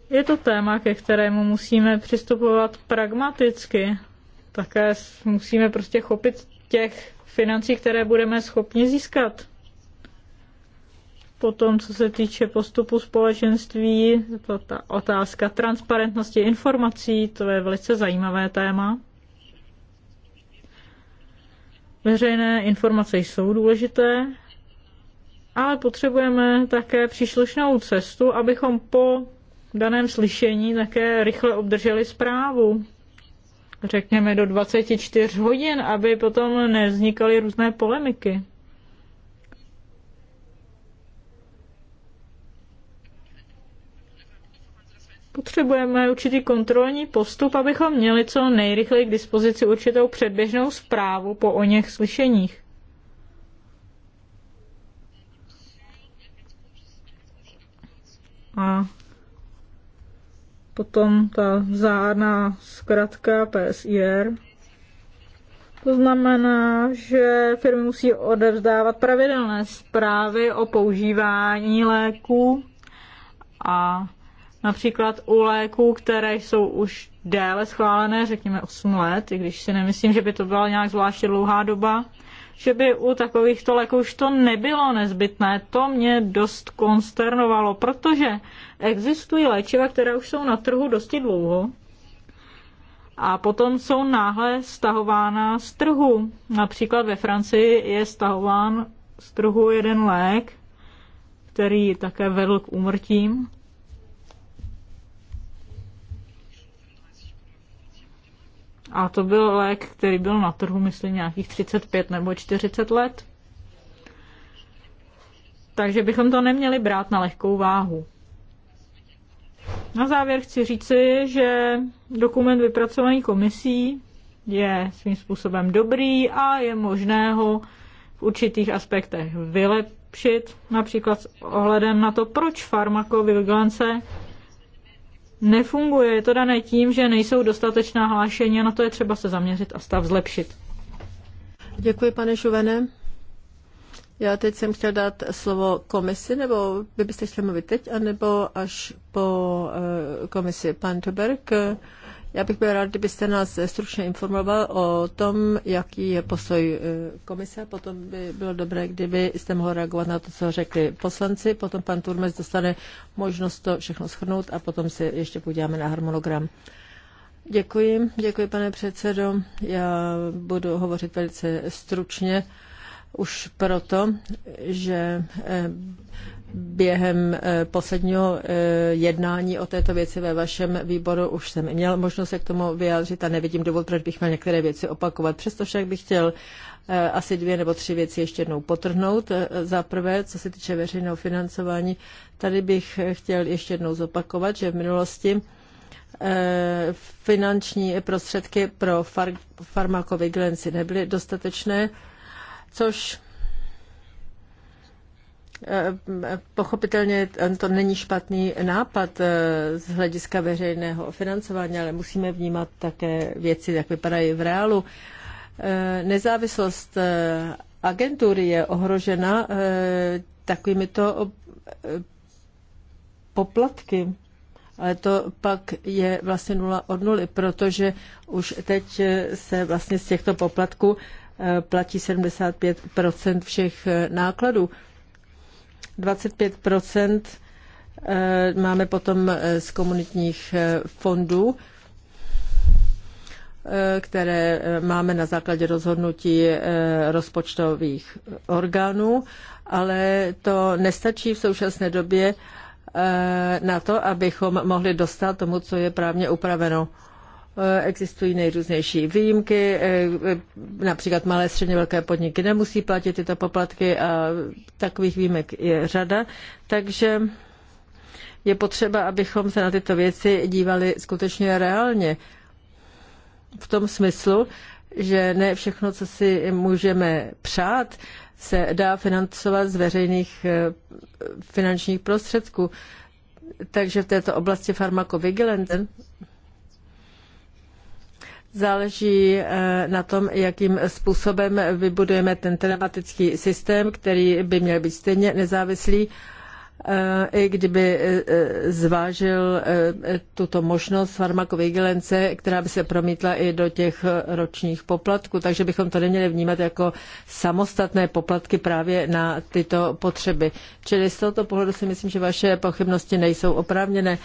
S3: je to téma, ke kterému musíme přistupovat pragmaticky. Také musíme prostě chopit těch financí, které budeme schopni získat. Potom, co se týče postupu společenství, to ta otázka transparentnosti informací, to je velice zajímavé téma. Veřejné informace jsou důležité, ale potřebujeme také příslušnou cestu, abychom po daném slyšení také rychle obdrželi zprávu, řekněme do 24 hodin, aby potom nevznikaly různé polemiky. Potřebujeme určitý kontrolní postup, abychom měli co nejrychleji k dispozici určitou předběžnou zprávu po o něch slyšeních. A potom ta zádná zkratka PSIR. To znamená, že firmy musí odevzdávat pravidelné zprávy o používání léku a například u léků, které jsou už déle schválené, řekněme 8 let, i když si nemyslím, že by to byla nějak zvláště dlouhá doba, že by u takovýchto léků už to nebylo nezbytné. To mě dost konsternovalo, protože Existují léčiva, která už jsou na trhu dosti dlouho a potom jsou náhle stahována z trhu. Například ve Francii je stahován z trhu jeden lék, který také vedl k úmrtím. A to byl lék, který byl na trhu, myslím, nějakých 35 nebo 40 let. Takže bychom to neměli brát na lehkou váhu. Na závěr chci říci, že dokument vypracovaný komisí je svým způsobem dobrý a je možné ho v určitých aspektech vylepšit, například s ohledem na to, proč farmakovigilance nefunguje. Je to dané tím, že nejsou dostatečná hlášení a na to je třeba se zaměřit a stav zlepšit.
S2: Děkuji, pane Žuvenem. Já teď jsem chtěl dát slovo komisi, nebo vy byste chtěli mluvit teď, anebo až po eh, komisi. Pan já bych byl rád, kdybyste nás stručně informoval o tom, jaký je postoj eh, komise. Potom by bylo dobré, kdyby jste mohl reagovat na to, co řekli poslanci. Potom pan Turmes dostane možnost to všechno schrnout a potom se ještě podíváme na harmonogram. Děkuji, děkuji pane předsedo. Já budu hovořit velice stručně. Už proto, že eh, během eh, posledního eh, jednání o této věci ve vašem výboru už jsem měl možnost se k tomu vyjádřit a nevidím důvod, proč bych měl některé věci opakovat. Přesto však bych chtěl asi dvě nebo tři věci ještě jednou potrhnout. Za prvé, co se týče veřejného financování, tady bych chtěl ještě jednou zopakovat, že v minulosti finanční prostředky pro far- farmakovigilanci nebyly dostatečné což eh, Pochopitelně to není špatný nápad eh, z hlediska veřejného financování, ale musíme vnímat také věci, jak vypadají v reálu. Eh, nezávislost agentury je ohrožena takovýmito poplatky. Ale to pak je vlastně nula od nuly, protože už teď se vlastně z těchto poplatků platí 75 všech eh, nákladů. 25 eh, máme potom eh, z komunitních fondů, které máme na základě rozhodnutí rozpočtových orgánů, ale to nestačí v současné době na to, abychom mohli dostat tomu, co je právně upraveno. Eh, existují nejrůznější výjimky, eh, například malé středně velké podniky nemusí platit tyto poplatky a takových výjimek je řada, takže je potřeba, abychom se na tyto věci dívali skutečně reálně. V tom smyslu, že ne všechno, co si můžeme přát, se dá financovat z veřejných eh, finančních prostředků. Takže v této oblasti farmakovigilance Záleží eh, na tom, jakým způsobem vybudujeme ten telematický systém, který by měl být stejně nezávislý Eh, i kdyby eh, eh, zvážil tuto možnost farmakovigilence, která by se promítla i do těch ročních poplatků, takže bychom to neměli vnímat jako samostatné poplatky právě na tyto potřeby. Čili z tohoto pohledu si myslím, že vaše pochybnosti nejsou oprávněné.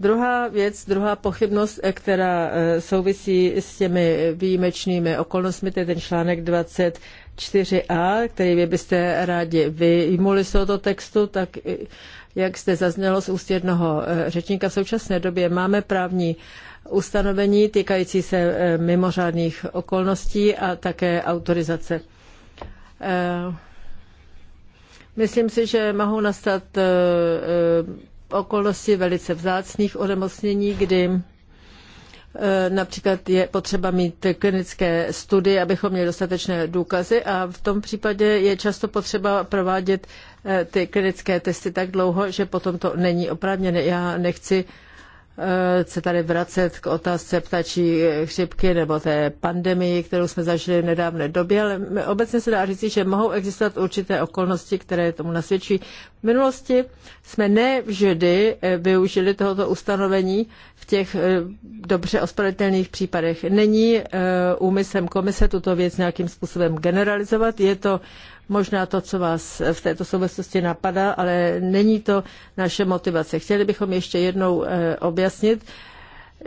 S2: Druhá věc, druhá pochybnost, která souvisí s těmi výjimečnými okolnostmi, to je ten článek 20 4a, který byste rádi vyjmuli z tohoto textu, tak jak jste zaznělo z úst jednoho eh, řečníka, v současné době máme právní ustanovení týkající se eh, mimořádných okolností a také autorizace. Eh, myslím si, že mohou nastat okolnosti velice vzácných onemocnění, kdy Eh, například je potřeba mít klinické studie, abychom měli dostatečné důkazy a v tom případě je často potřeba provádět eh, ty klinické testy tak dlouho, že potom to není oprávněné. Já nechci Eh, se tady vracet k otázce ptačí eh, chřipky nebo té pandemii, kterou jsme zažili v nedávné době, ale obecně se dá říct, že mohou existovat určité okolnosti, které tomu nasvědčují. V minulosti jsme vždy eh, využili tohoto ustanovení v těch dobře ospravedlnitelných případech. Není úmyslem komise tuto věc nějakým způsobem generalizovat, je to možná to, co vás v této souvislosti napadá, ale není to naše motivace. Chtěli bychom ještě jednou eh, objasnit,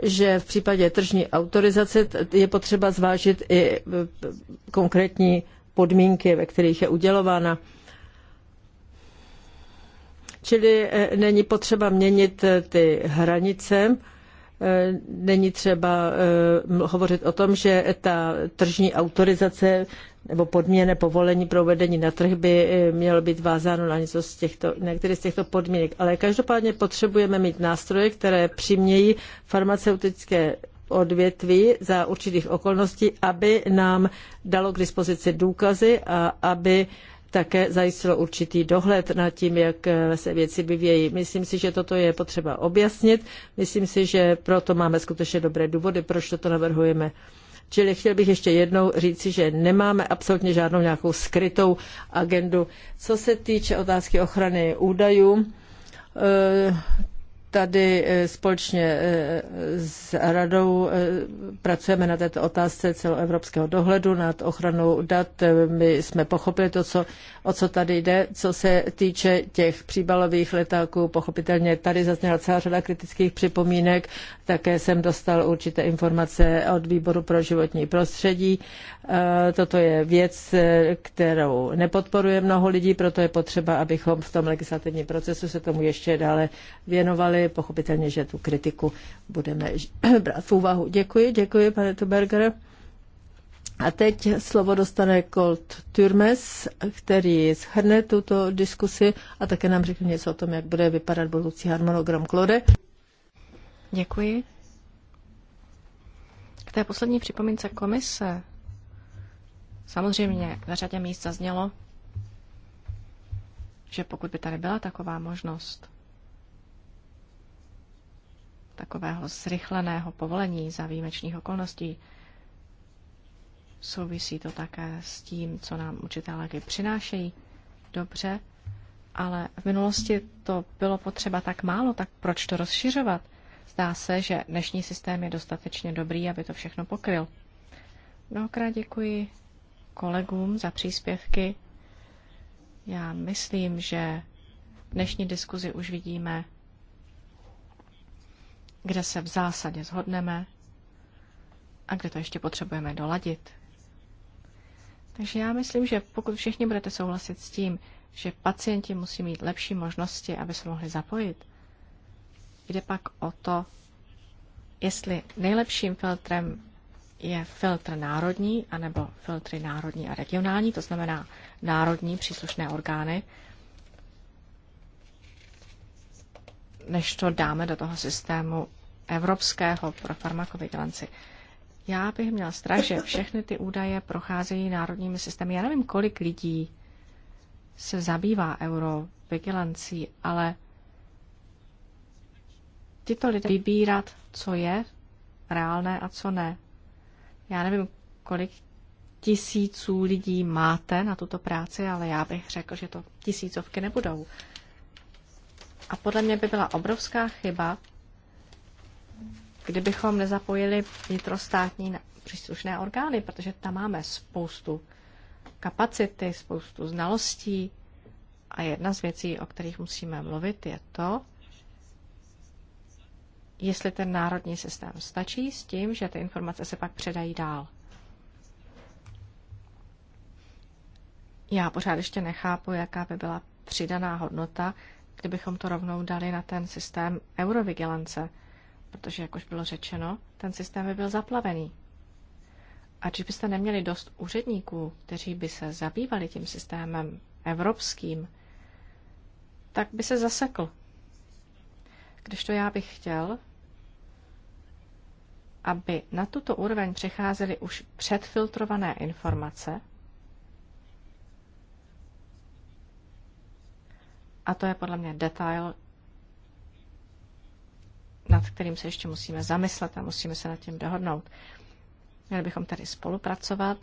S2: že v případě tržní autorizace je potřeba zvážit i eh, konkrétní podmínky, ve kterých je udělována. Čili eh, není potřeba měnit ty hranice, není třeba hovořit o tom, že ta tržní autorizace nebo podmíněné povolení pro uvedení na trh by eh, mělo být vázáno na něco z těchto, některé z těchto podmínek. Ale každopádně potřebujeme mít nástroje, které přimějí farmaceutické odvětví za určitých okolností, aby nám dalo k dispozici důkazy a aby také zajistilo určitý dohled nad tím, jak eh, se věci vyvějí. Myslím si, že toto je potřeba objasnit. Myslím si, že proto máme skutečně dobré důvody, proč toto navrhujeme. Čili chtěl bych ještě jednou říci, že nemáme absolutně žádnou nějakou skrytou agendu. Co se týče otázky ochrany údajů, eh, Tady eh, společně eh, s radou eh, pracujeme na této otázce celoevropského dohledu nad ochranou dat. My jsme pochopili to, co, o co tady jde. Co se týče těch příbalových letáků, pochopitelně tady zazněla celá řada kritických připomínek. Také jsem dostal určité informace od výboru pro životní prostředí Eh, toto je věc, eh, kterou nepodporuje mnoho lidí, proto je potřeba, abychom v tom legislativním procesu se tomu ještě dále věnovali. Pochopitelně, že tu kritiku budeme brát v úvahu. Děkuji, děkuji, pane Tuberger. A teď slovo dostane Colt Turmes, který shrne tuto diskusi a také nám řekne něco o tom, jak bude vypadat budoucí harmonogram Klode. Děkuji. K té poslední
S1: připomínce komise Samozřejmě na řadě míst zaznělo, že pokud by tady byla taková možnost takového zrychleného povolení za výjimečných okolností, souvisí to také s tím, co nám učitelé léky přinášejí. Dobře, ale v minulosti to bylo potřeba tak málo, tak proč to rozšiřovat? Zdá se, že dnešní systém je dostatečně dobrý, aby to všechno pokryl. Mnohokrát děkuji kolegům za příspěvky. Já myslím, že v dnešní diskuzi už vidíme, kde se v zásadě zhodneme a kde to ještě potřebujeme doladit. Takže já myslím, že pokud všichni budete souhlasit s tím, že pacienti musí mít lepší možnosti, aby se mohli zapojit, jde pak o to, jestli nejlepším filtrem je filtr národní anebo filtry národní a regionální, to znamená národní příslušné orgány. Než to dáme do toho systému evropského pro farmakovigilanci. Já bych měl strach, že všechny ty údaje procházejí národními systémy. Já nevím, kolik lidí se zabývá eurovigilancí, ale tyto lidé vybírat, co je reálné a co ne. Já nevím, kolik tisíců lidí máte na tuto práci, ale já bych řekl, že to tisícovky nebudou. A podle mě by byla obrovská chyba, kdybychom nezapojili vnitrostátní příslušné orgány, protože tam máme spoustu kapacity, spoustu znalostí. A jedna z věcí, o kterých musíme mluvit, je to, jestli ten národní systém stačí s tím, že ty informace se pak předají dál. Já pořád ještě nechápu, jaká by byla přidaná hodnota, kdybychom to rovnou dali na ten systém eurovigilance, protože, jak už bylo řečeno, ten systém by byl zaplavený. A když byste neměli dost úředníků, kteří by se zabývali tím systémem evropským, tak by se zasekl. Když to já bych chtěl, aby na tuto úroveň přecházely už předfiltrované informace, a to je podle mě detail, nad kterým se ještě musíme zamyslet a musíme se nad tím dohodnout. Měli bychom tady spolupracovat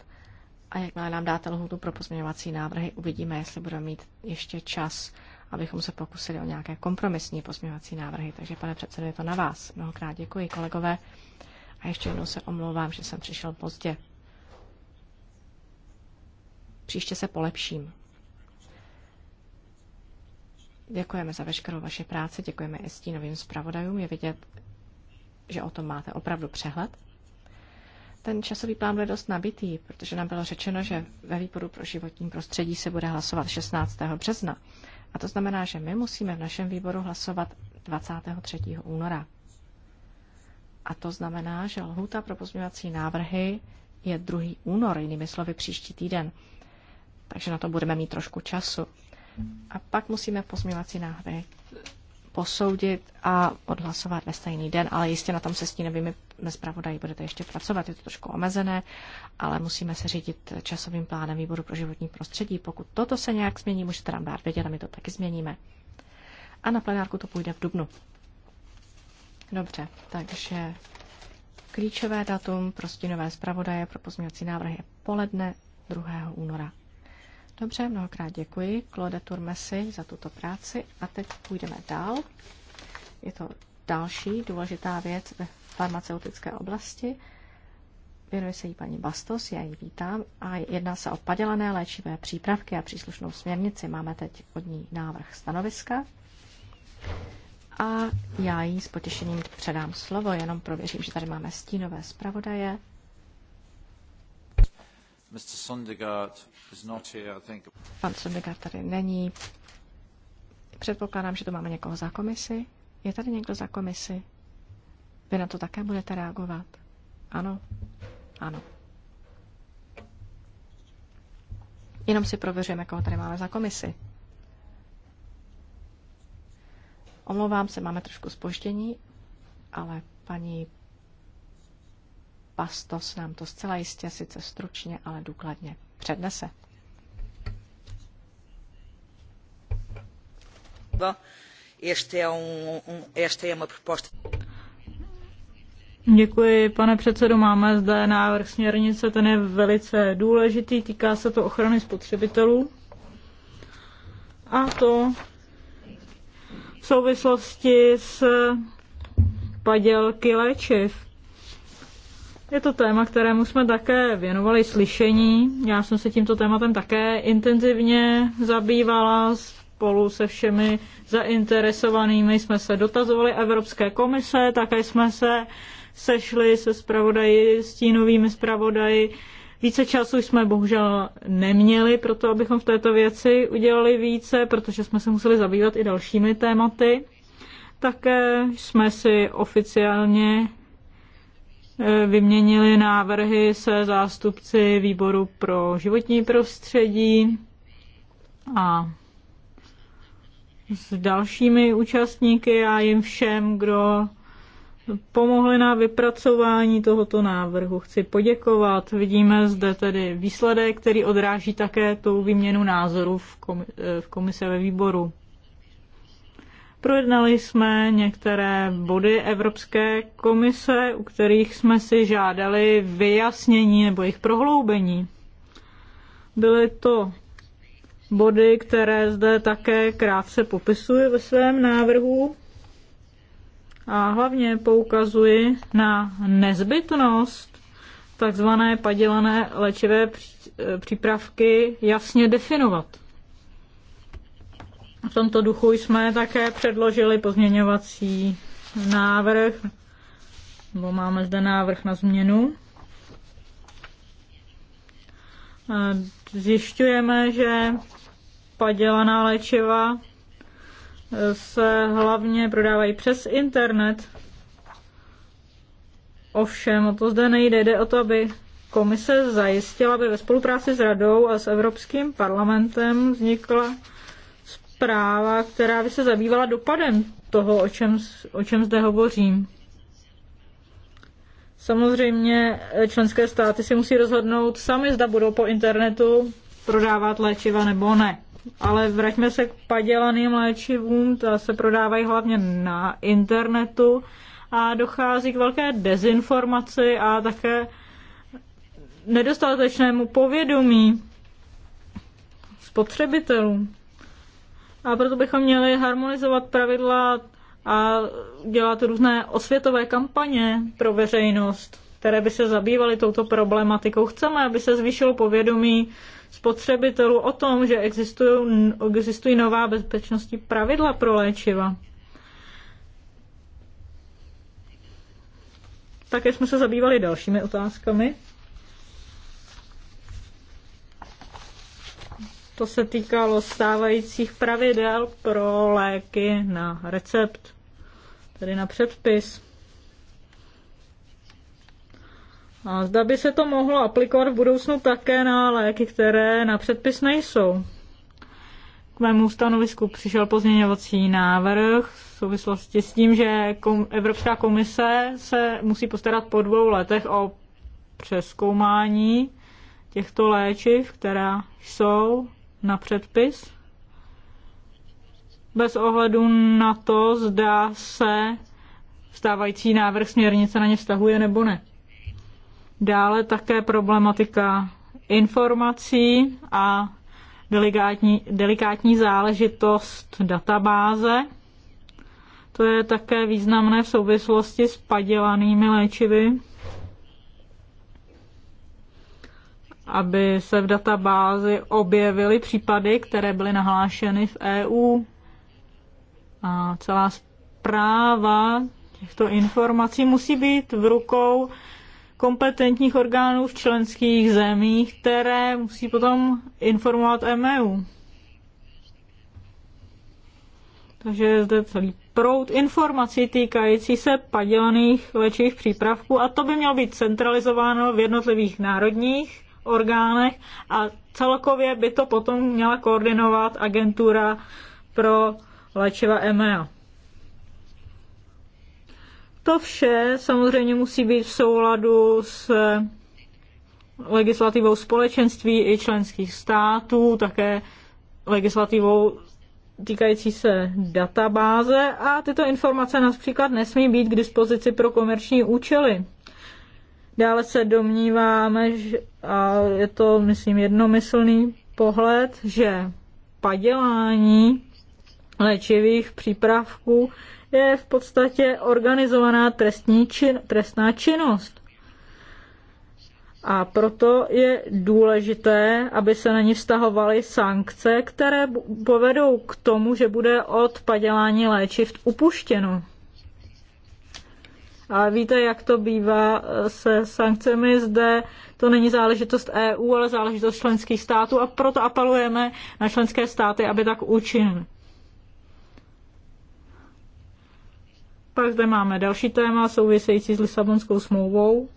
S1: a jakmile nám dáte lhůtu pro pozměňovací návrhy, uvidíme, jestli budeme mít ještě čas, abychom se pokusili o nějaké kompromisní pozměňovací návrhy. Takže, pane předsedo, je to na vás. Mnohokrát děkuji, kolegové. A ještě jednou se omlouvám, že jsem přišel pozdě. Příště se polepším. Děkujeme za veškerou vaši práci, děkujeme i stínovým zpravodajům. Je vidět, že o tom máte opravdu přehled. Ten časový plán byl dost nabitý, protože nám bylo řečeno, že ve výboru pro životní prostředí se bude hlasovat 16. března. A to znamená, že my musíme v našem výboru hlasovat 23. února. A to znamená, že lhůta pro pozměňovací návrhy je 2. únor, jinými slovy příští týden. Takže na to budeme mít trošku času. A pak musíme pozměňovací návrhy posoudit a odhlasovat ve stejný den, ale jistě na tom se s tím nevím, zpravodají budete ještě pracovat, je to trošku omezené, ale musíme se řídit časovým plánem výboru pro životní prostředí. Pokud toto se nějak změní, můžete nám dát vědět a my to taky změníme. A na plenárku to půjde v dubnu. Dobře, takže klíčové datum pro stínové zpravodaje pro pozměňovací návrhy je poledne 2. února. Dobře, mnohokrát děkuji Claude Turmesi za tuto práci a teď půjdeme dál. Je to další důležitá věc ve farmaceutické oblasti. Věnuje se jí paní Bastos, já ji vítám a jedná se o padělané léčivé přípravky a příslušnou směrnici. Máme teď od ní návrh stanoviska a já jí s potěšením předám slovo, jenom prověřím, že tady máme stínové zpravodaje. Pan Sundegaard tady není. Předpokládám, že tu máme někoho za komisi. Je tady někdo za komisi? Vy na to také budete reagovat? Ano? Ano. Jenom si prověřujeme, koho tady máme za komisi. Omlouvám se, máme trošku spoždění, ale paní Pastos nám to zcela jistě, sice stručně, ale důkladně přednese.
S3: E e Děkuji, pane předsedo. Máme zde návrh směrnice, ten je velice důležitý, týká se to ochrany spotřebitelů. A to v souvislosti s padělky léčiv. Je to téma, kterému jsme také věnovali slyšení. Já jsem se tímto tématem také intenzivně zabývala spolu se všemi zainteresovanými. Jsme se dotazovali Evropské komise, také jsme se sešli se spravodaji, stínovými spravodají. Více času jsme bohužel neměli pro to, abychom v této věci udělali více, protože jsme se museli zabývat i dalšími tématy. Také jsme si oficiálně eh, vyměnili návrhy se zástupci výboru pro životní prostředí a s dalšími účastníky a jim všem, kdo pomohli na vypracování tohoto návrhu. Chci poděkovat. Vidíme zde tedy výsledek, který odráží také tou výměnu názorů v, komi- eh, v komise ve výboru. Projednali jsme některé body Evropské komise, u kterých jsme si žádali vyjasnění nebo jejich prohloubení. Byly to body, které zde také krátce popisuje ve svém návrhu a hlavně poukazuji na nezbytnost takzvané padělané léčivé eh, přípravky jasně definovat. V tomto duchu jsme také předložili pozměňovací návrh, nebo máme zde návrh na změnu. Eh, zjišťujeme, že padělaná léčiva se hlavně prodávají přes internet. Ovšem, o to zde nejde. Jde o to, aby komise zajistila, aby ve spolupráci s radou a s Evropským parlamentem vznikla zpráva, která by se zabývala dopadem toho, o čem, o čem zde hovořím. Samozřejmě eh, členské státy si musí rozhodnout sami, zda budou po internetu prodávat léčiva nebo ne. Ale vraťme se k padělaným léčivům, ta se prodávají hlavně na internetu a dochází k velké dezinformaci a také nedostatečnému povědomí spotřebitelů. A proto bychom měli harmonizovat pravidla a dělat různé osvětové kampaně pro veřejnost, které by se zabývaly touto problematikou. Chceme, aby se zvýšilo povědomí spotřebitelů o tom, že existují, existují nová bezpečnostní pravidla pro léčiva. Také jsme se zabývali dalšími otázkami. To se týkalo stávajících pravidel pro léky na recept, tedy na předpis. A zda by se to mohlo aplikovat v budoucnu také na léky, které na předpis nejsou. K mému stanovisku přišel pozměňovací návrh v souvislosti s tím, že Evropská komise se musí postarat po dvou letech o přeskoumání těchto léčiv, která jsou na předpis. Bez ohledu na to, zda se stávající návrh směrnice na ně vztahuje nebo ne. Dále také problematika informací a delikátní, delikátní záležitost databáze. To je také významné v souvislosti s padělanými léčivy, aby se v databázi objevily případy, které byly nahlášeny v EU. A celá zpráva těchto informací musí být v rukou kompetentních orgánů v členských zemích, které musí potom informovat MEU. Takže je zde celý proud informací týkající se padělaných léčivých přípravků a to by mělo být centralizováno v jednotlivých národních orgánech a celkově by to potom měla koordinovat agentura pro léčiva EMEA. To vše samozřejmě musí být v souladu s legislativou společenství i členských států, také legislativou týkající se databáze a tyto informace například nesmí být k dispozici pro komerční účely. Dále se domníváme, že, a je to, myslím, jednomyslný pohled, že padělání léčivých přípravků je v podstatě organizovaná trestní čin, trestná činnost. A proto je důležité, aby se na ní vztahovaly sankce, které povedou k tomu, že bude od padělání léčiv upuštěno. Ale víte, jak to bývá e, se sankcemi zde. To není záležitost EU, ale záležitost členských států a proto apelujeme na členské státy, aby tak učinili. Pak zde máme další téma související s Lisabonskou smlouvou.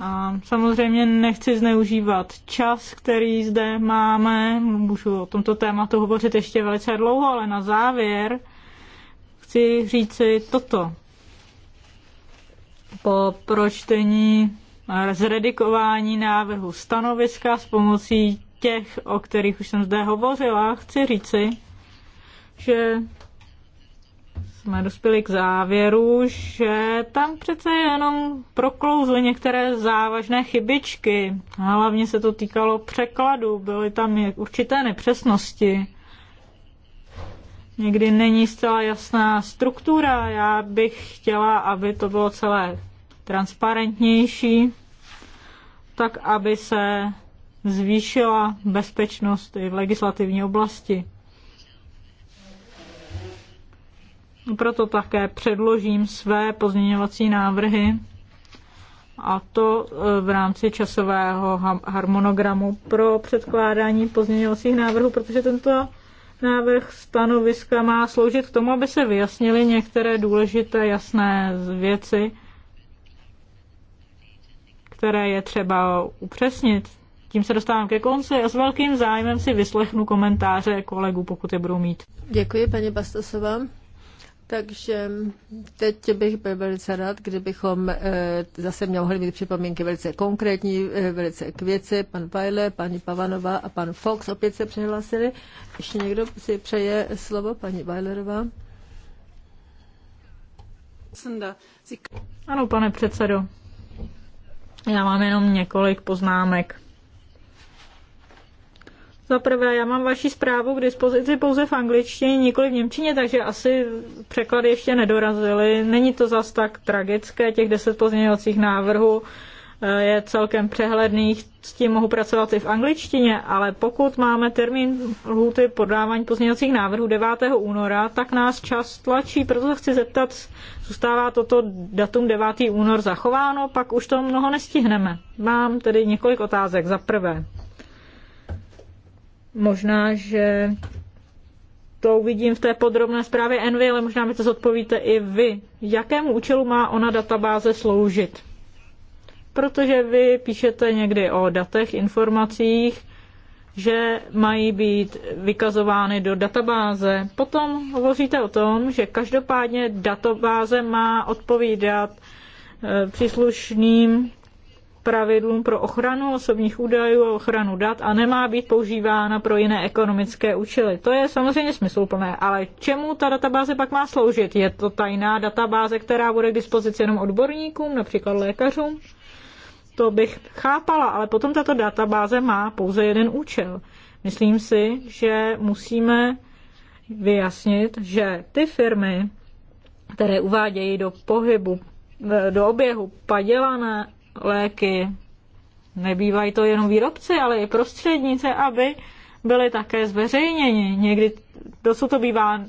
S3: A samozřejmě nechci zneužívat čas, který zde máme. Můžu o tomto tématu hovořit ještě velice dlouho, ale na závěr chci říci toto. Po pročtení zredikování návrhu stanoviska s pomocí těch, o kterých už jsem zde hovořila. Chci říci, že jsme dospěli k závěru, že tam přece jenom proklouzly některé závažné chybičky. Hlavně se to týkalo překladu, byly tam určité nepřesnosti. Někdy není zcela jasná struktura. Já bych chtěla, aby to bylo celé transparentnější, tak aby se zvýšila bezpečnost i v legislativní oblasti. Proto také předložím své pozměňovací návrhy a to e, v rámci časového harmonogramu pro předkládání pozměňovacích návrhů, protože tento návrh stanoviska má sloužit k tomu, aby se vyjasnily některé důležité jasné věci, které je třeba upřesnit. Tím se dostávám ke konci a s velkým zájmem si vyslechnu komentáře kolegů, pokud je budou mít.
S2: Děkuji, paní Bastosová. Takže teď bych byl velice rád, kdybychom eh, zase mohli mít připomínky velice konkrétní, eh, velice k věci. Pan Vajle, paní Pavanová a pan Fox opět se přihlásili. Ještě někdo si přeje slovo, paní Vajlerová? Ano, pane předsedo.
S3: Já mám jenom několik poznámek. Za prvé, já mám vaši zprávu k dispozici pouze v angličtině, nikoli v němčině, takže asi překlady ještě nedorazily. Není to zas tak tragické, těch deset pozměňovacích návrhů je celkem přehledný, s tím mohu pracovat i v angličtině, ale pokud máme termín lhůty podávání pozměňovacích návrhů 9. února, tak nás čas tlačí, proto se chci zeptat, zůstává toto datum 9. únor zachováno, pak už to mnoho nestihneme. Mám tedy několik otázek. Za prvé, možná, že to uvidím v té podrobné zprávě Envy, ale možná mi to zodpovíte i vy. Jakému účelu má ona databáze sloužit? protože vy píšete někdy o datech, informacích, že mají být vykazovány do databáze. Potom hovoříte o tom, že každopádně databáze má odpovídat e, příslušným pravidlům pro ochranu osobních údajů a ochranu dat a nemá být používána pro jiné ekonomické účely. To je samozřejmě smysluplné, ale čemu ta databáze pak má sloužit? Je to tajná databáze, která bude k dispozici jenom odborníkům, například lékařům? to bych chápala, ale potom tato databáze má pouze jeden účel. Myslím si, že musíme vyjasnit, že ty firmy, které uvádějí do pohybu, do oběhu padělané léky, nebývají to jenom výrobci, ale i prostředníci, aby byly také zveřejněni. Někdy dosud to bývá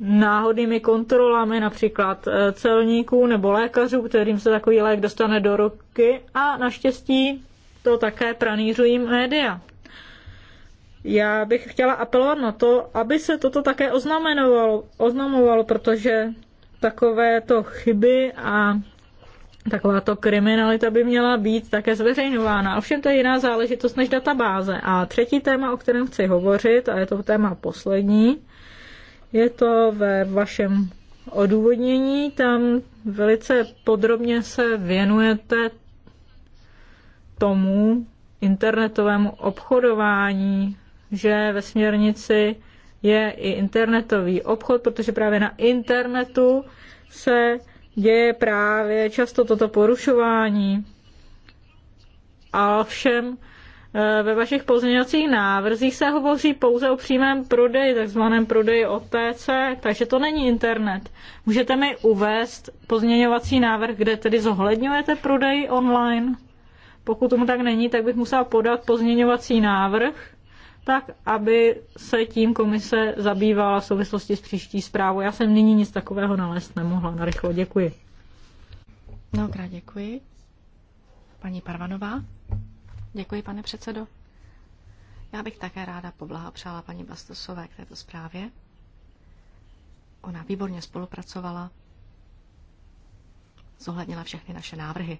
S3: náhodnými kontrolami například eh, celníků nebo lékařů, kterým se takový lék dostane do ruky a naštěstí to také pranířují média. Já bych chtěla apelovat na to, aby se toto také oznamenovalo, oznamovalo protože takovéto chyby a takováto kriminalita by měla být také zveřejňována. Ovšem to je jiná záležitost než databáze. A třetí téma, o kterém chci hovořit, a je to téma poslední, je to ve vašem odůvodnění, tam velice podrobně se věnujete tomu internetovému obchodování, že ve směrnici je i internetový obchod, protože právě na internetu se děje právě často toto porušování. A všem Eh, ve vašich pozměňovacích návrzích se hovoří pouze o přímém prodeji, takzvaném prodeji OTC, takže to není internet. Můžete mi uvést pozměňovací návrh, kde tedy zohledňujete prodej online? Pokud tomu tak není, tak bych musela podat pozměňovací návrh, tak aby se tím komise zabývala v souvislosti s příští zprávou. Já jsem nyní nic takového nalézt nemohla. Narychlo děkuji.
S1: Mnohokrát děkuji. Paní Parvanová. Děkuji, pane předsedo. Já bych také ráda poblahopřála paní Bastosové k této zprávě. Ona výborně spolupracovala, zohlednila všechny naše návrhy.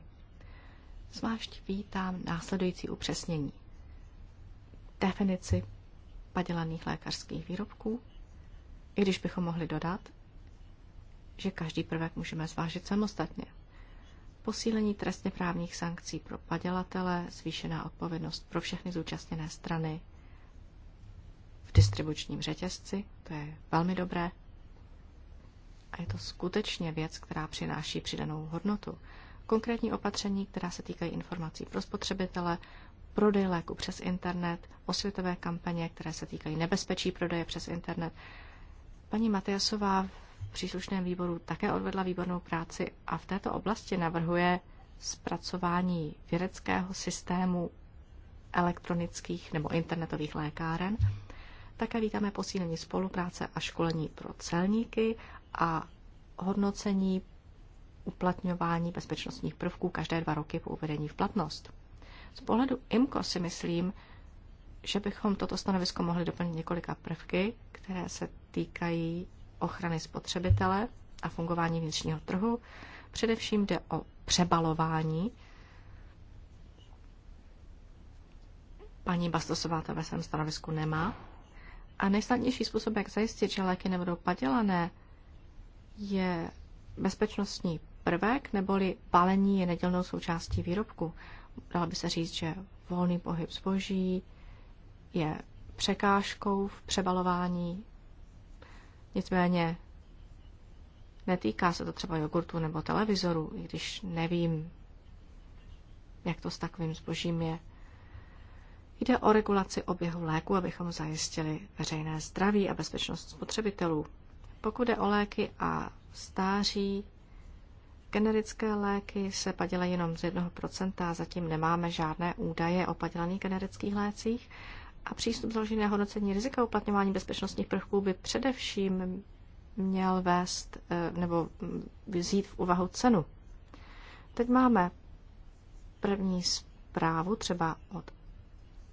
S1: Zvlášť vítám následující upřesnění. Definici padělaných lékařských výrobků, i když bychom mohli dodat, že každý prvek můžeme zvážit samostatně posílení trestně právních sankcí pro padělatele, zvýšená odpovědnost pro všechny zúčastněné strany v distribučním řetězci, to je velmi dobré. A je to skutečně věc, která přináší přidanou hodnotu. Konkrétní opatření, která se týkají informací pro spotřebitele, prodej léku přes internet, osvětové kampaně, které se týkají nebezpečí prodeje přes internet. Paní Matiasová v příslušném výboru také odvedla výbornou práci a v této oblasti navrhuje zpracování vědeckého systému elektronických nebo internetových lékáren. Také vítáme posílení spolupráce a školení pro celníky a hodnocení uplatňování bezpečnostních prvků každé dva roky po uvedení v platnost. Z pohledu IMCO si myslím, že bychom toto stanovisko mohli doplnit několika prvky, které se týkají ochrany spotřebitele a fungování vnitřního trhu. Především jde o přebalování. Paní Bastosová to ve svém stanovisku nemá. A nejsnadnější způsob, jak zajistit, že léky nebudou padělané, je bezpečnostní prvek, neboli balení je nedělnou součástí výrobku. Dalo by se říct, že volný pohyb zboží je překážkou v přebalování Nicméně netýká se to třeba jogurtu nebo televizoru, i když nevím, jak to s takovým zbožím je. Jde o regulaci oběhu léku, abychom zajistili veřejné zdraví a bezpečnost spotřebitelů. Pokud jde o léky a stáří, generické léky se padělají jenom z 1% a zatím nemáme žádné údaje o padělaných generických lécích. A přístup založený na hodnocení rizika uplatňování bezpečnostních prvků by především měl vést eh, nebo vzít v úvahu cenu. Teď máme první zprávu třeba od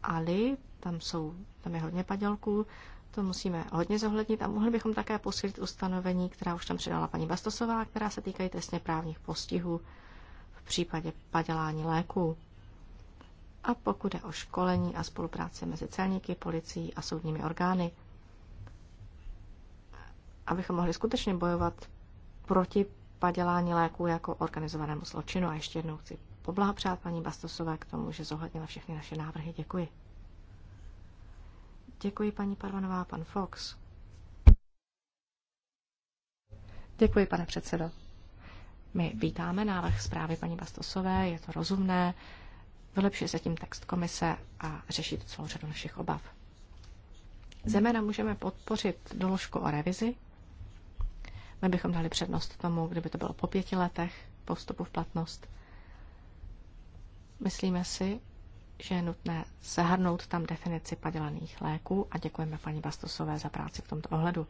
S1: Ali, tam, jsou, tam je hodně padělků, to musíme hodně zohlednit a mohli bychom také posílit ustanovení, která už tam přidala paní Bastosová, která se týkají trestně právních postihů v případě padělání léků a pokud je o školení a spolupráci mezi celníky, policií a soudními orgány, abychom mohli skutečně bojovat proti padělání léků jako organizovanému zločinu. A ještě jednou chci poblahopřát paní Bastosové k tomu, že zohlednila všechny naše návrhy. Děkuji. Děkuji paní Parvanová a pan Fox. Děkuji, pane předsedo. My vítáme návrh zprávy paní Bastosové, je to rozumné, Vylepší se tím text komise a řešit to celou řadu našich obav. Zemena můžeme podpořit doložku o revizi. My bychom dali přednost tomu, kdyby to bylo po pěti letech po vstupu v platnost. Myslíme si, že je nutné zahrnout tam definici padělaných léků a děkujeme paní Bastosové za práci v tomto ohledu.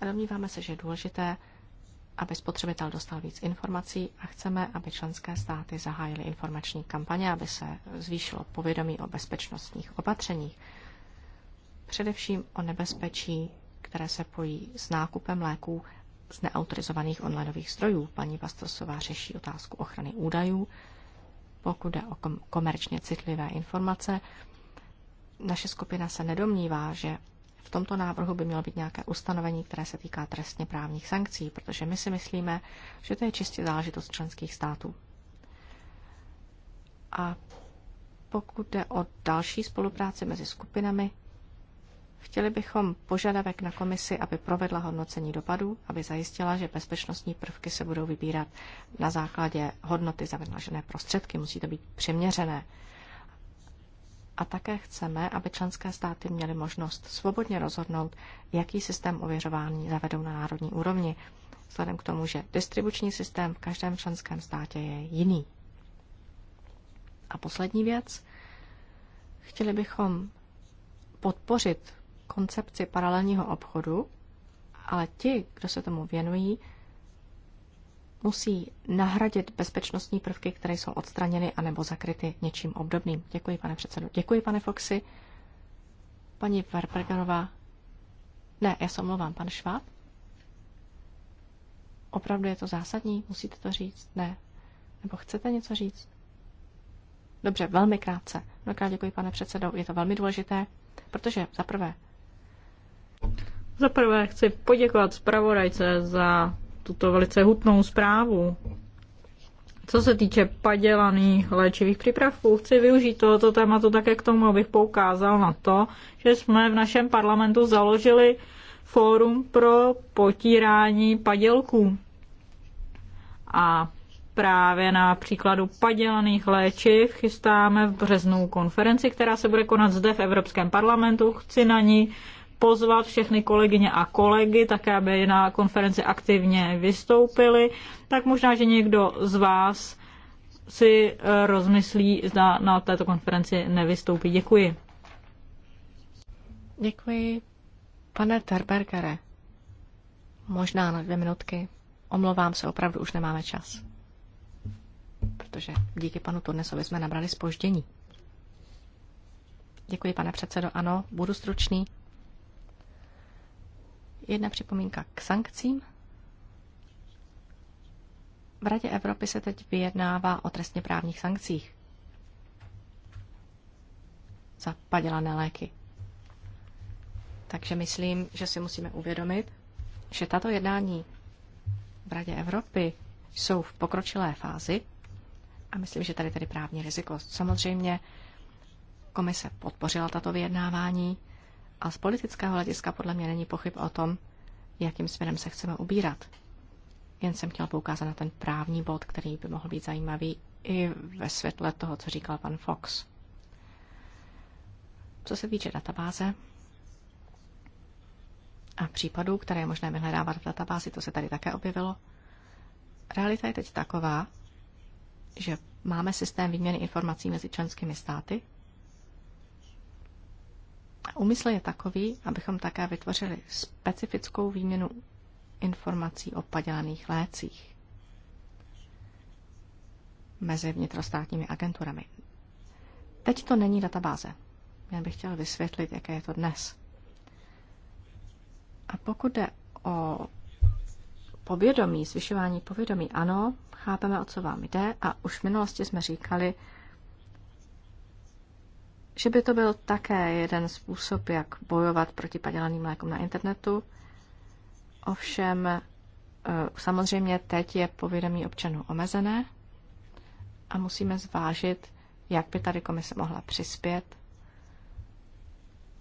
S1: A domníváme se, že je důležité, aby spotřebitel dostal víc informací a chceme, aby členské státy zahájily informační kampaně, aby se zvýšilo povědomí o bezpečnostních opatřeních. Především o nebezpečí, které se pojí s nákupem léků z neautorizovaných onlineových zdrojů. Paní Bastosová řeší otázku ochrany údajů. Pokud jde o komerčně citlivé informace, naše skupina se nedomnívá, že v tomto návrhu by mělo být nějaké ustanovení, které se týká trestně právních sankcí, protože my si myslíme, že to je čistě záležitost členských států. A pokud jde o další spolupráci mezi skupinami, chtěli bychom požadavek na komisi, aby provedla hodnocení dopadů, aby zajistila, že bezpečnostní prvky se budou vybírat na základě hodnoty za vynaložené prostředky. Musí to být přiměřené a také chceme, aby členské státy měly možnost svobodně rozhodnout, jaký systém ověřování zavedou na národní úrovni, vzhledem k tomu, že distribuční systém v každém členském státě je jiný. A poslední věc. Chtěli bychom podpořit koncepci paralelního obchodu, ale ti, kdo se tomu věnují, musí nahradit bezpečnostní prvky, které jsou odstraněny anebo zakryty něčím obdobným. Děkuji, pane předsedo. Děkuji, pane Foxy. Paní Verbergerová. Ne, já se omlouvám, pan Šváb. Opravdu je to zásadní? Musíte to říct? Ne. Nebo chcete něco říct? Dobře, velmi krátce. Mnohokrát děkuji, pane předsedo. Je to velmi důležité, protože za prvé.
S3: Za prvé chci poděkovat zpravodajce za tuto velice hutnou zprávu. Co se týče padělaných léčivých přípravků, chci využít tohoto tématu také k tomu, abych poukázal na to, že jsme v našem parlamentu založili fórum pro potírání padělků. A právě na příkladu padělaných léčiv chystáme v březnu konferenci, která se bude konat zde v Evropském parlamentu. Chci na ní pozvat všechny kolegyně a kolegy, také aby na konferenci aktivně vystoupili, tak možná, že někdo z vás si eh,
S1: rozmyslí, zda na této konferenci nevystoupí. Děkuji. Děkuji. Pane Terbergere, možná na dvě minutky. Omlouvám se, opravdu už nemáme čas. Protože díky panu Turnesovi jsme nabrali spoždění. Děkuji, pane předsedo. Ano, budu stručný. Jedna připomínka k sankcím. V Radě Evropy se teď vyjednává o trestně právních sankcích za padělané léky. Takže myslím, že si musíme uvědomit, že tato jednání v Radě Evropy jsou v pokročilé fázi a myslím, že tady tedy právní riziko. Samozřejmě komise podpořila tato vyjednávání a z politického hlediska podle mě není pochyb o tom, jakým směrem se chceme ubírat. Jen jsem chtěl poukázat na ten právní bod, který by mohl být zajímavý i ve světle toho, co říkal pan Fox. Co se týče databáze a případů, které je možné vyhledávat v databázi, to se tady také objevilo. Realita je teď taková, že máme systém výměny informací mezi členskými státy, Úmysl je takový, abychom také vytvořili specifickou výměnu informací o padělaných lécích mezi vnitrostátními agenturami. Teď to není databáze. Já bych chtěl vysvětlit, jaké je to dnes. A pokud jde o povědomí, zvyšování povědomí, ano, chápeme, o co vám jde a už v minulosti jsme říkali, že by to byl také jeden způsob, jak bojovat proti padělaným lékům na internetu. Ovšem, e, samozřejmě teď je povědomí občanů omezené a musíme zvážit, jak by tady komise mohla přispět,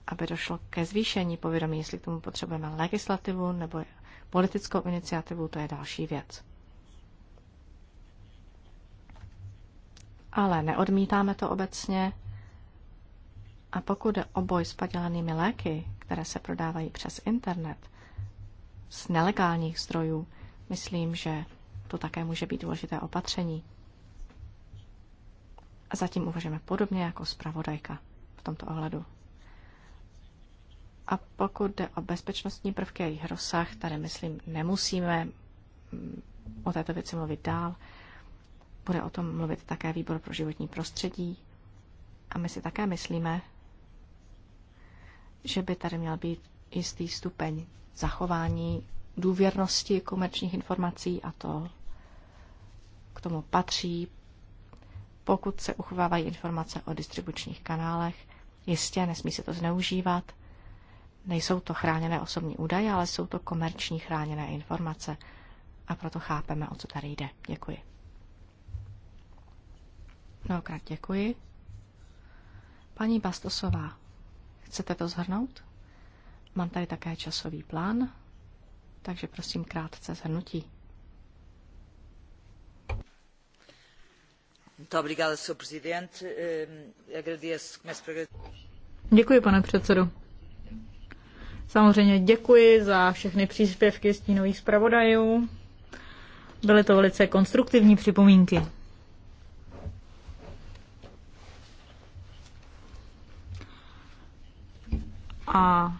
S1: aby došlo ke zvýšení povědomí, jestli k tomu potřebujeme legislativu nebo politickou iniciativu, to je další věc. Ale neodmítáme to obecně, a pokud jde o boj s padělanými léky, které se prodávají přes internet, z nelegálních zdrojů, myslím, že to také může být důležité opatření. A zatím uvažujeme podobně jako zpravodajka v tomto ohledu. A pokud jde o bezpečnostní prvky a jejich rozsah, tady myslím, nemusíme mm, o této věci mluvit dál. Bude o tom mluvit také výbor pro životní prostředí. A my si také myslíme, že by tady měl být jistý stupeň zachování důvěrnosti komerčních informací a to k tomu patří, pokud se uchovávají informace o distribučních kanálech. Jistě, nesmí se to zneužívat. Nejsou to chráněné osobní údaje, ale jsou to komerční chráněné informace. A proto chápeme, o co tady jde. Děkuji. Mnohokrát děkuji. Paní Bastosová, Chcete to zhrnout? Mám tady také časový plán, takže prosím krátce zhrnutí.
S3: Ehm, e děkuji, pane předsedo. Samozřejmě děkuji za všechny příspěvky stínových zpravodajů. Byly to velice konstruktivní připomínky. a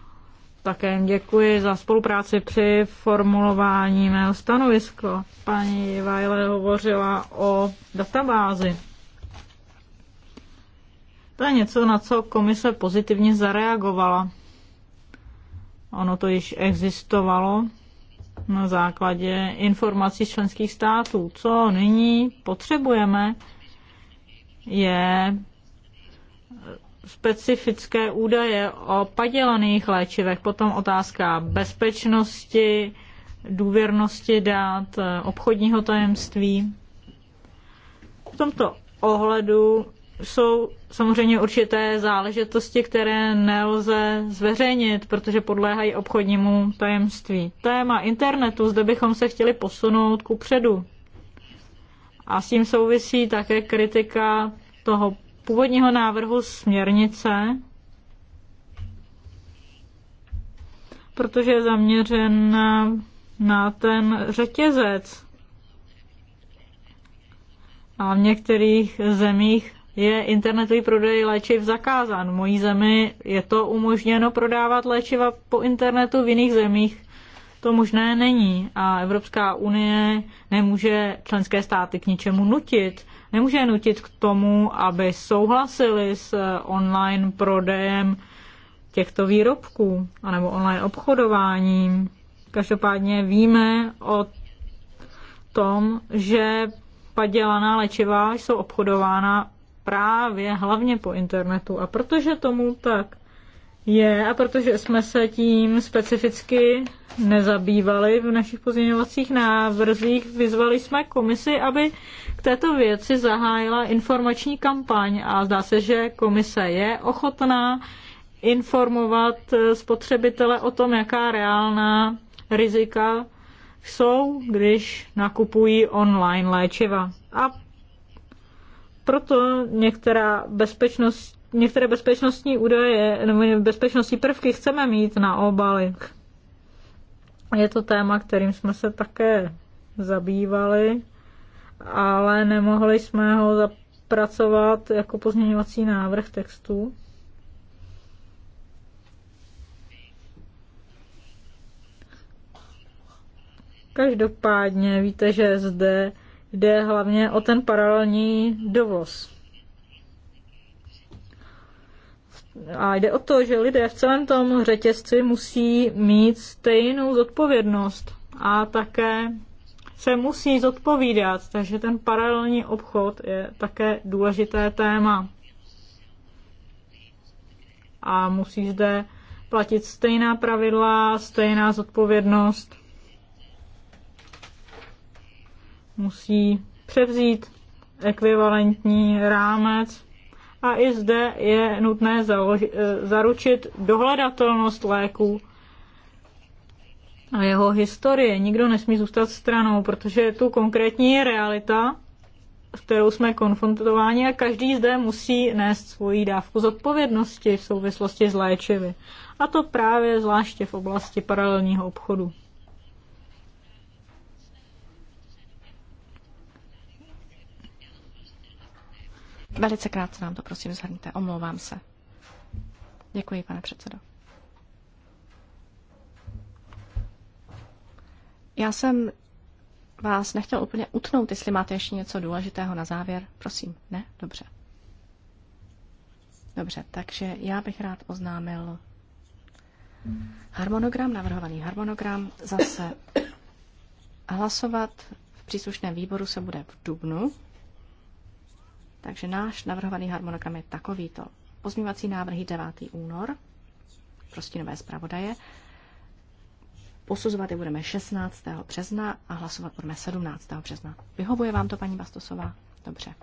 S3: také děkuji za spolupráci při formulování mého stanovisko. Paní Vajle hovořila o databázi. To je něco, na co komise pozitivně zareagovala. Ono to již existovalo na základě informací členských států. Co nyní potřebujeme, je specifické údaje o padělaných léčivech, potom otázka bezpečnosti, důvěrnosti dát, obchodního tajemství. V tomto ohledu jsou samozřejmě určité záležitosti, které nelze zveřejnit, protože podléhají obchodnímu tajemství. Téma internetu, zde bychom se chtěli posunout ku předu. A s tím souvisí také kritika toho původního návrhu směrnice, protože je zaměřen na na ten řetězec. A v některých zemích je internetový prodej léčiv zakázán. V mojí zemi je to umožněno prodávat léčiva po internetu, v jiných zemích to možné není. A Evropská unie nemůže členské státy k ničemu nutit nemůže nutit k tomu, aby souhlasili s eh, online prodejem těchto výrobků anebo online obchodováním. Každopádně víme o tom, že padělaná léčiva jsou obchodována právě hlavně po internetu. A protože tomu tak je, a protože jsme se tím specificky nezabývali v našich pozměňovacích návrzích, vyzvali jsme komisi, aby k této věci zahájila informační kampaň a zdá se, že komise je ochotná informovat spotřebitele o tom, jaká reálná rizika jsou, když nakupují online léčiva. A proto některá bezpečnost některé bezpečnostní údaje nebo bezpečnostní prvky chceme mít na obalek. Je to téma, kterým jsme se také zabývali, ale nemohli jsme ho zapracovat jako pozměňovací návrh textu. Každopádně víte, že zde jde hlavně o ten paralelní dovoz. A jde o to, že lidé v celém tom řetězci musí mít stejnou zodpovědnost a také se musí zodpovídat, takže ten paralelní obchod je také důležité téma. A musí zde platit stejná pravidla, stejná zodpovědnost. Musí převzít ekvivalentní rámec a i zde je nutné zaručit dohledatelnost léku a jeho historie. Nikdo nesmí zůstat stranou, protože je tu konkrétní realita, s kterou jsme konfrontováni a každý zde musí nést svoji dávku zodpovědnosti v souvislosti s léčivy. A to právě zvláště v oblasti paralelního obchodu.
S1: Velice krátce nám to prosím zhrňte. Omlouvám se. Děkuji, pane předsedo. Já jsem vás nechtěl úplně utnout, jestli máte ještě něco důležitého na závěr. Prosím, ne? Dobře. Dobře, takže já bych rád oznámil harmonogram, navrhovaný harmonogram. Zase hlasovat v příslušném výboru se bude v Dubnu takže náš navrhovaný harmonogram je takovýto. Pozměňovací návrhy 9. únor prostě stínové zpravodaje. Posuzovat je budeme 16. března a hlasovat budeme 17. března. Vyhovuje vám to, paní Bastosová? Dobře.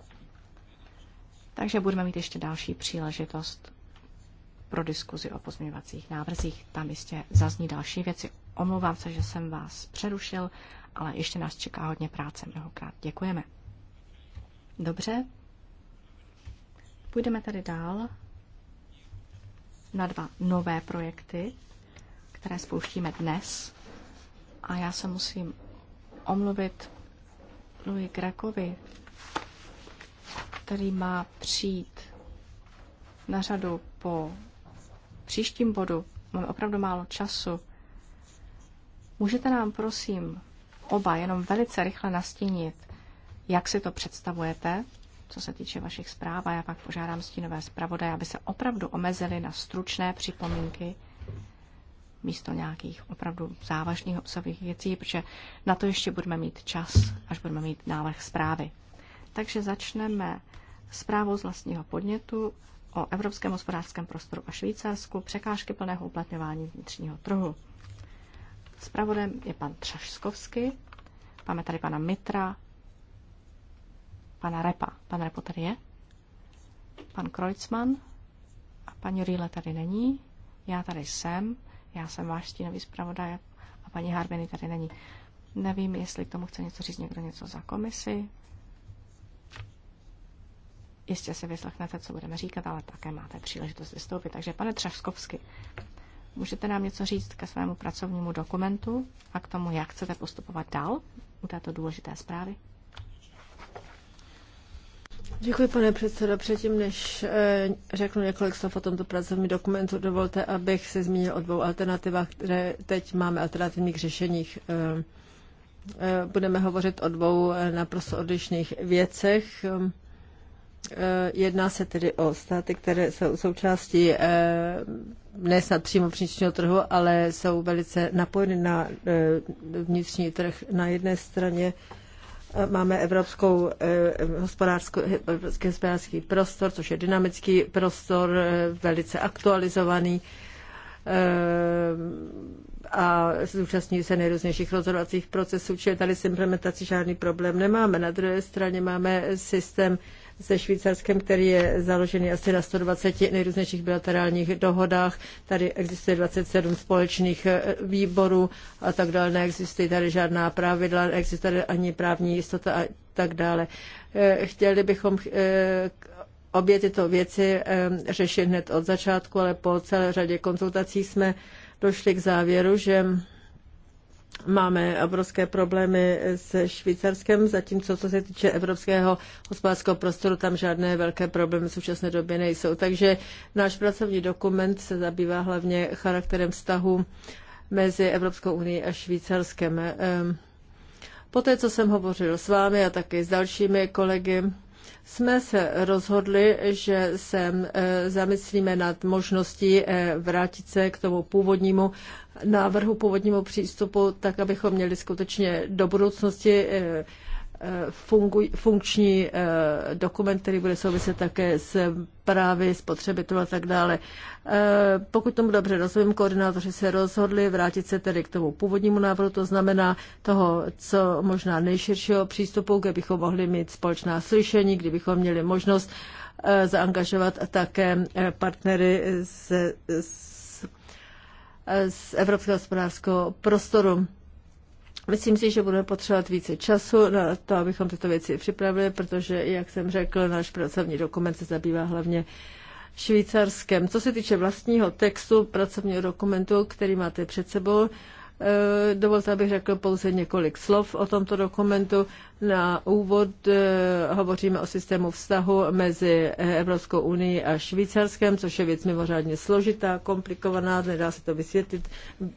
S1: Takže budeme mít ještě další příležitost pro diskuzi o pozměňovacích návrzích. Tam jistě zazní další věci. Omlouvám se, že jsem vás přerušil, ale ještě nás čeká hodně práce. Mnohokrát děkujeme. Dobře, Půjdeme tady dál na dva nové projekty, které spouštíme dnes. A já se musím omluvit Louis Grekovi, který má přijít na řadu po příštím bodu. Máme opravdu málo času. Můžete nám prosím oba jenom velice rychle nastínit, jak si to představujete, co se týče vašich zpráv a já pak požádám stínové zpravodaje, aby se opravdu omezili na stručné připomínky místo nějakých opravdu závažných obsahových věcí, protože na to ještě budeme mít čas, až budeme mít návrh zprávy. Takže začneme zprávou z vlastního podnětu o Evropském hospodářském prostoru a Švýcarsku překážky plného uplatňování vnitřního trhu. Zpravodem je pan Třašskovský, máme tady pana Mitra, pana Repa. Pan Repo tady je. Pan Kreutzmann a paní Rýle tady není. Já tady jsem. Já jsem váš stínový zpravodaj a paní Harmeny tady není. Nevím, jestli k tomu chce něco říct někdo něco za komisi. Jistě si vyslechnete, co budeme říkat, ale také máte příležitost vystoupit. Takže pane Třaskovsky, můžete nám něco říct ke svému pracovnímu dokumentu a k tomu, jak chcete postupovat dál u této
S2: důležité zprávy? Děkuji, pane předsedo. Předtím, než eh, řeknu několik slov o tomto pracovním dokumentu, dovolte, abych se zmínil o dvou alternativách, které teď máme alternativních řešeních. Eh, eh, budeme hovořit o dvou naprosto odlišných věcech. Jedná se tedy o státy, které jsou součástí ne snad přímo vnitřního trhu, ale jsou velice napojeny na vnitřní trh. Na jedné straně Máme evropskou eh, hospodářský, hospodářský prostor, což je dynamický prostor, eh, velice aktualizovaný eh, a zúčastní se nejrůznějších rozhodovacích procesů, čili tady s implementací žádný problém nemáme. Na druhé straně máme systém se Švýcarskem, který je založený asi na 120 nejrůznějších bilaterálních dohodách. Tady existuje 27 společných eh, výborů a tak dále. Neexistují tady žádná pravidla, neexistuje tady ani právní jistota a tak dále. Eh, chtěli bychom eh, obě tyto věci řešit hned od začátku, ale po celé řadě konzultací jsme došli k závěru, že máme obrovské problémy se Švýcarskem, zatímco co se týče evropského hospodářského prostoru, tam žádné velké problémy v současné době nejsou. Takže náš pracovní dokument se zabývá hlavně charakterem vztahu mezi Evropskou unii a Švýcarskem. Ehm, poté, co jsem hovořil s vámi a také s dalšími kolegy, jsme se rozhodli, že se eh, zamyslíme nad možností eh, vrátit se k tomu původnímu návrhu, původnímu přístupu, tak abychom měli skutečně do budoucnosti eh, funkční eh, dokument, který bude souviset také s právy spotřebitelů a tak dále. Eh, pokud tomu dobře rozumím, koordinátoři se rozhodli vrátit se tedy k tomu původnímu návrhu, to znamená toho, co možná nejširšího přístupu, kde bychom mohli mít společná slyšení, kdybychom měli možnost eh, zaangažovat také partnery z, z, z Evropského hospodářského prostoru. Myslím si, že budeme potřebovat více času na to, abychom tyto věci připravili, protože, jak jsem řekl, náš pracovní dokument se zabývá hlavně švýcarskem. Co se týče vlastního textu pracovního dokumentu, který máte před sebou, Eh, dovolte, abych řekl pouze několik slov o tomto dokumentu. Na úvod eh, hovoříme o systému vztahu mezi Evropskou unii a Švýcarskem, což je věc mimořádně složitá, komplikovaná, nedá se to vysvětlit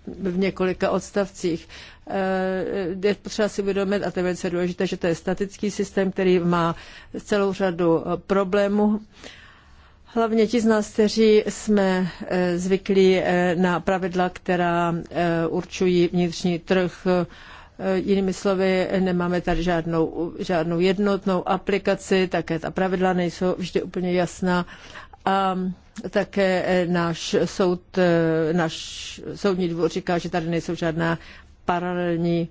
S2: v několika odstavcích. Eh, je potřeba si uvědomit, a to je velice důležité, že to je statický systém, který má celou řadu problémů Hlavně ti z nás, kteří jsme eh, zvyklí eh, na pravidla, která eh, určují vnitřní trh, Jinými slovy, nemáme tady žádnou, žádnou jednotnou aplikaci, také ta pravidla nejsou vždy úplně jasná. A také náš, soud, náš soudní dvůr říká, že tady nejsou žádná paralelní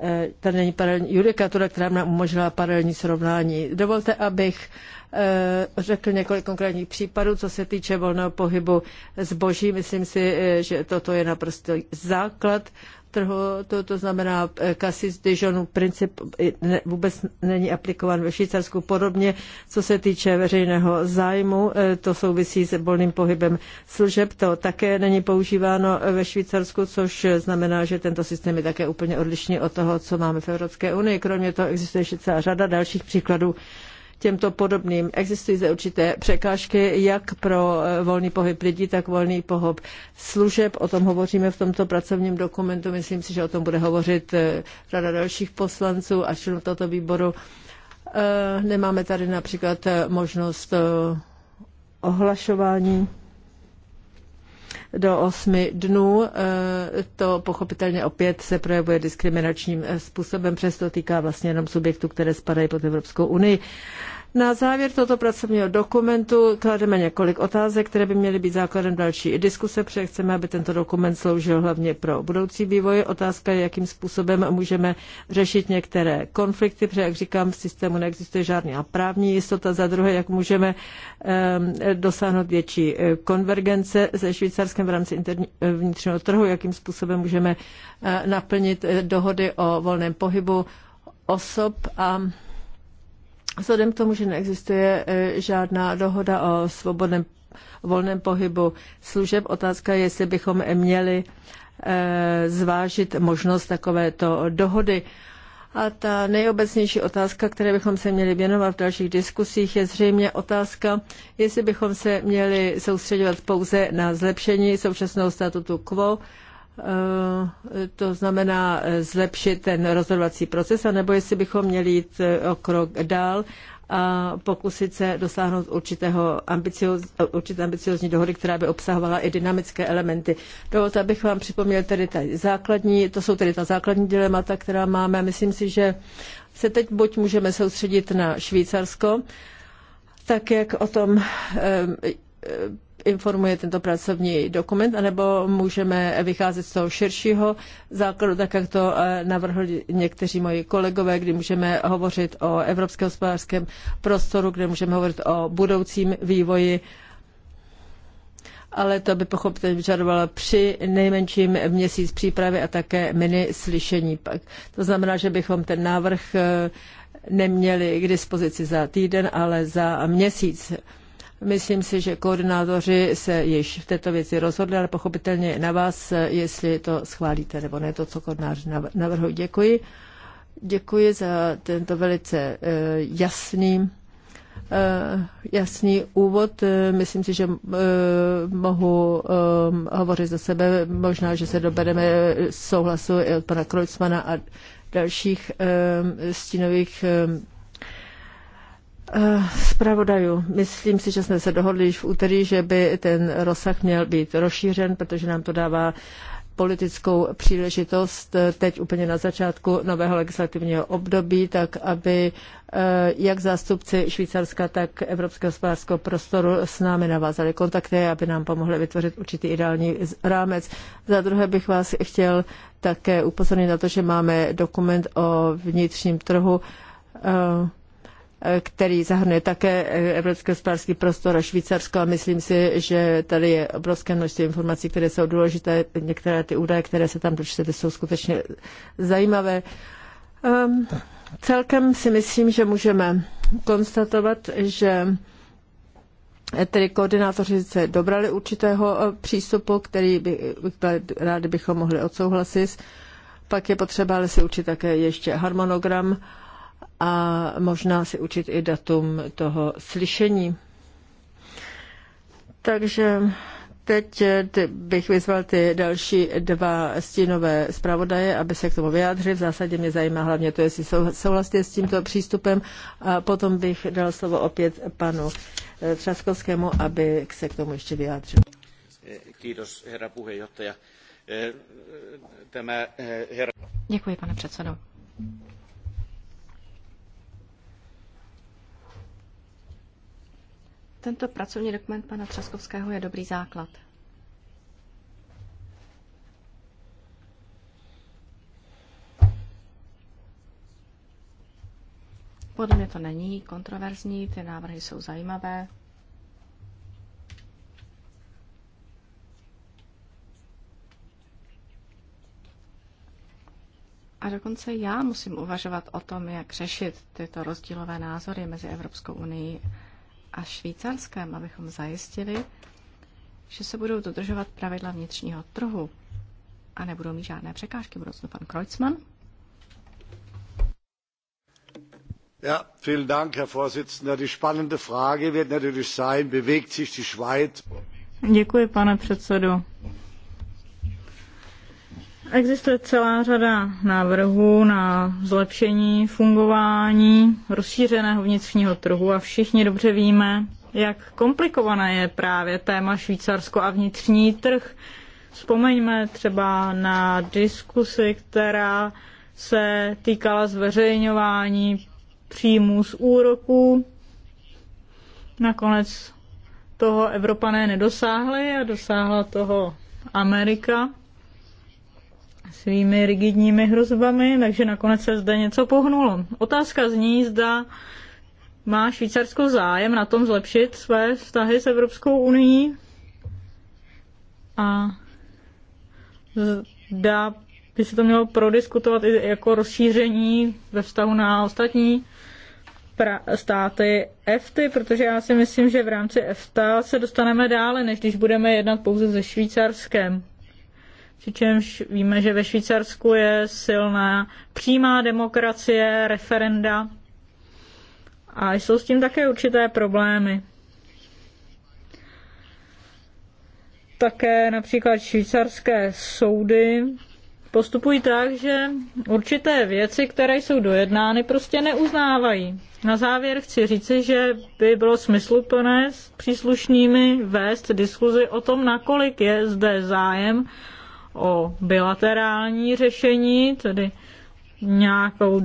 S2: Eh, tady není paralelní judikatura, která nám umožnila paralelní srovnání. Dovolte, abych eh, řekl několik konkrétních případů, co se týče volného pohybu zboží. Myslím si, eh, že toto je naprosto základ trhu, to, to znamená eh, Cassis Dijonu princip ne, vůbec není aplikován ve Švýcarsku. Podobně, co se týče veřejného zájmu, eh, to souvisí s volným pohybem služeb, to také není používáno ve Švýcarsku, což znamená, že tento systém je také úplně odlišný od toho, co máme v Evropské unii. Kromě toho existuje ještě celá řada dalších příkladů těmto podobným. Existují zde určité překážky jak pro eh, volný pohyb lidí, tak volný pohyb služeb. O tom hovoříme v tomto pracovním dokumentu. Myslím si, že o tom bude hovořit řada eh, dalších poslanců a členů tohoto výboru. Eh, nemáme tady například možnost ohlašování do osmi dnů. Eh, to pochopitelně opět se projevuje diskriminačním eh, způsobem, přesto týká vlastně jenom subjektů, které spadají pod Evropskou unii. Na závěr tohoto pracovního dokumentu klademe několik otázek, které by měly být základem další diskuse, protože chceme, aby tento dokument sloužil hlavně pro budoucí vývoj. Otázka je, jakým způsobem můžeme řešit některé konflikty, protože, jak říkám, v systému neexistuje žádná právní jistota. Za druhé, jak můžeme ehm, dosáhnout větší eh, konvergence se Švýcarskem v rámci eh, vnitřního trhu, jakým způsobem můžeme eh, naplnit dohody o volném pohybu osob a Vzhledem k tomu, že neexistuje e, žádná dohoda o svobodném volném pohybu služeb, otázka je, jestli bychom měli e, zvážit možnost takovéto dohody. A ta nejobecnější otázka, které bychom se měli věnovat v dalších diskusích, je zřejmě otázka, jestli bychom se měli soustředovat pouze na zlepšení současného statutu quo, Eh, to znamená eh, zlepšit ten rozhodovací proces, anebo jestli bychom měli jít eh, o krok dál a pokusit se dosáhnout určitého ambicioz, určité ambiciozní dohody, která by obsahovala i dynamické elementy. Dovolte, abych vám připomněl tedy ta základní, to jsou tedy ta základní dilemata, která máme. Myslím si, že se teď buď můžeme soustředit na Švýcarsko, tak jak o tom informuje tento pracovní dokument, anebo můžeme vycházet z toho širšího základu, tak jak to eh, navrhli někteří moji kolegové, kdy můžeme hovořit o evropském hospodářském prostoru, kde můžeme hovořit o budoucím vývoji ale to by pochopitelně vyžadovalo při nejmenším měsíc přípravy a také mini slyšení. To znamená, že bychom ten návrh eh, neměli k dispozici za týden, ale za měsíc. Myslím si, že koordinátoři se již v této věci rozhodli, ale pochopitelně na vás, jestli to schválíte nebo ne, to, co koordináři navrhují. Děkuji. Děkuji za tento velice eh, jasný eh, jasný úvod. Myslím si, že eh, mohu hovořit za sebe. Možná, že se dobereme souhlasu i od pana Krojcmana a dalších stínových Spravodaju, eh, myslím si, že jsme se dohodli již v úterý, že by ten rozsah měl být rozšířen, protože nám to dává politickou příležitost eh, teď úplně na začátku nového legislativního období, tak aby eh, jak zástupci Švýcarska, tak Evropského hospodářského prostoru s námi navázali kontakty, aby nám pomohli vytvořit určitý ideální rámec. Za druhé bych vás chtěl také upozornit na to, že máme dokument o vnitřním trhu, Eh, který zahrnuje také eh, Evropský hospodářský prostor a Švýcarsko a myslím si, že tady je obrovské množství informací, které jsou důležité. Některé ty údaje, které se tam dočtete, jsou skutečně zajímavé. Um, celkem si myslím, že můžeme konstatovat, že eh, tedy koordinátoři se dobrali určitého přístupu, který by, rádi bychom mohli odsouhlasit. Pak je potřeba ale si učit také ještě harmonogram a možná si učit i datum toho slyšení. Takže teď eh, bych vyzval ty další dva stínové zpravodaje, aby se k tomu vyjádřili. V zásadě mě zajímá hlavně to, jestli souhlasíte s tímto přístupem. A potom bych dal slovo opět panu eh, Třaskovskému, aby se k tomu ještě vyjádřil.
S1: Eh, Kýdos, herra
S2: puheenjohtaja. Děkuji, pane předsedo.
S1: Tento pracovní dokument pana Třaskovského je dobrý základ. Podle mě to není kontroverzní, ty návrhy jsou zajímavé. A dokonce já musím uvažovat o tom, jak řešit tyto rozdílové názory mezi Evropskou unii a švýcarském, abychom zajistili, že se budou dodržovat pravidla vnitřního trhu a nebudou mít žádné překážky. Budoucnu pan Kreuzmann.
S2: Ja, vielen Dank, Herr Vorsitzender. Die spannende Frage wird natürlich sein, bewegt sich die Schweiz?
S3: Děkuji, pane předsedo. Existuje celá řada návrhů na zlepšení fungování rozšířeného vnitřního trhu a všichni dobře víme, jak komplikované je právě téma Švýcarsko a vnitřní trh. Vzpomeňme třeba na diskusi, která se týkala zveřejňování příjmů z úroků. Nakonec toho Evropané nedosáhli a dosáhla toho Amerika svými rigidními hrozbami, takže nakonec se zde něco pohnulo. Otázka zní, zda má Švýcarsko zájem na tom zlepšit své vztahy s Evropskou unii a zda by se to mělo prodiskutovat i jako rozšíření ve vztahu na ostatní státy EFTY, protože já si myslím, že v rámci EFTA se dostaneme dále, než když budeme jednat pouze se Švýcarskem přičemž víme, že ve Švýcarsku je silná přímá demokracie, referenda a jsou s tím také určité problémy. Také například švýcarské soudy postupují tak, že určité věci, které jsou dojednány, prostě neuznávají. Na závěr chci říci, že by bylo smysluplné s příslušnými vést diskuzi o tom, nakolik je zde zájem o bilaterální řešení, tedy nějakou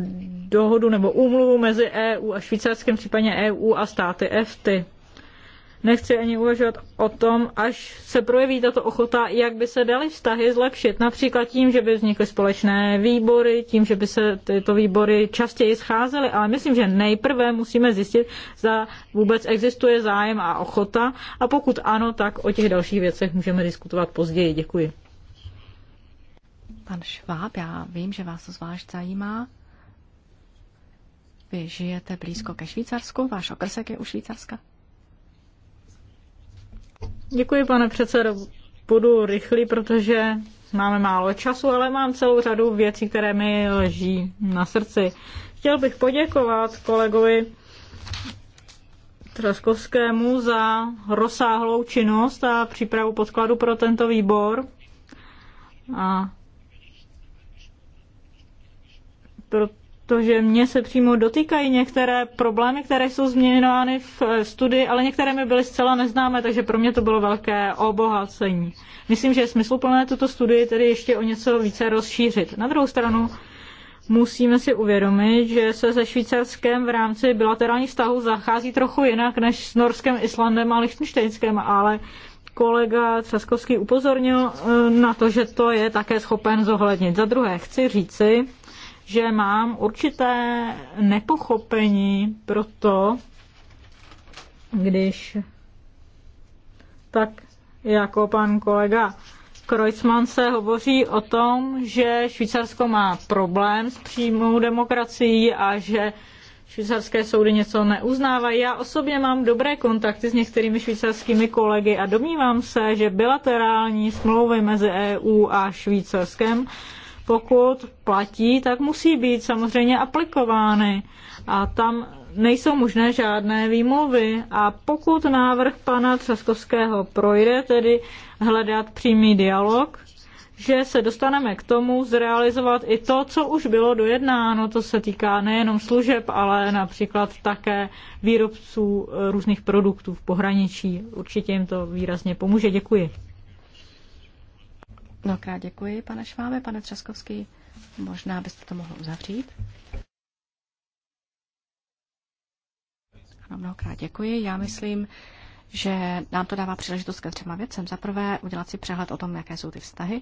S3: dohodu nebo úmluvu mezi EU a Švýcarskem, případně EU a státy EFTY. Nechci ani uvažovat o tom, až se projeví tato ochota, jak by se daly vztahy zlepšit. Například tím, že by vznikly společné výbory, tím, že by se tyto výbory častěji scházely, ale myslím, že nejprve musíme zjistit, zda vůbec existuje zájem a ochota a pokud ano, tak o těch dalších věcech můžeme diskutovat později. Děkuji.
S1: Pan Šváb, já vím, že vás to zvlášť zajímá. Vy žijete blízko ke Švýcarsku, váš okrsek je u Švýcarska. Děkuji, pane předsedo. Budu rychlý,
S3: protože máme málo času, ale mám celou řadu věcí, které mi leží na srdci. Chtěl bych poděkovat kolegovi Traskovskému za rozsáhlou činnost a přípravu podkladu pro tento výbor. A protože mě se přímo dotýkají některé problémy, které jsou změnovány v eh, studii, ale některé mi byly zcela neznámé, takže pro mě to bylo velké obohacení. Myslím, že je smysluplné tuto studii tedy ještě o něco více rozšířit. Na druhou stranu musíme si uvědomit, že se se Švýcarskem v rámci bilaterálních vztahů zachází trochu jinak než s Norskem, Islandem a Lichtenštejnskem, ale kolega Třaskovský upozornil eh, na to, že to je také schopen zohlednit. Za druhé, chci říci, že mám určité nepochopení pro to, když tak jako pan kolega Kreuzmann se hovoří o tom, že Švýcarsko má problém s přímou demokracií a že švýcarské soudy něco neuznávají. Já osobně mám dobré kontakty s některými švýcarskými kolegy a domnívám se, že bilaterální smlouvy mezi EU a Švýcarskem pokud platí, tak musí být samozřejmě aplikovány. A tam nejsou možné žádné výmluvy. A pokud návrh pana Třaskovského projde, tedy hledat přímý dialog, že se dostaneme k tomu zrealizovat i to, co už bylo dojednáno. To se týká nejenom služeb, ale například také výrobců eh, různých produktů v pohraničí. Určitě jim to výrazně pomůže. Děkuji.
S1: Mnohokrát děkuji, pane Šváme, pane Třaskovský. Možná byste to mohl uzavřít. Ano, mnohokrát děkuji. Já myslím, že nám to dává příležitost ke třema věcem. Za prvé, udělat si přehled o tom, jaké jsou ty vztahy.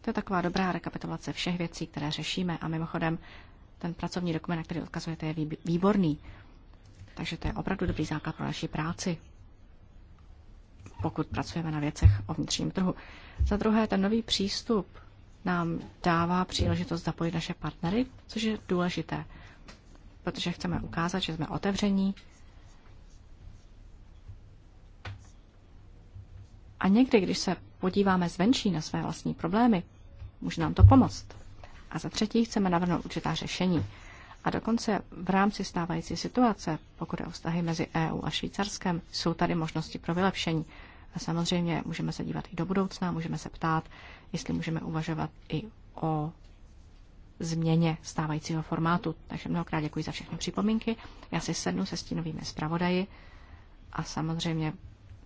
S1: To je taková dobrá rekapitulace všech věcí, které řešíme. A mimochodem, ten pracovní dokument, na který odkazujete, je výborný. Takže to je opravdu dobrý základ pro naši práci pokud pracujeme na věcech o vnitřním trhu. Za druhé, ten nový přístup nám dává příležitost zapojit naše partnery, což je důležité, protože chceme ukázat, že jsme otevření. A někdy, když se podíváme zvenčí na své vlastní problémy, může nám to pomoct. A za třetí chceme navrhnout určitá řešení. A dokonce v rámci stávající situace, pokud je o vztahy mezi EU a Švýcarskem, jsou tady možnosti pro vylepšení. A samozřejmě můžeme se dívat i do budoucna, můžeme se ptát, jestli můžeme uvažovat i o změně stávajícího formátu. Takže mnohokrát děkuji za všechny připomínky. Já si sednu se stínovými zpravodaji a samozřejmě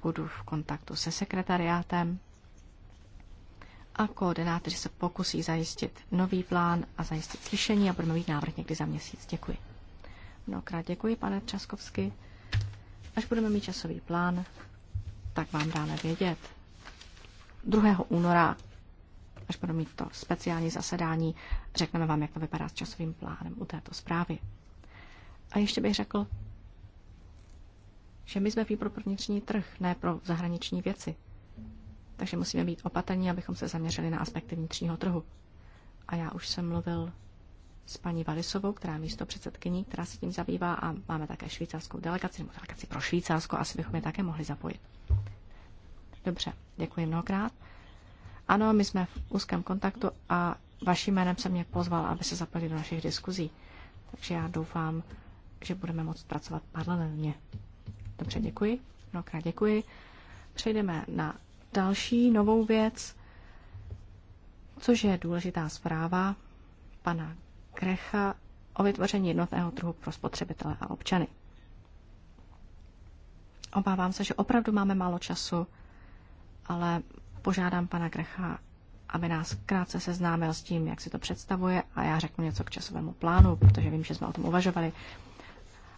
S1: budu v kontaktu se sekretariátem a koordinátoři se pokusí zajistit nový plán a zajistit slyšení a budeme mít návrh někdy za měsíc. Děkuji. Mnohokrát děkuji, pane Třaskovsky. Až budeme mít časový plán, tak vám dáme vědět. 2. února, až budeme mít to speciální zasedání, řekneme vám, jak to vypadá s časovým plánem u této zprávy. A ještě bych řekl, že my jsme výbor pro vnitřní trh, ne pro zahraniční věci. Takže musíme být opatrní, abychom se zaměřili na aspekty vnitřního trhu. A já už jsem mluvil s paní Valisovou, která je místo předsedkyní, která se tím zabývá a máme také švýcarskou delegaci, nebo delegaci pro Švýcarsko, asi bychom je také mohli zapojit. Dobře, děkuji mnohokrát. Ano, my jsme v úzkém kontaktu a vaším jménem se mě pozval, aby se zapojili do našich diskuzí. Takže já doufám, že budeme moct pracovat paralelně. Dobře, děkuji. Mnohokrát děkuji. Přejdeme na další novou věc, což je důležitá zpráva pana Krecha o vytvoření jednotného trhu pro spotřebitele a občany. Obávám se, že opravdu máme málo času, ale požádám pana Krecha, aby nás krátce seznámil s tím, jak si to představuje a já řeknu něco k časovému plánu, protože vím, že jsme o tom uvažovali.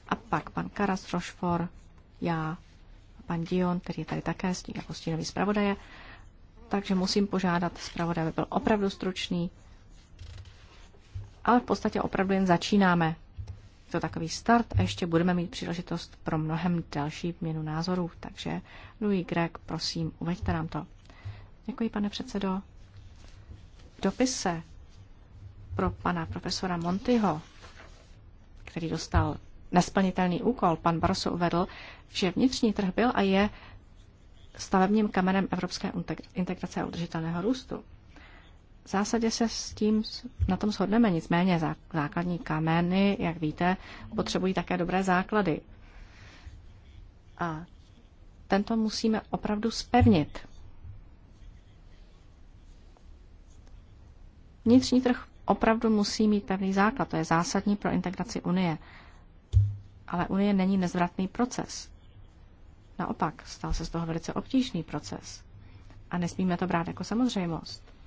S1: A pak pan Karas Rošfor, já, pan Dion, který je tady také jako stínový zpravodaje, takže musím požádat zpravodaje, aby byl opravdu stručný, ale v podstatě opravdu jen začínáme. Je to takový start a ještě budeme mít příležitost pro mnohem další měnu názorů. Takže Louis Greg, prosím, uveďte nám to. Děkuji, pane předsedo. V dopise pro pana profesora Montyho, který dostal nesplnitelný úkol, pan Barroso uvedl, že vnitřní trh byl a je stavebním kamenem evropské integrace a udržitelného růstu. V zásadě se s tím na tom shodneme, nicméně základní kameny, jak víte, potřebují také dobré základy. A tento musíme opravdu spevnit. Vnitřní trh opravdu musí mít pevný základ, to je zásadní pro integraci Unie. Ale Unie není nezvratný proces. Naopak, stal se z toho velice obtížný proces. A nesmíme to brát jako samozřejmost.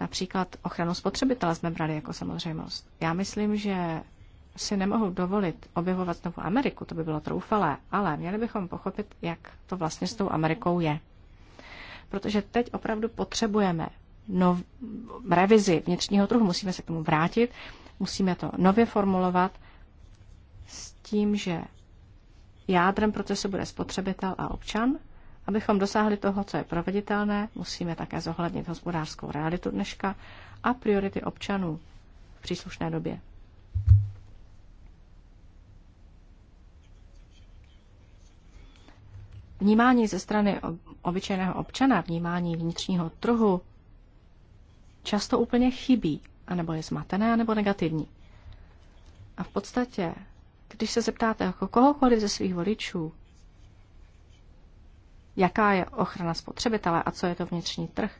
S1: Například ochranu spotřebitele jsme brali jako samozřejmost. Já myslím, že si nemohou dovolit objevovat znovu Ameriku, to by bylo troufalé, ale měli bychom pochopit, jak to vlastně s tou Amerikou je. Protože teď opravdu potřebujeme nov, revizi vnitřního trhu, musíme se k tomu vrátit, musíme to nově formulovat s tím, že jádrem procesu bude spotřebitel a občan Abychom dosáhli toho, co je proveditelné, musíme také zohlednit hospodářskou realitu dneška a priority občanů v příslušné době. Vnímání ze strany obyčejného občana, vnímání vnitřního trhu často úplně chybí, anebo je zmatené, anebo negativní. A v podstatě, když se zeptáte jako kohokoliv ze svých voličů, jaká je ochrana spotřebitele a co je to vnitřní trh.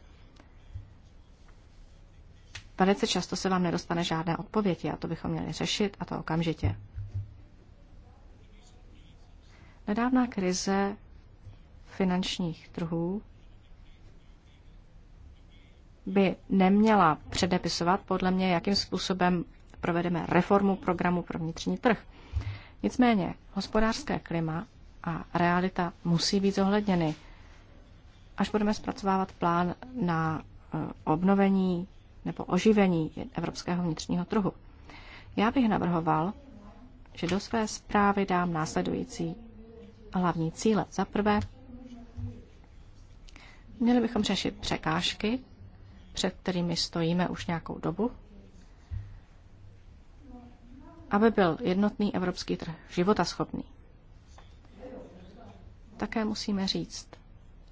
S1: Velice často se vám nedostane žádné odpovědi a to bychom měli řešit a to okamžitě. Nedávná krize finančních trhů by neměla předepisovat podle mě, jakým způsobem provedeme reformu programu pro vnitřní trh. Nicméně hospodářské klima a realita musí být zohledněny. Až budeme zpracovávat plán na e, obnovení nebo oživení evropského vnitřního trhu. Já bych navrhoval, že do své zprávy dám následující hlavní cíle. Za prvé, měli bychom řešit překážky, před kterými stojíme už nějakou dobu, aby byl jednotný evropský trh životaschopný také musíme říct,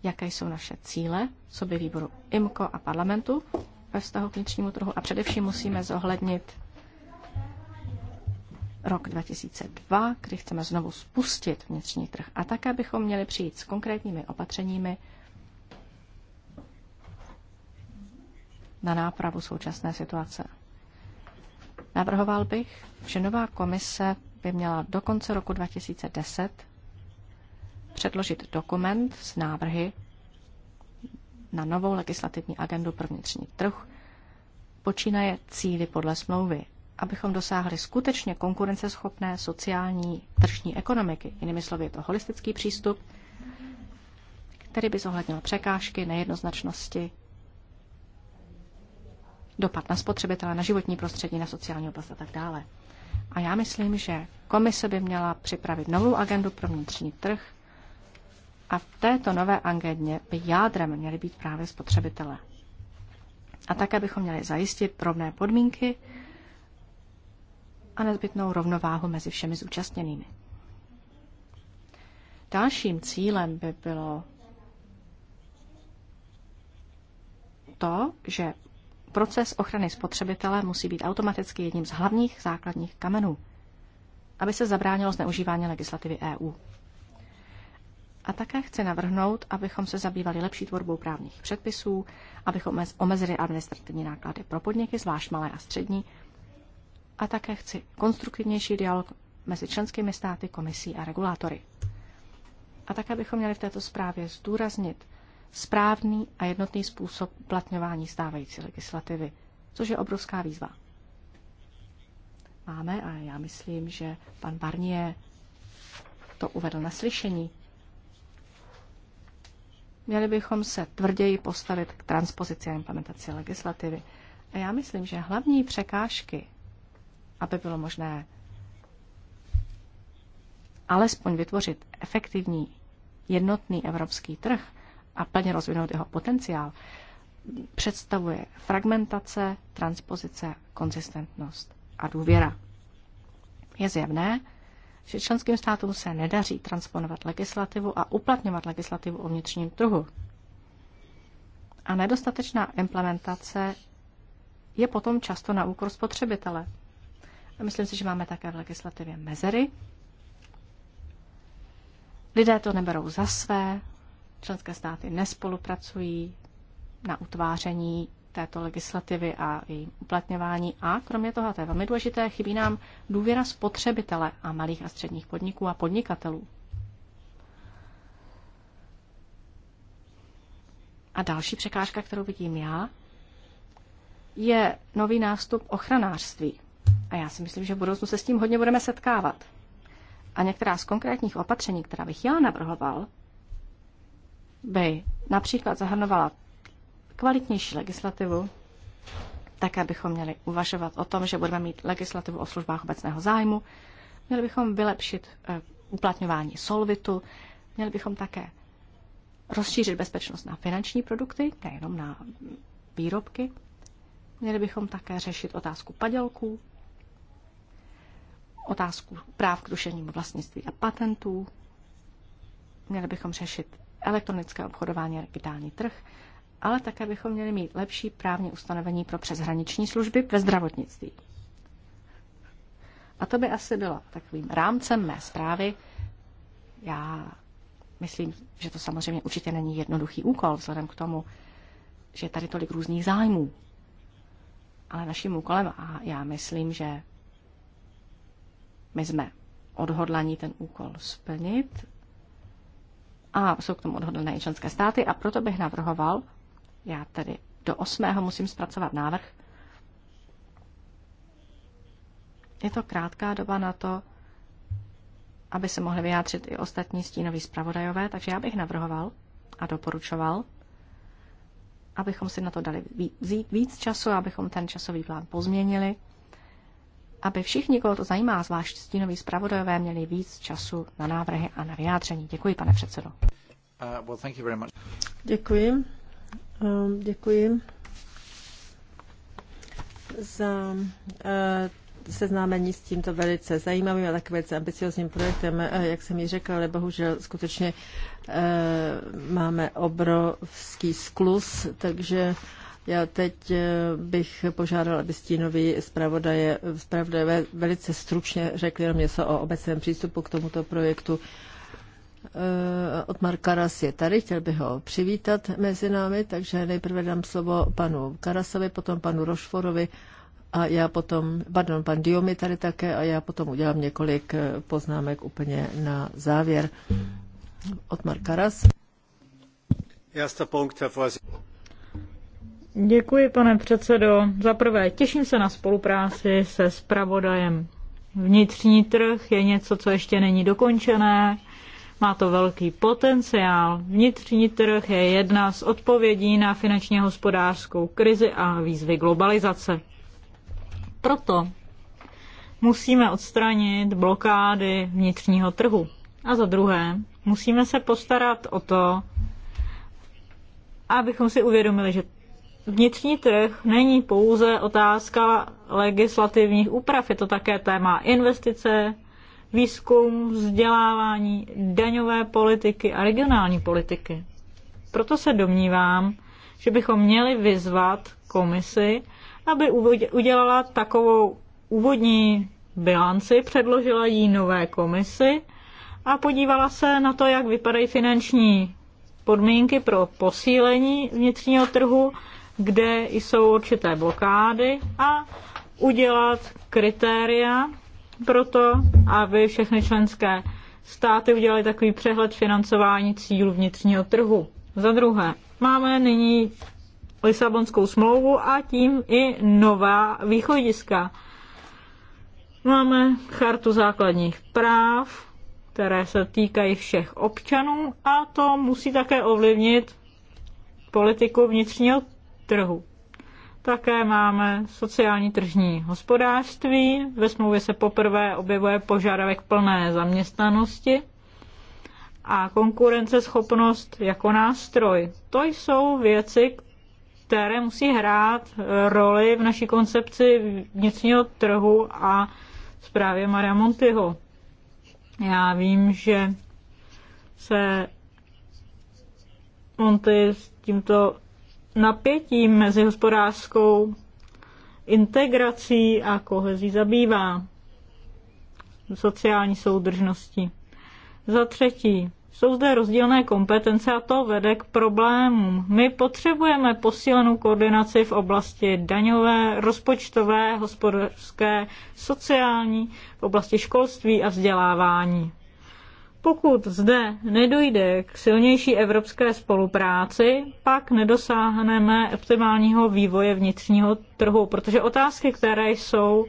S1: jaké jsou naše cíle, co by výboru IMCO a parlamentu ve vztahu k vnitřnímu trhu a především musíme zohlednit rok 2002, kdy chceme znovu spustit vnitřní trh. A také bychom měli přijít s konkrétními opatřeními na nápravu současné situace. Navrhoval bych, že nová komise by měla do konce roku 2010 předložit dokument s návrhy na novou legislativní agendu pro vnitřní trh, počínaje cíly podle smlouvy, abychom dosáhli skutečně konkurenceschopné sociální tržní ekonomiky. Jinými slovy, je to holistický přístup, který by zohlednil překážky, nejednoznačnosti, dopad na spotřebitele, na životní prostředí, na sociální oblast a tak dále. A já myslím, že komise by měla připravit novou agendu pro vnitřní trh, a v této nové agendě by jádrem měly být právě spotřebitele. A také bychom měli zajistit rovné podmínky a nezbytnou rovnováhu mezi všemi zúčastněnými. Dalším cílem by bylo to, že proces ochrany spotřebitele musí být automaticky jedním z hlavních základních kamenů, aby se zabránilo zneužívání legislativy EU. A také chci navrhnout, abychom se zabývali lepší tvorbou právních předpisů, abychom omezili administrativní náklady pro podniky, zvlášť malé a střední. A také chci konstruktivnější dialog mezi členskými státy, komisí a regulátory. A také bychom měli v této zprávě zdůraznit správný a jednotný způsob uplatňování stávající legislativy, což je obrovská výzva. Máme a já myslím, že pan Barnier to uvedl na slyšení. Měli bychom se tvrději postavit k transpozici a implementaci legislativy. A já myslím, že hlavní překážky, aby bylo možné alespoň vytvořit efektivní jednotný evropský trh a plně rozvinout jeho potenciál, představuje fragmentace, transpozice, konzistentnost a důvěra. Je zjevné, že členským státům se nedaří transponovat legislativu a uplatňovat legislativu o vnitřním trhu. A nedostatečná implementace je potom často na úkor spotřebitele. A myslím si, že máme také v legislativě mezery. Lidé to neberou za své, členské státy nespolupracují na utváření této legislativy a její uplatňování. A kromě toho, a to je velmi důležité, chybí nám důvěra spotřebitele a malých a středních podniků a podnikatelů. A další překážka, kterou vidím já, je nový nástup ochranářství. A já si myslím, že v budoucnu se s tím hodně budeme setkávat. A některá z konkrétních opatření, která bych já navrhoval, by například zahrnovala kvalitnější legislativu, tak abychom měli uvažovat o tom, že budeme mít legislativu o službách obecného zájmu, měli bychom vylepšit eh, uplatňování solvitu, měli bychom také rozšířit bezpečnost na finanční produkty, nejenom na výrobky. Měli bychom také řešit otázku padělků, otázku práv k duševnímu vlastnictví a patentů. Měli bychom řešit elektronické obchodování a digitální trh ale také bychom měli mít lepší právní ustanovení pro přeshraniční služby ve zdravotnictví. A to by asi bylo takovým rámcem mé zprávy. Já myslím, že to samozřejmě určitě není jednoduchý úkol, vzhledem k tomu, že je tady tolik různých zájmů. Ale naším úkolem, a já myslím, že my jsme odhodlaní ten úkol splnit, a jsou k tomu odhodlané i členské státy, a proto bych navrhoval, já tedy do 8. musím zpracovat návrh. Je to krátká doba na to, aby se mohli vyjádřit i ostatní stínoví zpravodajové, takže já bych navrhoval a doporučoval, abychom si na to dali vzít víc času, abychom ten časový plán pozměnili, aby všichni, koho to zajímá, zvlášť stínoví zpravodajové, měli víc času na návrhy a na vyjádření. Děkuji, pane předsedo.
S3: Uh, well,
S1: Děkuji.
S2: Ehm, děkuji za eh, seznámení s tímto velice zajímavým a tak velice ambiciozním projektem. Eh, jak jsem ji řekla, ale bohužel skutečně eh, máme obrovský sklus, takže já teď bych požádala, aby stínoví zpravodaje, zpravodajové velice stručně řekli jenom něco o obecném přístupu k tomuto projektu. Eh, Otmar Karas je tady, chtěl bych ho přivítat mezi námi, takže nejprve dám slovo panu Karasovi, potom panu Rošforovi a já potom, pardon, pan Diomi tady také a já potom udělám několik eh, poznámek úplně na závěr. Otmar Karas. Erster
S3: Děkuji, pane předsedo. Za prvé, těším se na spolupráci se spravodajem. Vnitřní trh je něco, co ještě není dokončené, má to velký potenciál. Vnitřní trh je jedna z odpovědí na finančně hospodářskou krizi a výzvy globalizace. Proto musíme odstranit blokády vnitřního trhu. A za druhé, musíme se postarat o to, abychom si uvědomili, že vnitřní trh není pouze otázka legislativních úprav, je to také téma investice, výzkum, vzdělávání, daňové politiky a regionální politiky. Proto se domnívám, že bychom měli vyzvat komisi, aby udělala takovou úvodní bilanci, předložila jí nové komisi a podívala se na to, jak vypadají finanční podmínky pro posílení vnitřního trhu, kde jsou určité blokády a udělat kritéria proto, aby všechny členské státy udělali takový přehled financování cílů vnitřního trhu. Za druhé, máme nyní Lisabonskou smlouvu a tím i nová východiska. Máme chartu základních práv, které se týkají všech občanů a to musí také ovlivnit politiku vnitřního trhu. Také máme sociální tržní hospodářství. Ve smlouvě se poprvé objevuje požadavek plné zaměstnanosti a konkurenceschopnost jako nástroj. To jsou věci, které musí hrát roli v naší koncepci vnitřního trhu a zprávě Maria Montyho. Já vím, že se Monty s tímto napětí mezi hospodářskou integrací a kohezí zabývá sociální soudržnosti. Za třetí, jsou zde rozdílné kompetence a to vede k problémům. My potřebujeme posílenou koordinaci v oblasti daňové, rozpočtové, hospodářské, sociální, v oblasti školství a vzdělávání. Pokud zde nedojde k silnější evropské spolupráci, pak nedosáhneme optimálního vývoje vnitřního trhu, protože otázky, které jsou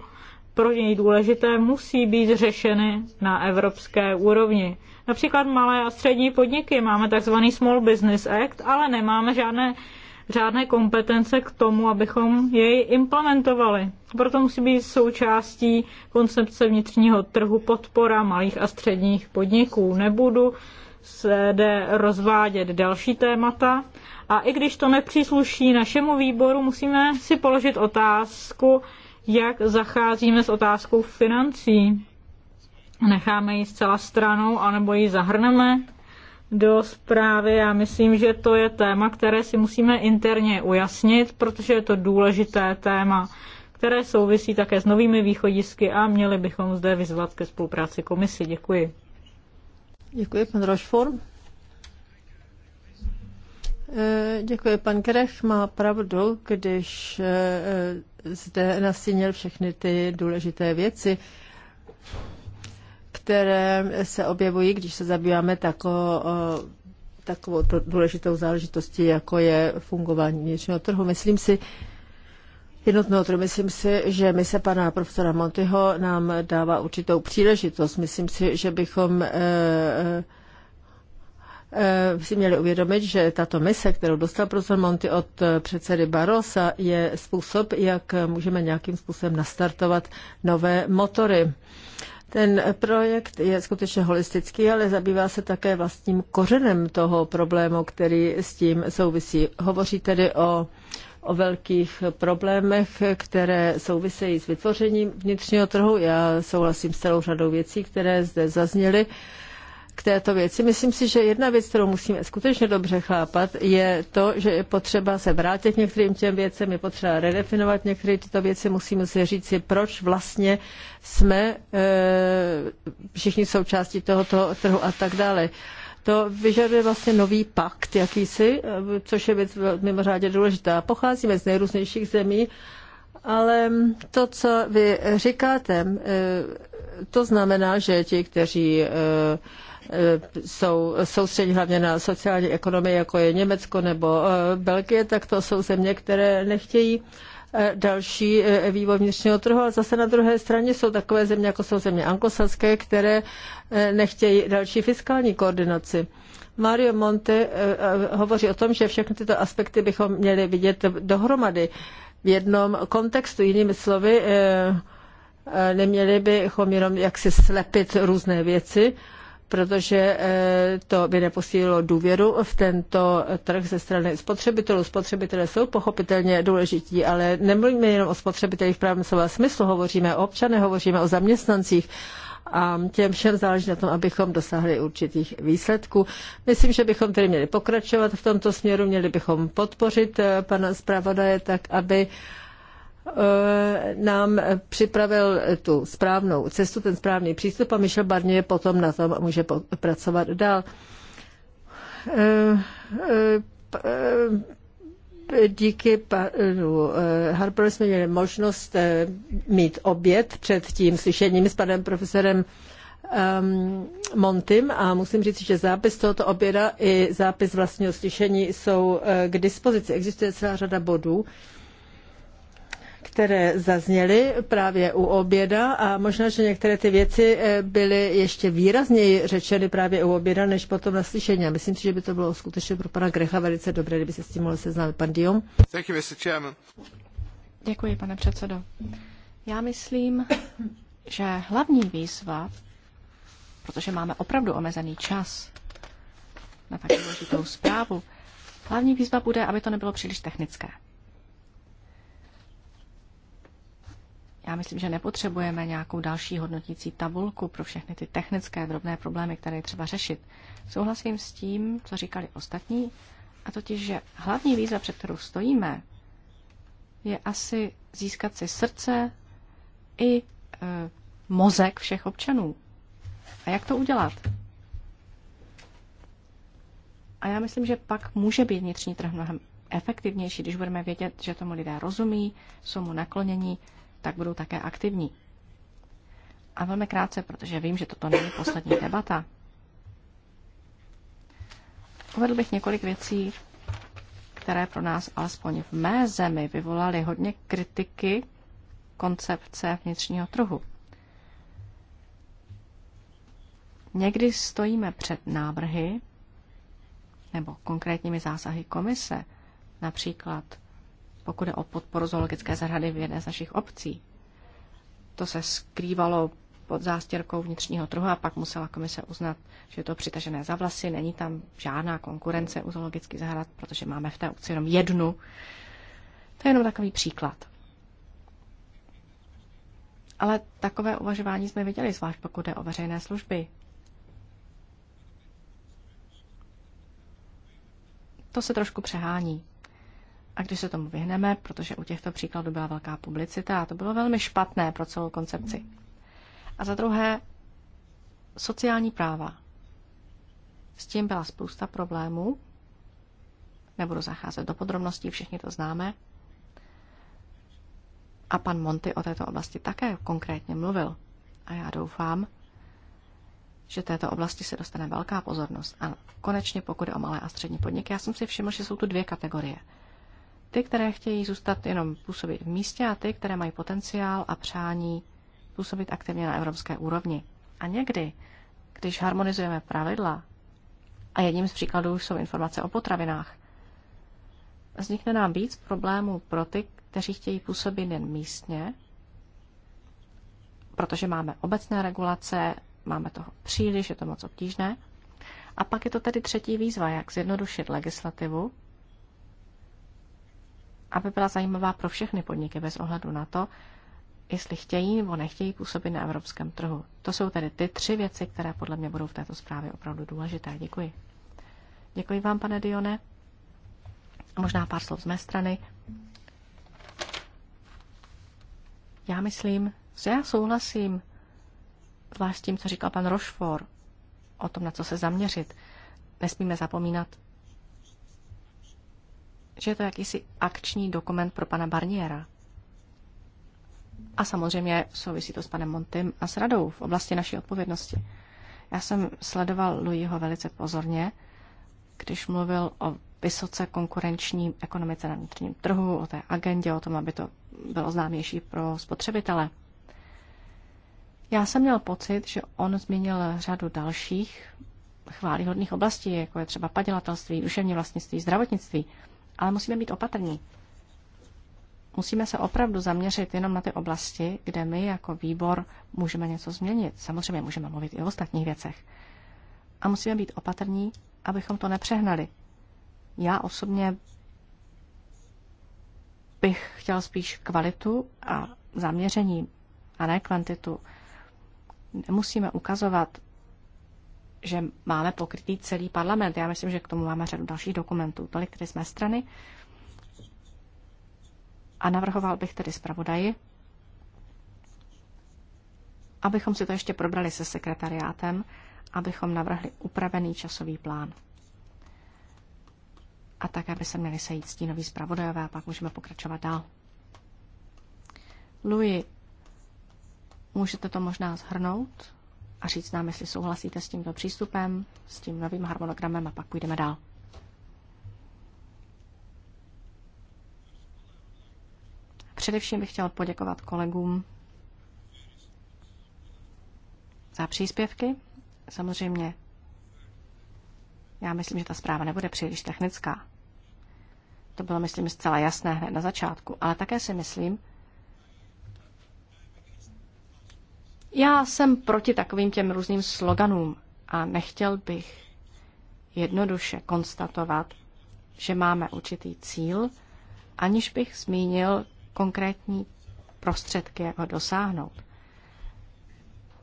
S3: pro něj důležité, musí být řešeny na evropské úrovni. Například malé a střední podniky, máme tzv. Small Business Act, ale nemáme žádné řádné kompetence k tomu, abychom jej implementovali. Proto musí být součástí koncepce vnitřního trhu podpora malých a středních podniků. Nebudu se jde rozvádět další témata. A i když to nepřísluší našemu výboru, musíme si položit otázku, jak zacházíme s otázkou financí. Necháme ji zcela stranou, anebo ji zahrneme do zprávy. Já myslím, že to je téma, které si musíme interně ujasnit, protože je to důležité téma, které souvisí také s novými východisky a měli bychom zde vyzvat ke spolupráci komisi. Děkuji.
S2: Děkuji, pan Rošfor. Eh, děkuji, pan Kreš. má pravdu, když eh, zde nastínil všechny ty důležité věci které se objevují, když se zabýváme tako, takovou důležitou záležitostí, jako je fungování vnitřního trhu. Myslím si, jednotného trhu, myslím si, že mise pana profesora Montyho nám dává určitou příležitost. Myslím si, že bychom e, e, e, si měli uvědomit, že tato mise, kterou dostal profesor Monty od předsedy Barosa, je způsob, jak můžeme nějakým způsobem nastartovat nové motory. Ten projekt je skutečně holistický, ale zabývá se také vlastním kořenem toho problému, který s tím souvisí. Hovoří tedy o o velkých problémech, které souvisejí s vytvořením vnitřního trhu. Já souhlasím s celou řadou věcí, které zde zazněly k této věci. Myslím si, že jedna věc, kterou musíme skutečně dobře chápat, je to, že je potřeba se vrátit některým těm věcem, je potřeba redefinovat některé tyto věci, musíme si říci, proč vlastně jsme eh, všichni součástí tohoto trhu a tak dále. To vyžaduje vlastně nový pakt jakýsi, eh, což je věc mimořádně důležitá. Pocházíme z nejrůznějších zemí, ale to, co vy říkáte, eh, to znamená, že ti, kteří Eh, jsou soustředí hlavně na sociální ekonomii, jako je Německo nebo eh, Belgie, tak to jsou země, které nechtějí eh, další vývoj vnitřního trhu, ale zase na druhé straně jsou takové země, jako jsou země anglosaské, které nechtějí další fiskální koordinaci. Mario Monte hovoří o tom, že všechny tyto aspekty bychom měli vidět dohromady v jednom kontextu. Jinými slovy, neměli bychom jenom jaksi slepit různé věci, protože eh, to by neposílilo důvěru v tento trh ze strany spotřebitelů. Spotřebitelé jsou pochopitelně důležití, ale nemluvíme jenom o spotřebitelích v právém slova smyslu, hovoříme o občanech, hovoříme o zaměstnancích a těm všem záleží na tom, abychom dosáhli určitých výsledků. Myslím, že bychom tedy měli pokračovat v tomto směru, měli bychom podpořit eh, pana zpravodaje tak, aby Eh, nám připravil tu správnou cestu, ten správný přístup a Michel Barnier potom na tom může pracovat dál. Eh, eh, díky panu Harperu jsme měli možnost mít oběd před tím slyšením s panem profesorem um, Montym a musím říct, že zápis tohoto oběda i zápis vlastního slyšení jsou k dispozici. Existuje celá řada bodů, které zazněly právě u oběda a možná, že některé ty věci eh, byly ještě výrazněji řečeny právě u oběda, než potom na slyšení. A myslím si, že by to bylo skutečně pro pana Grecha velice dobré, kdyby se s tím mohl seznámit. Pan Dion. Děkuji, pane předsedo. Já myslím,
S1: že hlavní výzva, protože máme opravdu omezený čas na tak důležitou zprávu, hlavní výzva bude, aby to nebylo příliš technické. Já myslím, že nepotřebujeme nějakou další hodnotící tabulku pro všechny ty technické drobné problémy, které je třeba řešit. Souhlasím s tím, co říkali ostatní, a totiž, že hlavní výzva, před kterou stojíme, je asi získat si srdce i e, mozek všech občanů. A jak to udělat? A já myslím, že pak může být vnitřní trh mnohem efektivnější, když budeme vědět, že tomu lidé rozumí, jsou mu nakloněni tak budou také aktivní. A velmi krátce, protože vím, že toto není poslední debata. Uvedl bych několik věcí, které pro nás alespoň v mé zemi vyvolaly hodně kritiky koncepce vnitřního trhu. Někdy stojíme před návrhy nebo konkrétními zásahy komise, například pokud je o podporu zoologické zahrady v jedné z našich obcí. To se skrývalo pod zástěrkou vnitřního trhu a pak musela komise uznat, že je to přitažené za vlasy, není tam žádná konkurence u zoologických zahrad, protože máme v té obci jenom jednu. To je jenom takový příklad. Ale takové uvažování jsme viděli, zvlášť pokud jde o veřejné služby. To se trošku přehání. A když se tomu vyhneme, protože u těchto příkladů byla velká publicita a to bylo velmi špatné pro celou koncepci. A za druhé, sociální práva. S tím byla spousta problémů. Nebudu zacházet do podrobností, všichni to známe. A pan Monty o této oblasti také konkrétně mluvil. A já doufám, že této oblasti se dostane velká pozornost. A konečně, pokud je o malé a střední podniky, já jsem si všiml, že jsou tu dvě kategorie – ty, které chtějí zůstat jenom působit v místě a ty, které mají potenciál a přání působit aktivně na evropské úrovni. A někdy, když harmonizujeme pravidla, a jedním z příkladů jsou informace o potravinách, vznikne nám víc problémů pro ty, kteří chtějí působit jen místně, protože máme obecné regulace, máme toho příliš, je to moc obtížné. A pak je to tedy třetí výzva, jak zjednodušit legislativu, aby byla zajímavá pro všechny podniky bez ohledu na to, jestli chtějí nebo nechtějí působit na evropském trhu. To jsou tedy ty tři věci, které podle mě budou v této zprávě opravdu důležité. Děkuji. Děkuji vám, pane Dione. Možná pár slov z mé strany. Já myslím, že já souhlasím zvlášť tím, co říkal pan Rochefort, o tom, na co se zaměřit. Nesmíme zapomínat že to je jakýsi akční dokument pro pana Barniera. A samozřejmě souvisí to s panem Montem a s radou v oblasti naší odpovědnosti. Já jsem sledoval Louisho velice pozorně, když mluvil o vysoce konkurenční ekonomice na vnitřním trhu, o té agendě, o tom, aby to bylo známější pro spotřebitele. Já jsem měl pocit, že on zmínil řadu dalších chválihodných oblastí, jako je třeba padělatelství, duševní vlastnictví, zdravotnictví. Ale musíme být opatrní. Musíme se opravdu zaměřit jenom na ty oblasti, kde my jako výbor můžeme něco změnit. Samozřejmě můžeme mluvit i o ostatních věcech. A musíme být opatrní, abychom to nepřehnali. Já osobně bych chtěl spíš kvalitu a zaměření a ne kvantitu. Nemusíme ukazovat, že máme pokrytý celý parlament. Já myslím, že k tomu máme řadu dalších dokumentů. Tolik tedy z mé strany. A navrhoval bych tedy zpravodaji, abychom si to ještě probrali se sekretariátem, abychom navrhli upravený časový plán. A tak, aby se měli sejít stínoví zpravodajové a pak můžeme pokračovat dál. Louis, můžete to možná zhrnout? a říct nám, jestli souhlasíte s tímto přístupem, s tím novým harmonogramem a pak půjdeme dál. Především bych chtěl poděkovat kolegům za příspěvky. Samozřejmě, já myslím, že ta zpráva nebude příliš technická. To bylo, myslím, zcela jasné hned na začátku, ale také si myslím, Já jsem proti takovým těm různým sloganům a nechtěl bych jednoduše konstatovat, že máme určitý cíl, aniž bych zmínil konkrétní prostředky, jak ho dosáhnout.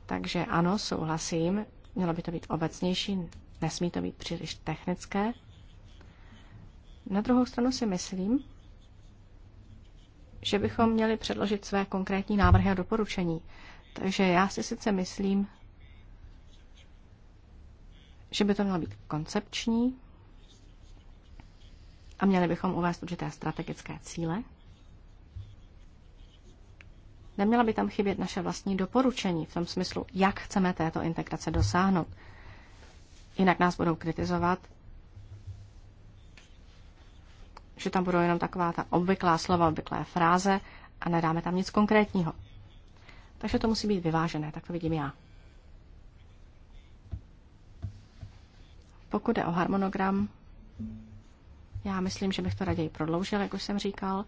S1: Takže ano, souhlasím, mělo by to být obecnější, nesmí to být příliš technické. Na druhou stranu si myslím, že bychom měli předložit své konkrétní návrhy a doporučení. Takže já si sice myslím, že by to mělo být koncepční a měli bychom uvést určité strategické cíle. Neměla by tam chybět naše vlastní doporučení v tom smyslu, jak chceme této integrace dosáhnout. Jinak nás budou kritizovat, že tam budou jenom taková ta obvyklá slova, obvyklé fráze a nedáme tam nic konkrétního. Takže to musí být vyvážené, tak to vidím já. Pokud je o harmonogram, já myslím, že bych to raději prodloužil, jak už jsem říkal,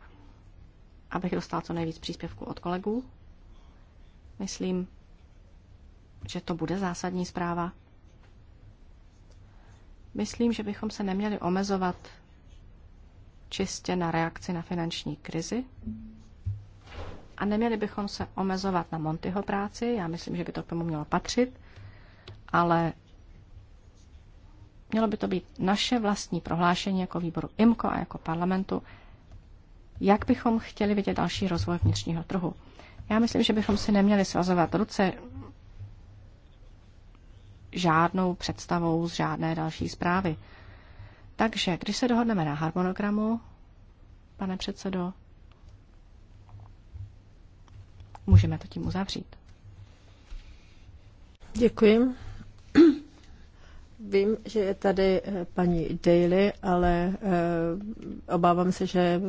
S1: abych dostal co nejvíc příspěvků od kolegů. Myslím, že to bude zásadní zpráva. Myslím, že bychom se neměli omezovat čistě na reakci na finanční krizi. A neměli bychom se omezovat na Montyho práci, já myslím, že by to k tomu mělo patřit, ale mělo by to být naše vlastní prohlášení jako výboru IMCO a jako parlamentu, jak bychom chtěli vidět další rozvoj vnitřního trhu. Já myslím, že bychom si neměli svazovat ruce žádnou představou z žádné další zprávy. Takže, když se dohodneme na harmonogramu, pane předsedo, můžeme to tím uzavřít.
S2: Děkuji. Vím, že je tady eh, paní Daly, ale eh, obávám se, že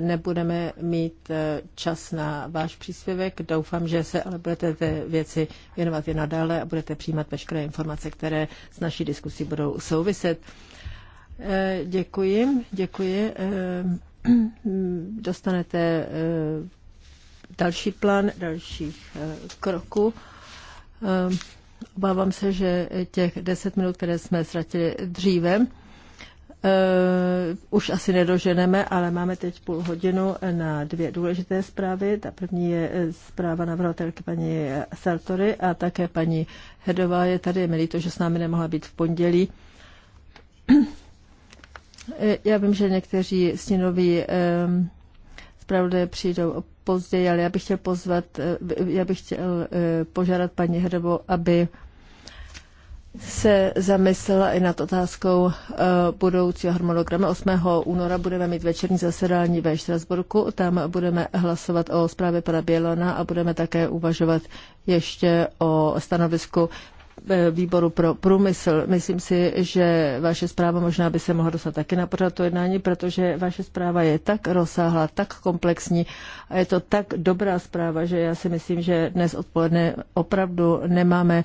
S2: nebudeme mít eh, čas na váš příspěvek. Doufám, že se ale budete ty věci věnovat i nadále a budete přijímat veškeré informace, které s naší diskusí budou souviset. Děkuji, děkuji. Dostanete další plán dalších eh, kroků. Ehm, obávám se, že těch deset minut, které jsme ztratili dříve, eh, už asi nedoženeme, ale máme teď půl hodinu na dvě důležité zprávy. Ta první je eh, zpráva navrhovatelky paní Sartory a také paní Hedová je tady. Je to, že s námi nemohla být v pondělí. Já vím, že někteří stínoví ehm, zpravodaje přijdou později, ale já bych chtěl pozvat, eh, já bych chtěl eh, požádat paní Hrbo, aby se zamyslela i nad otázkou eh, budoucího harmonogramu. 8. února budeme mít večerní zasedání ve Štrasburku, tam budeme hlasovat o zprávě pana Bělona a budeme také uvažovat ještě o stanovisku Eh, výboru pro průmysl. Myslím si, že vaše zpráva možná by se mohla dostat taky na pořad to jednání, protože vaše zpráva je tak rozsáhlá, tak komplexní a je to tak dobrá zpráva, že já si myslím, že dnes odpoledne opravdu nemáme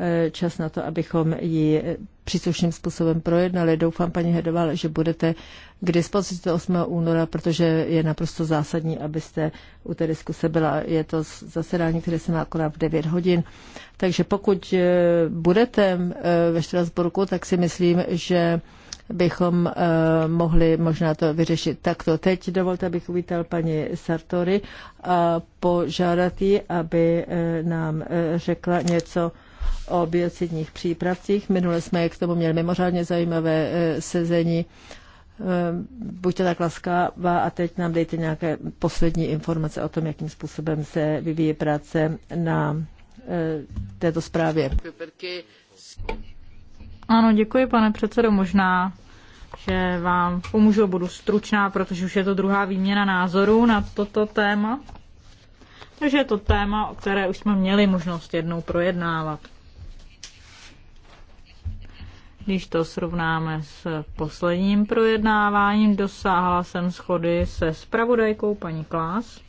S2: Eh, čas na to, abychom ji příslušným způsobem projednali. Doufám, paní Hedová, že budete k dispozici 8. února, protože je naprosto zásadní, abyste u té diskuse byla. Je to zasedání, které se má konat v 9 hodin. Takže pokud eh, budete eh, ve Štrasburku, tak si myslím, že bychom mohli možná to vyřešit takto. Teď dovolte, abych uvítal paní Sartori a požádat ji, aby nám řekla něco o biocidních přípravcích. Minule jsme k tomu měli mimořádně zajímavé eh, sezení. Eh, buďte tak laskavá a teď nám dejte nějaké poslední informace o tom, jakým způsobem se vyvíjí práce na eh, této zprávě.
S3: Ano, děkuji, pane předsedo. Možná, že vám pomůžu, budu stručná, protože už je to druhá výměna názorů na toto téma. Takže je to téma, o které už jsme měli možnost jednou projednávat. Když to srovnáme s posledním projednáváním, dosáhla jsem schody se spravodajkou paní Klás.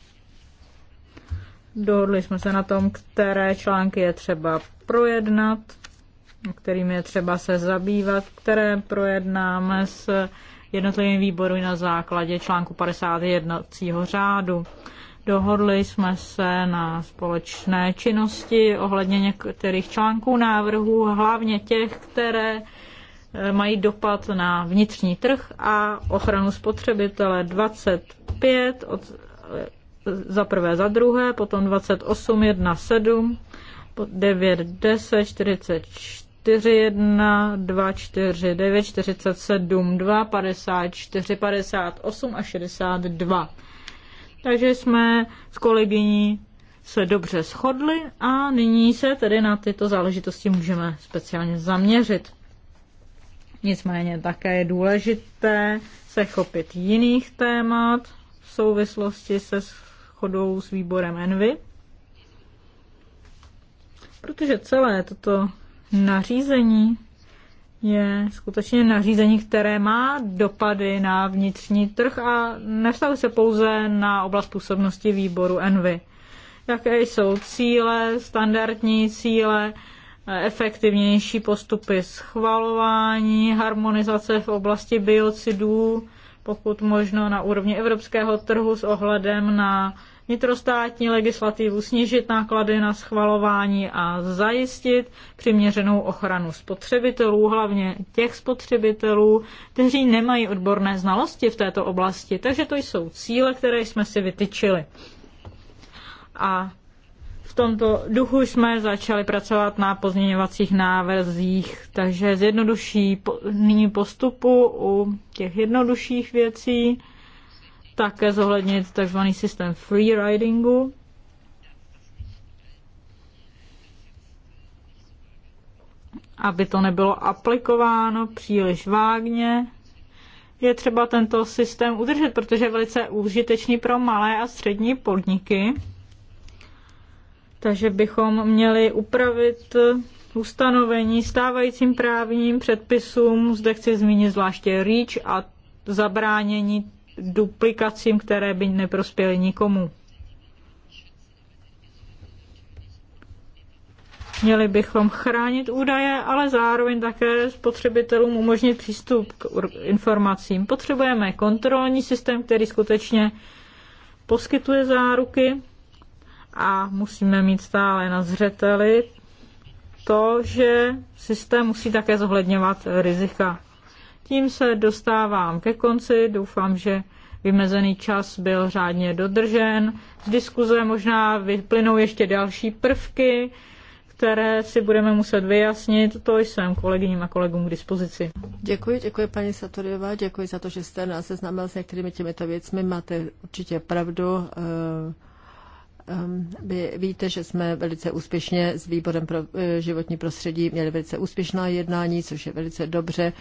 S3: Dohodli jsme se na tom, které články je třeba projednat, kterým je třeba se zabývat, které projednáme s jednotlivým výbory na základě článku 51 řádu. Dohodli jsme se na společné činnosti ohledně některých článků návrhů, hlavně těch, které mají dopad na vnitřní trh a ochranu spotřebitele 25 od, za prvé, za druhé, potom 28, 1, 7, 9, 10, 44, 1, 2, 4, 9, 47, 2, 54, 58 a 62. Takže jsme s kolegyní se dobře shodli a nyní se tedy na tyto záležitosti můžeme speciálně zaměřit. Nicméně také je důležité se chopit jiných témat v souvislosti se schodou s výborem Envy, protože celé toto nařízení je skutečně nařízení, které má dopady na vnitřní trh a nevztahuje se pouze na oblast působnosti výboru Envy. Jaké jsou cíle, standardní cíle, efektivnější postupy schvalování, harmonizace v oblasti biocidů, pokud možno na úrovni evropského trhu s ohledem na vnitrostátní legislativu, snížit náklady na schvalování a zajistit přiměřenou ochranu spotřebitelů, hlavně těch spotřebitelů, kteří nemají odborné znalosti v této oblasti. Takže to jsou cíle, které jsme si vytyčili. A tomto duchu jsme začali pracovat na pozměňovacích návrzích, takže zjednoduší nyní postupu u těch jednodušších věcí, také zohlednit tzv. systém freeridingu. Aby to nebylo aplikováno příliš vágně, je třeba tento systém udržet, protože je velice užitečný pro malé a střední podniky takže bychom měli upravit ustanovení stávajícím právním předpisům, zde chci zmínit zvláště REACH a zabránění duplikacím, které by neprospěly nikomu. Měli bychom chránit údaje, ale zároveň také spotřebitelům umožnit přístup k informacím. Potřebujeme kontrolní systém, který skutečně poskytuje záruky a musíme mít stále na zřeteli to, že systém musí také zohledňovat rizika. Tím se dostávám ke konci. Doufám, že vymezený čas byl řádně dodržen. Z diskuze možná vyplynou ještě další prvky, které si budeme muset vyjasnit. To jsem kolegyním a kolegům
S2: k dispozici. Děkuji, děkuji paní Satoriová, děkuji za to, že jste nás seznámil s některými těmito věcmi. Máte určitě pravdu. Eh, Ehm, vy víte, že jsme velice úspěšně s Výborem pro eh, životní prostředí měli velice úspěšná jednání, což je velice dobře.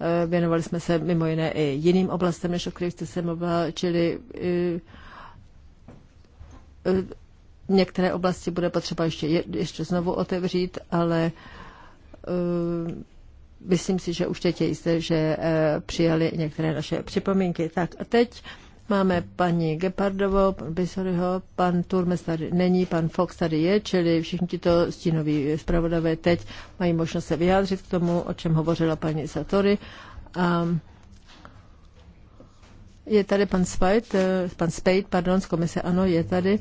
S2: Ehm, věnovali jsme se mimo jiné i jiným oblastem, než o kterých jste se mluvila, čili eh, eh, některé oblasti bude potřeba ještě, ještě znovu otevřít, ale ehm, myslím si, že už teď je jisté, že přijali některé naše připomínky. Tak a teď Máme paní Gepardovou, pan Bisoryho, pan Turmes tady není, pan Fox tady je, čili všichni tito stínoví zpravodavé teď mají možnost se vyjádřit k tomu, o čem hovořila paní Satory. A je tady pan Spade, eh, pan Spade, pardon, z komise, ano, je tady.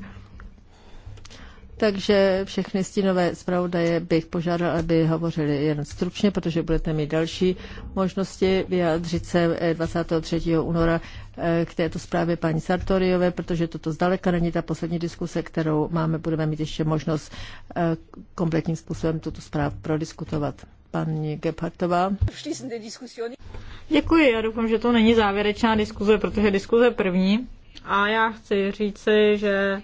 S2: Takže všechny stínové zpravodaje bych požádal, aby hovořili jen stručně, protože budete mít další možnosti vyjádřit se 23. Eh, února eh, k této zprávě paní Sartoriové, protože toto zdaleka není ta poslední diskuse, kterou máme. Budeme mít ještě možnost eh, kompletním způsobem tuto zprávu prodiskutovat. Paní Gebhardtová.
S3: Děkuji, já doufám, že to není závěrečná diskuze, protože diskuze první. A já chci říci, že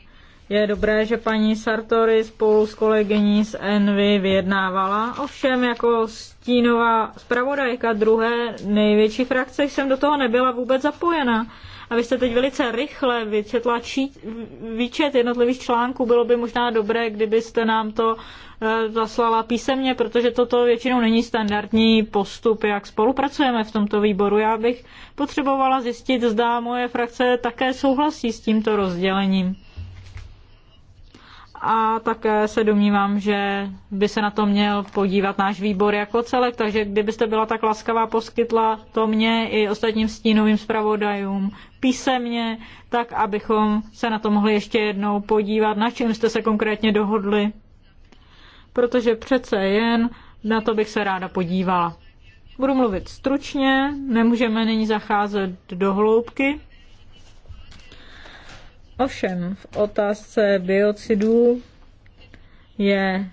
S3: je dobré, že paní Sartori spolu s kolegyní z Envy vyjednávala. Ovšem jako stínová zpravodajka druhé největší frakce jsem do toho nebyla vůbec zapojena. A vy jste teď velice rychle vyčetla či, výčet jednotlivých článků. Bylo by možná dobré, kdybyste nám to e, zaslala písemně, protože toto většinou není standardní postup, jak spolupracujeme v tomto výboru. Já bych potřebovala zjistit, zda moje frakce také souhlasí s tímto rozdělením a také se domnívám, že by se na to měl podívat náš výbor jako celek, takže kdybyste byla tak laskavá, poskytla to mně i ostatním stínovým zpravodajům písemně, tak abychom se na to mohli ještě jednou podívat, na čem jste se konkrétně dohodli. Protože přece jen na to bych se ráda podívala. Budu mluvit stručně, nemůžeme nyní zacházet do hloubky, Ovšem v otázce biocidů je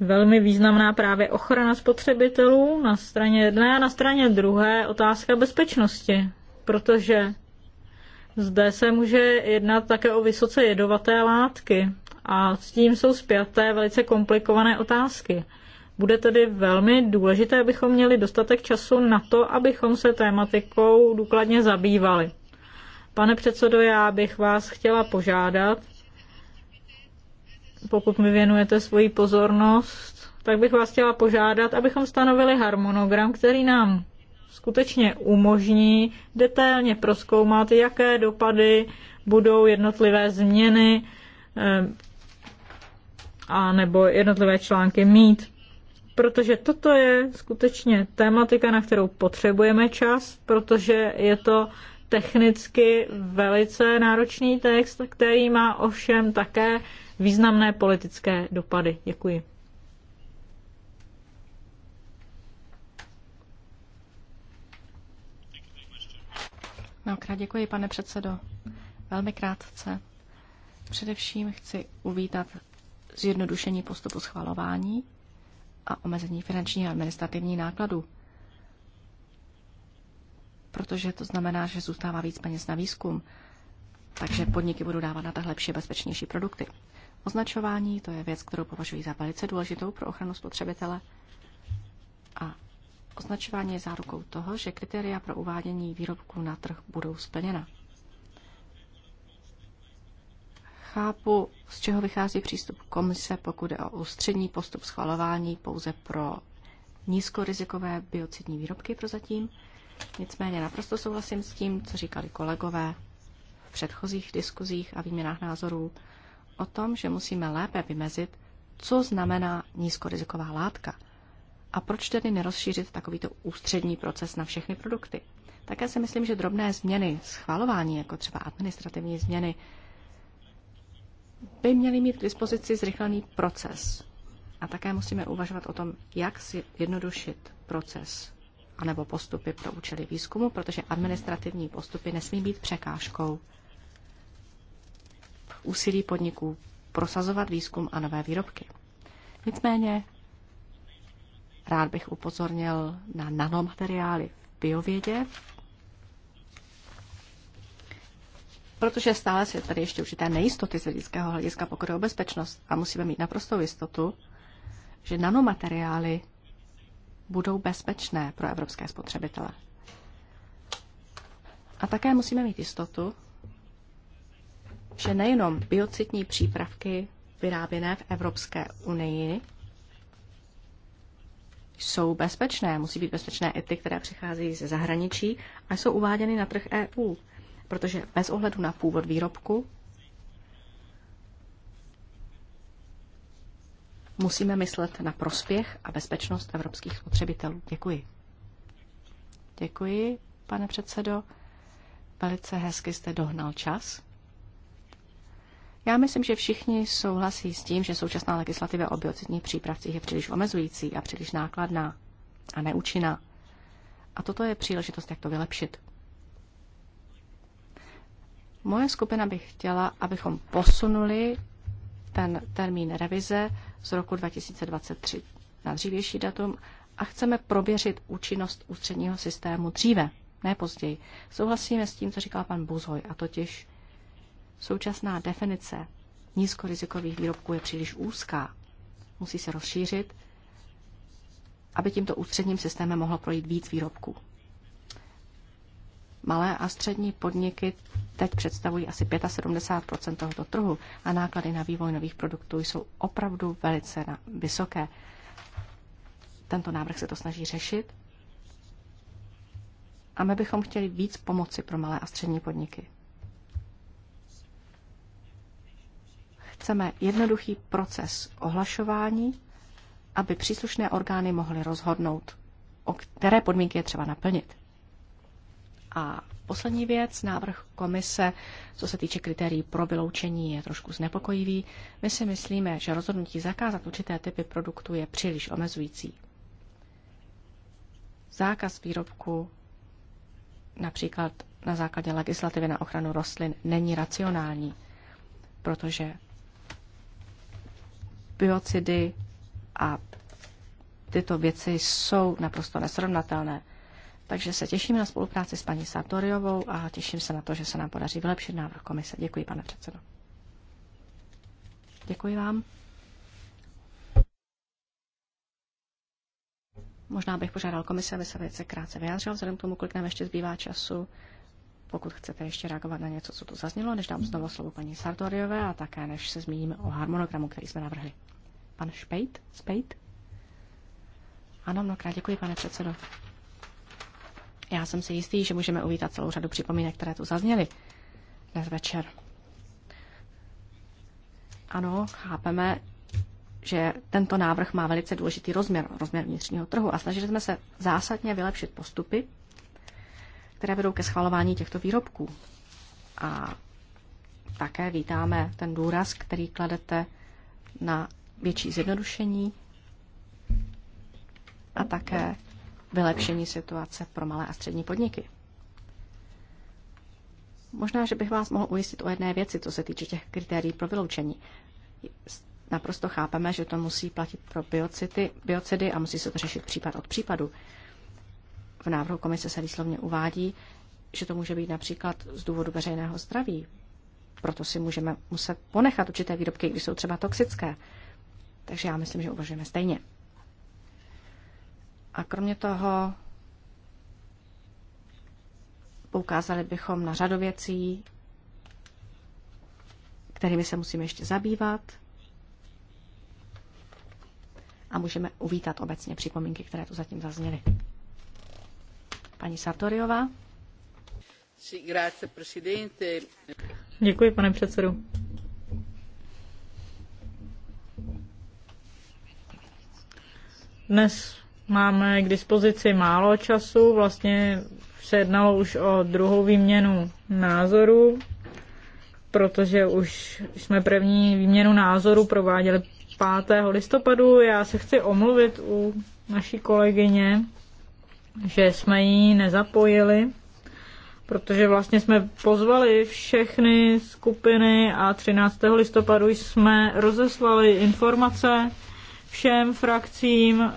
S3: velmi významná právě ochrana spotřebitelů na straně jedné a na straně druhé otázka bezpečnosti, protože zde se může jednat také o vysoce jedovaté látky a s tím jsou spjaté velice komplikované otázky. Bude tedy velmi důležité, abychom měli dostatek času na to, abychom se tématikou důkladně zabývali. Pane předsedo, já bych vás chtěla požádat, pokud mi věnujete svoji pozornost, tak bych vás chtěla požádat, abychom stanovili harmonogram, který nám skutečně umožní detailně proskoumat, jaké dopady budou jednotlivé změny eh, a nebo jednotlivé články mít. Protože toto je skutečně tématika, na kterou potřebujeme čas, protože je to technicky velice náročný text, který má ovšem také významné politické
S1: dopady. Děkuji. Mnohokrát děkuji, pane předsedo. Velmi krátce. Především chci uvítat zjednodušení postupu schvalování a omezení finančních a administrativních nákladů protože to znamená, že zůstává víc peněz na výzkum. Takže podniky budou dávat na tak lepší, bezpečnější produkty. Označování to je věc, kterou považuji za velice důležitou pro ochranu spotřebitele. A označování je zárukou toho, že kritéria pro uvádění výrobků na trh budou splněna. Chápu, z čeho vychází přístup komise, pokud je o ústřední postup schvalování pouze pro nízkorizikové biocidní výrobky prozatím. zatím Nicméně naprosto souhlasím s tím, co říkali kolegové v předchozích diskuzích a výměnách názorů o tom, že musíme lépe vymezit, co znamená nízkoriziková látka a proč tedy nerozšířit takovýto ústřední proces na všechny produkty. Také si myslím, že drobné změny schvalování, jako třeba administrativní změny, by měly mít k dispozici zrychlený proces. A také musíme uvažovat o tom, jak si jednodušit proces anebo postupy pro účely výzkumu, protože administrativní postupy nesmí být překážkou v úsilí podniků prosazovat výzkum a nové výrobky. Nicméně rád bych upozornil na nanomateriály v biovědě, protože stále se tady ještě určité nejistoty z hlediska, pokud je o bezpečnost a musíme mít naprostou jistotu, že nanomateriály budou bezpečné pro evropské spotřebitele. A také musíme mít jistotu, že nejenom biocitní přípravky vyráběné v Evropské unii jsou bezpečné, musí být bezpečné i ty, které přicházejí ze zahraničí a jsou uváděny na trh EU, protože bez ohledu na původ výrobku Musíme myslet na prospěch a bezpečnost evropských spotřebitelů. Děkuji. Děkuji, pane předsedo. Velice hezky jste dohnal čas. Já myslím, že všichni souhlasí s tím, že současná legislativa o biocidních přípravcích je příliš omezující a příliš nákladná a neúčinná. A toto je příležitost, jak to vylepšit. Moje skupina by chtěla, abychom posunuli ten termín revize z roku 2023 na dřívější datum a chceme proběřit účinnost ústředního systému dříve, ne později. Souhlasíme s tím, co říkal pan Buzhoj, a totiž současná definice nízkorizikových výrobků je příliš úzká. Musí se rozšířit, aby tímto ústředním systémem mohlo projít víc výrobků. Malé a střední podniky teď představují asi 75 tohoto trhu a náklady na vývoj nových produktů jsou opravdu velice vysoké. Tento návrh se to snaží řešit a my bychom chtěli víc pomoci pro malé a střední podniky. Chceme jednoduchý proces ohlašování, aby příslušné orgány mohly rozhodnout, o které podmínky je třeba naplnit. A poslední věc, návrh komise, co se týče kritérií pro vyloučení, je trošku znepokojivý. My si myslíme, že rozhodnutí zakázat určité typy produktů je příliš omezující. Zákaz výrobku například na základě legislativy na ochranu rostlin není racionální, protože biocidy a tyto věci jsou naprosto nesrovnatelné. Takže se těším na spolupráci s paní Sartoriovou a těším se na to, že se nám podaří vylepšit návrh komise. Děkuji, pane předsedo. Děkuji vám. Možná bych požádal komise, aby se velice krátce vyjádřil, vzhledem k tomu, kolik nám ještě zbývá času. Pokud chcete ještě reagovat na něco, co tu zaznělo, než dám znovu slovo paní Sartoriové a také než se zmíníme o harmonogramu, který jsme navrhli. Pan Špejt? Spejt? Ano, mnohokrát děkuji, pane předsedo. Já jsem si jistý, že můžeme uvítat celou řadu připomínek, které tu zazněly dnes večer. Ano, chápeme, že tento návrh má velice důležitý rozměr, rozměr vnitřního trhu a snažili jsme se zásadně vylepšit postupy, které vedou ke schvalování těchto výrobků. A také vítáme ten důraz, který kladete na větší zjednodušení a také vylepšení situace pro malé a střední podniky. Možná, že bych vás mohl ujistit o jedné věci, co se týče těch kritérií pro vyloučení. Naprosto chápeme, že to musí platit pro biocity, biocidy a musí se to řešit případ od případu. V návrhu komise se výslovně uvádí, že to může být například z důvodu veřejného zdraví. Proto si můžeme muset ponechat určité výrobky, když jsou třeba toxické. Takže já myslím, že uvažujeme stejně. A kromě toho poukázali bychom na řadu věcí, kterými se musíme ještě zabývat a můžeme uvítat obecně připomínky, které tu zatím zazněly. Paní Sartoriová.
S3: Děkuji, pane předsedu. Dnes Máme k dispozici málo času, vlastně se jednalo už o druhou výměnu názorů, protože už jsme první výměnu názoru prováděli 5. listopadu. Já se chci omluvit u naší kolegyně, že jsme ji nezapojili, protože vlastně jsme pozvali všechny skupiny a 13. listopadu jsme rozeslali informace všem frakcím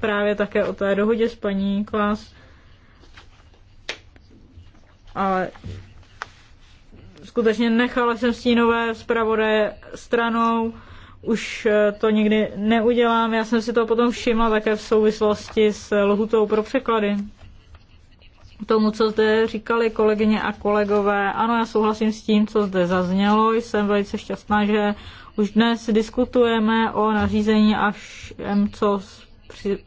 S3: právě také o té dohodě s paní Klas. Ale skutečně nechala jsem stínové zpravodaje stranou, už eh, to nikdy neudělám. Já jsem si to potom všimla také v souvislosti s lhutou pro překlady. Tomu, co zde říkali kolegyně a kolegové, ano, já souhlasím s tím, co zde zaznělo. Jsem velice šťastná, že už dnes diskutujeme o nařízení až co, při,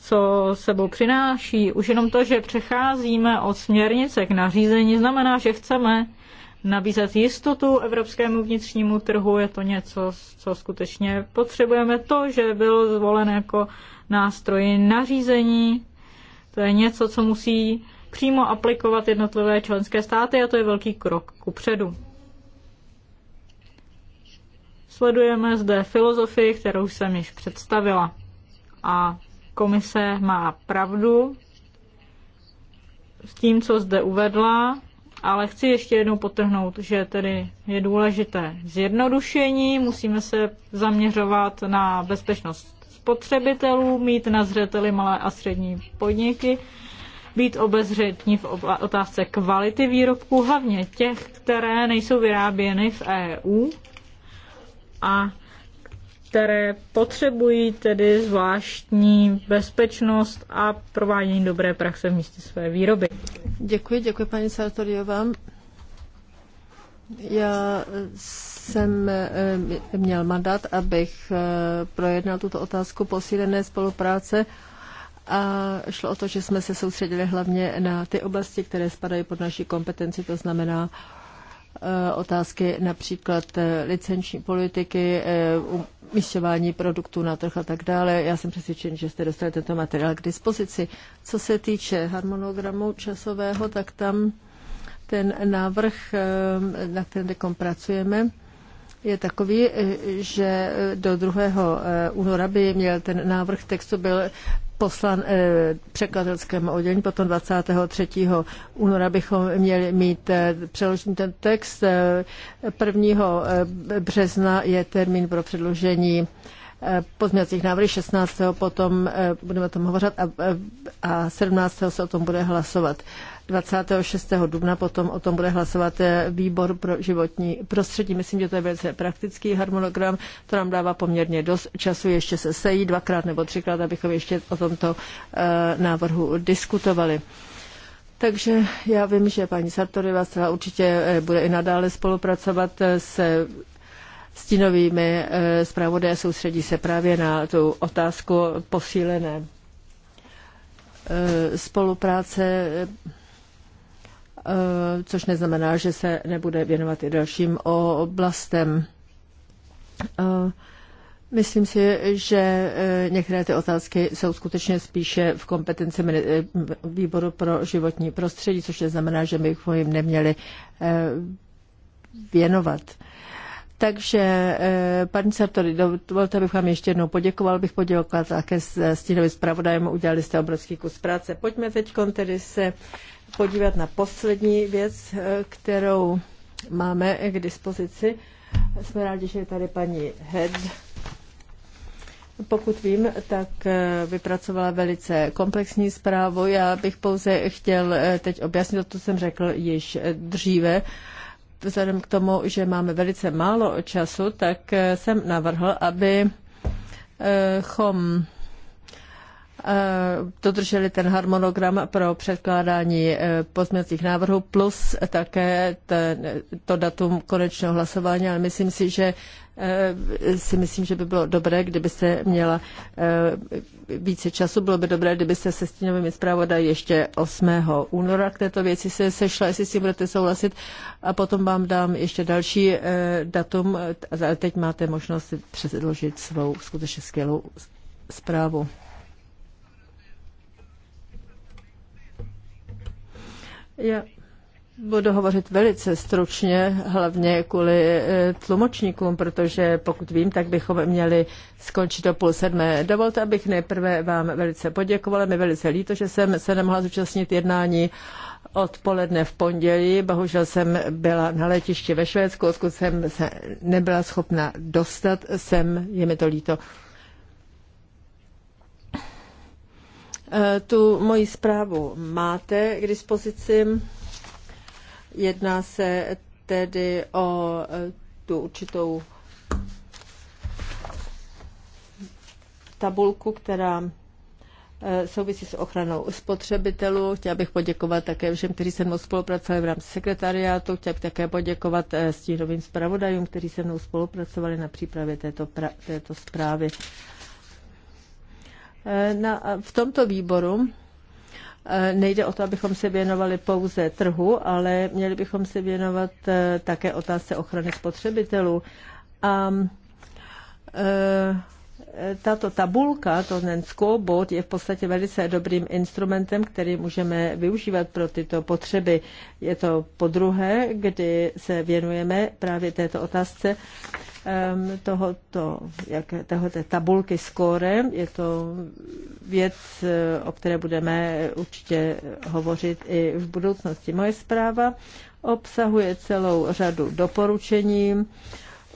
S3: co sebou přináší. Už jenom to, že přecházíme od směrnice k nařízení, znamená, že chceme nabízet jistotu evropskému vnitřnímu trhu. Je to něco, co skutečně potřebujeme. To, že byl zvolen jako nástroj nařízení, to je něco, co musí přímo aplikovat jednotlivé členské státy a to je velký krok ku předu. Sledujeme zde filozofii, kterou jsem již představila. A komise má pravdu s tím, co zde uvedla, ale chci ještě jednou potrhnout, že tedy je důležité zjednodušení, musíme se zaměřovat na bezpečnost spotřebitelů, mít na zřeteli malé a střední podniky, být obezřetní v otázce kvality výrobků, hlavně těch, které nejsou vyráběny v EU, a které potřebují tedy zvláštní bezpečnost a provádění dobré praxe v místě své výroby.
S2: Děkuji, děkuji paní Sartoriová. Já jsem eh, měl mandát, abych eh, projednal tuto otázku posílené spolupráce a šlo o to, že jsme se soustředili hlavně na ty oblasti, které spadají pod naši kompetenci, to znamená Eh, otázky například eh, licenční politiky, eh, umístěvání produktů na trh a tak dále. Já jsem přesvědčen, že jste dostali tento materiál k dispozici. Co se týče harmonogramu časového, tak tam ten návrh, na kterém pracujeme, je takový, eh, že eh, do 2. Eh, února by měl ten návrh textu byl poslan překladatelskému oddělení, potom 23. února bychom měli mít přeložený ten text. 1. března je termín pro předložení pozměňovacích návrhů 16. potom budeme o tom hovořit a, a 17. se o tom bude hlasovat. 26. dubna potom o tom bude hlasovat eh, výbor pro životní prostředí. Myslím, že to je velice praktický harmonogram, to nám dává poměrně dost času ještě se sejít dvakrát nebo třikrát, abychom ještě o tomto eh, návrhu diskutovali. Takže já vím, že paní Sartoriva zcela určitě eh, bude i nadále spolupracovat se stínovými zpravodaj soustředí se právě na tu otázku posílené spolupráce Eh, což neznamená, že se nebude věnovat i dalším oblastem. Eh, myslím si, že eh, některé ty otázky jsou skutečně spíše v kompetenci výboru pro životní prostředí, což neznamená, že bychom jim neměli věnovat. Takže, paní Sartori, dovolte, abych vám ještě jednou poděkoval. Bych poděkoval také stínovým zpravodajem, udělali jste obrovský kus práce. Pojďme teď tedy se podívat na poslední věc, eh, kterou máme k dispozici. Jsme rádi, že je tady paní Head. Pokud vím, tak eh, vypracovala velice komplexní zprávu. Já bych pouze chtěl eh, teď objasnit to, jsem řekl již dříve. Vzhledem k tomu, že máme velice málo času, tak jsem navrhl, abychom Eh, dodrželi ten harmonogram pro předkládání eh, pozměňovacích návrhů plus také to datum konečného hlasování, ale myslím si, že eh, si myslím, že by bylo dobré, kdybyste měla více času, bylo by dobré, kdybyste se stínovými zpravodaj ještě 8. února k této věci se sešla, jestli s tím budete souhlasit a potom vám dám ještě další datum, ale teď máte možnost předložit svou skutečně skvělou zprávu. Já budu hovořit velice stručně, hlavně kvůli e, tlumočníkům, protože pokud vím, tak bychom měli skončit do půl sedmé. Dovolte, abych nejprve vám velice poděkovala. Mi velice líto, že jsem se nemohla zúčastnit jednání odpoledne v pondělí. Bohužel jsem byla na letišti ve Švédsku, odkud jsem se nebyla schopna dostat sem. Je mi to líto. Eh, tu moji zprávu máte k dispozici. Jedná se tedy o eh, tu určitou tabulku, která eh, souvisí s ochranou spotřebitelů. Chtěla bych poděkovat také všem, kteří se mnou spolupracovali v rámci sekretariátu. Chtěla bych také poděkovat stínovým zpravodajům, kteří se mnou spolupracovali na přípravě této, pra- této zprávy. Eh, na, v tomto výboru eh, nejde o to, abychom se věnovali pouze trhu, ale měli bychom se věnovat eh, také otázce ochrany spotřebitelů. A tato tabulka, to ten scoreboard, je v podstatě velice dobrým instrumentem, který můžeme využívat pro tyto potřeby. Je to po druhé, kdy se věnujeme právě této otázce ehm, tohoto, jak, tohoto tabulky score. Je to věc, eh, o které budeme určitě hovořit i v budoucnosti. Moje zpráva obsahuje celou řadu doporučení,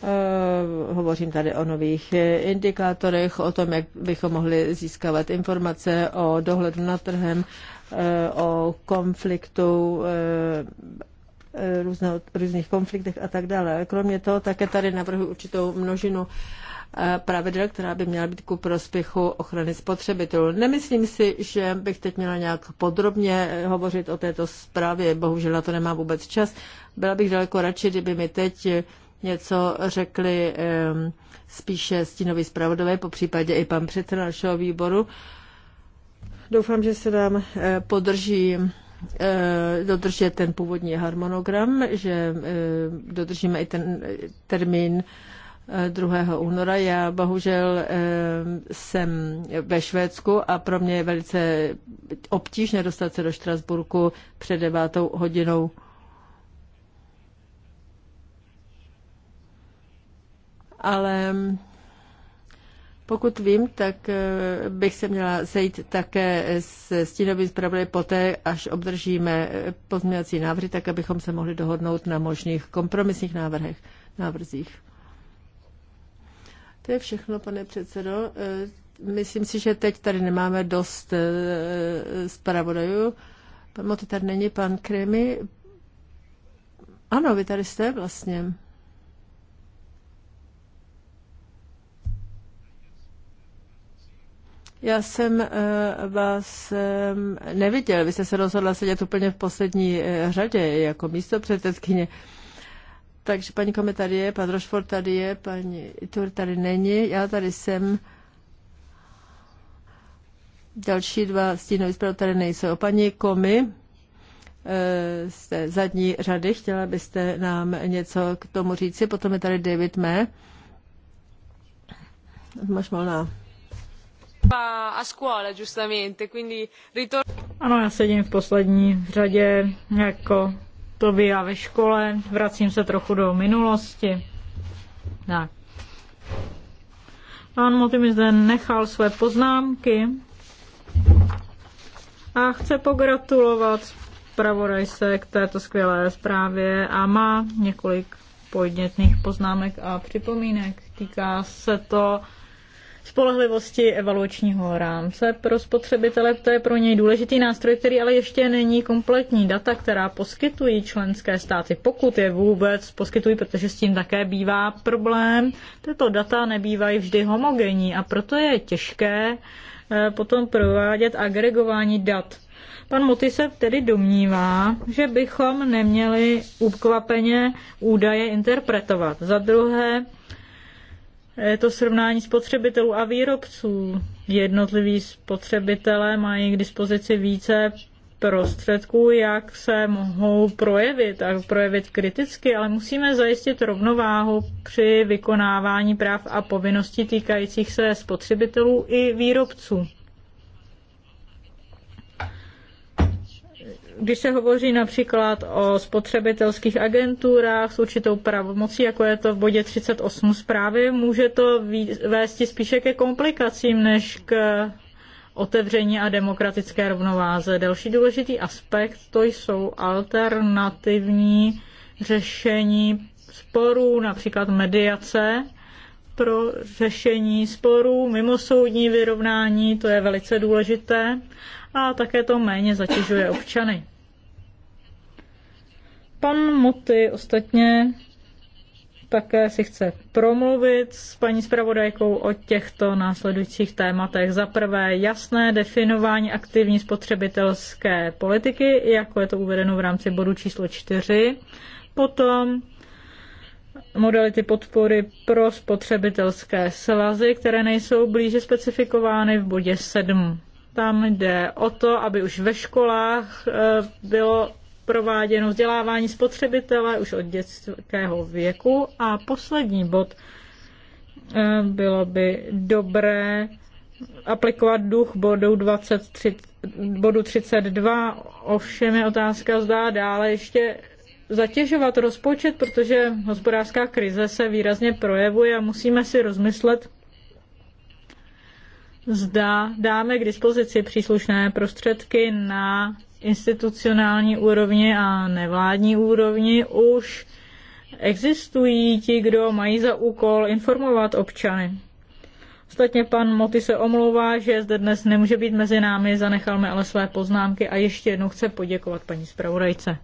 S2: Eh, hovořím tady o nových indikátorech, o tom, jak bychom mohli získávat informace o dohledu nad trhem, eh, o konfliktu, eh, různo, různých konfliktech a tak dále. Kromě toho také tady navrhuji určitou množinu pravidel, která by měla být ku prospěchu ochrany spotřebitelů. Nemyslím si, že bych teď měla nějak podrobně hovořit o této zprávě, bohužel na to nemám vůbec čas. Byla bych daleko radši, kdyby mi teď něco řekli spíše stínoví zpravodové, po případě i pan předseda našeho výboru. Doufám, že se nám eh, podrží eh, dodržet ten původní harmonogram, že eh, dodržíme i ten termín 2. února. Já bohužel jsem ve Švédsku a pro mě je velice obtížné dostat se do Štrasburku před devátou hodinou ale pokud vím, tak eh, bych se měla sejít také s stínovým zpravodajem poté, až obdržíme eh, pozměňovací návrhy, tak abychom se mohli dohodnout na možných kompromisních návrhech, návrzích. To je všechno, pane předsedo. Eh, myslím si, že teď tady nemáme dost zpravodajů. Pan tady není, pan Kremy. Ano, vy tady jste vlastně. Já jsem eh, vás neviděl. Vy jste se rozhodla sedět úplně v poslední eh, řadě jako místo předsedkyně. Takže paní Kome tady je, pan Rošford tady je, paní Itur tady není, já tady jsem. Další dva stínoví zprávy tady nejsou. Paní Komi eh, z té zadní řady, chtěla byste nám něco k tomu říci, potom je tady David Mé. Máš malá. A scuola, giustamente, quindi
S3: ritorno... Ano, já sedím v poslední řadě jako to by já ve škole, vracím se trochu do minulosti. Tak. Pan Moty mi zde nechal své poznámky a chce pogratulovat se, k této skvělé zprávě a má několik podnětných poznámek a připomínek. Týká se to spolehlivosti evaluačního rámce pro spotřebitele. To je pro něj důležitý nástroj, který ale ještě není kompletní. Data, která poskytují členské státy, pokud je vůbec poskytují, protože s tím také bývá problém, tyto data nebývají vždy homogenní a proto je těžké eh, potom provádět agregování dat. Pan Moty se tedy domnívá, že bychom neměli ukvapeně údaje interpretovat. Za druhé, je to srovnání spotřebitelů a výrobců. Jednotliví spotřebitelé mají k dispozici více prostředků, jak se mohou projevit a projevit kriticky, ale musíme zajistit rovnováhu při vykonávání práv a povinností týkajících se spotřebitelů i výrobců. když se hovoří například o spotřebitelských agenturách s určitou pravomocí, jako je to v bodě 38 zprávy, může to vést spíše ke komplikacím než k otevření a demokratické rovnováze. Další důležitý aspekt to jsou alternativní řešení sporů, například mediace pro řešení sporů, mimosoudní vyrovnání, to je velice důležité a také to méně zatěžuje občany. Pan Moty ostatně také si chce promluvit s paní zpravodajkou o těchto následujících tématech. Za prvé jasné definování aktivní spotřebitelské politiky, jako je to uvedeno v rámci bodu číslo 4. Potom modality podpory pro spotřebitelské svazy, které nejsou blíže specifikovány v bodě 7. Tam jde o to, aby už ve školách eh, bylo prováděno vzdělávání spotřebitele už od dětského věku. A poslední bod eh, bylo by dobré aplikovat duch bodu, 23, bodu 32. Ovšem je otázka, zdá dále ještě zatěžovat rozpočet, protože hospodářská krize se výrazně projevuje a musíme si rozmyslet, zda dáme k dispozici příslušné prostředky na institucionální úrovni a nevládní úrovni už existují ti, kdo mají za úkol informovat občany. Ostatně pan Moty se omlouvá, že zde dnes nemůže být mezi námi, zanechal mi ale své poznámky a ještě jednou chce poděkovat paní zpravodajce.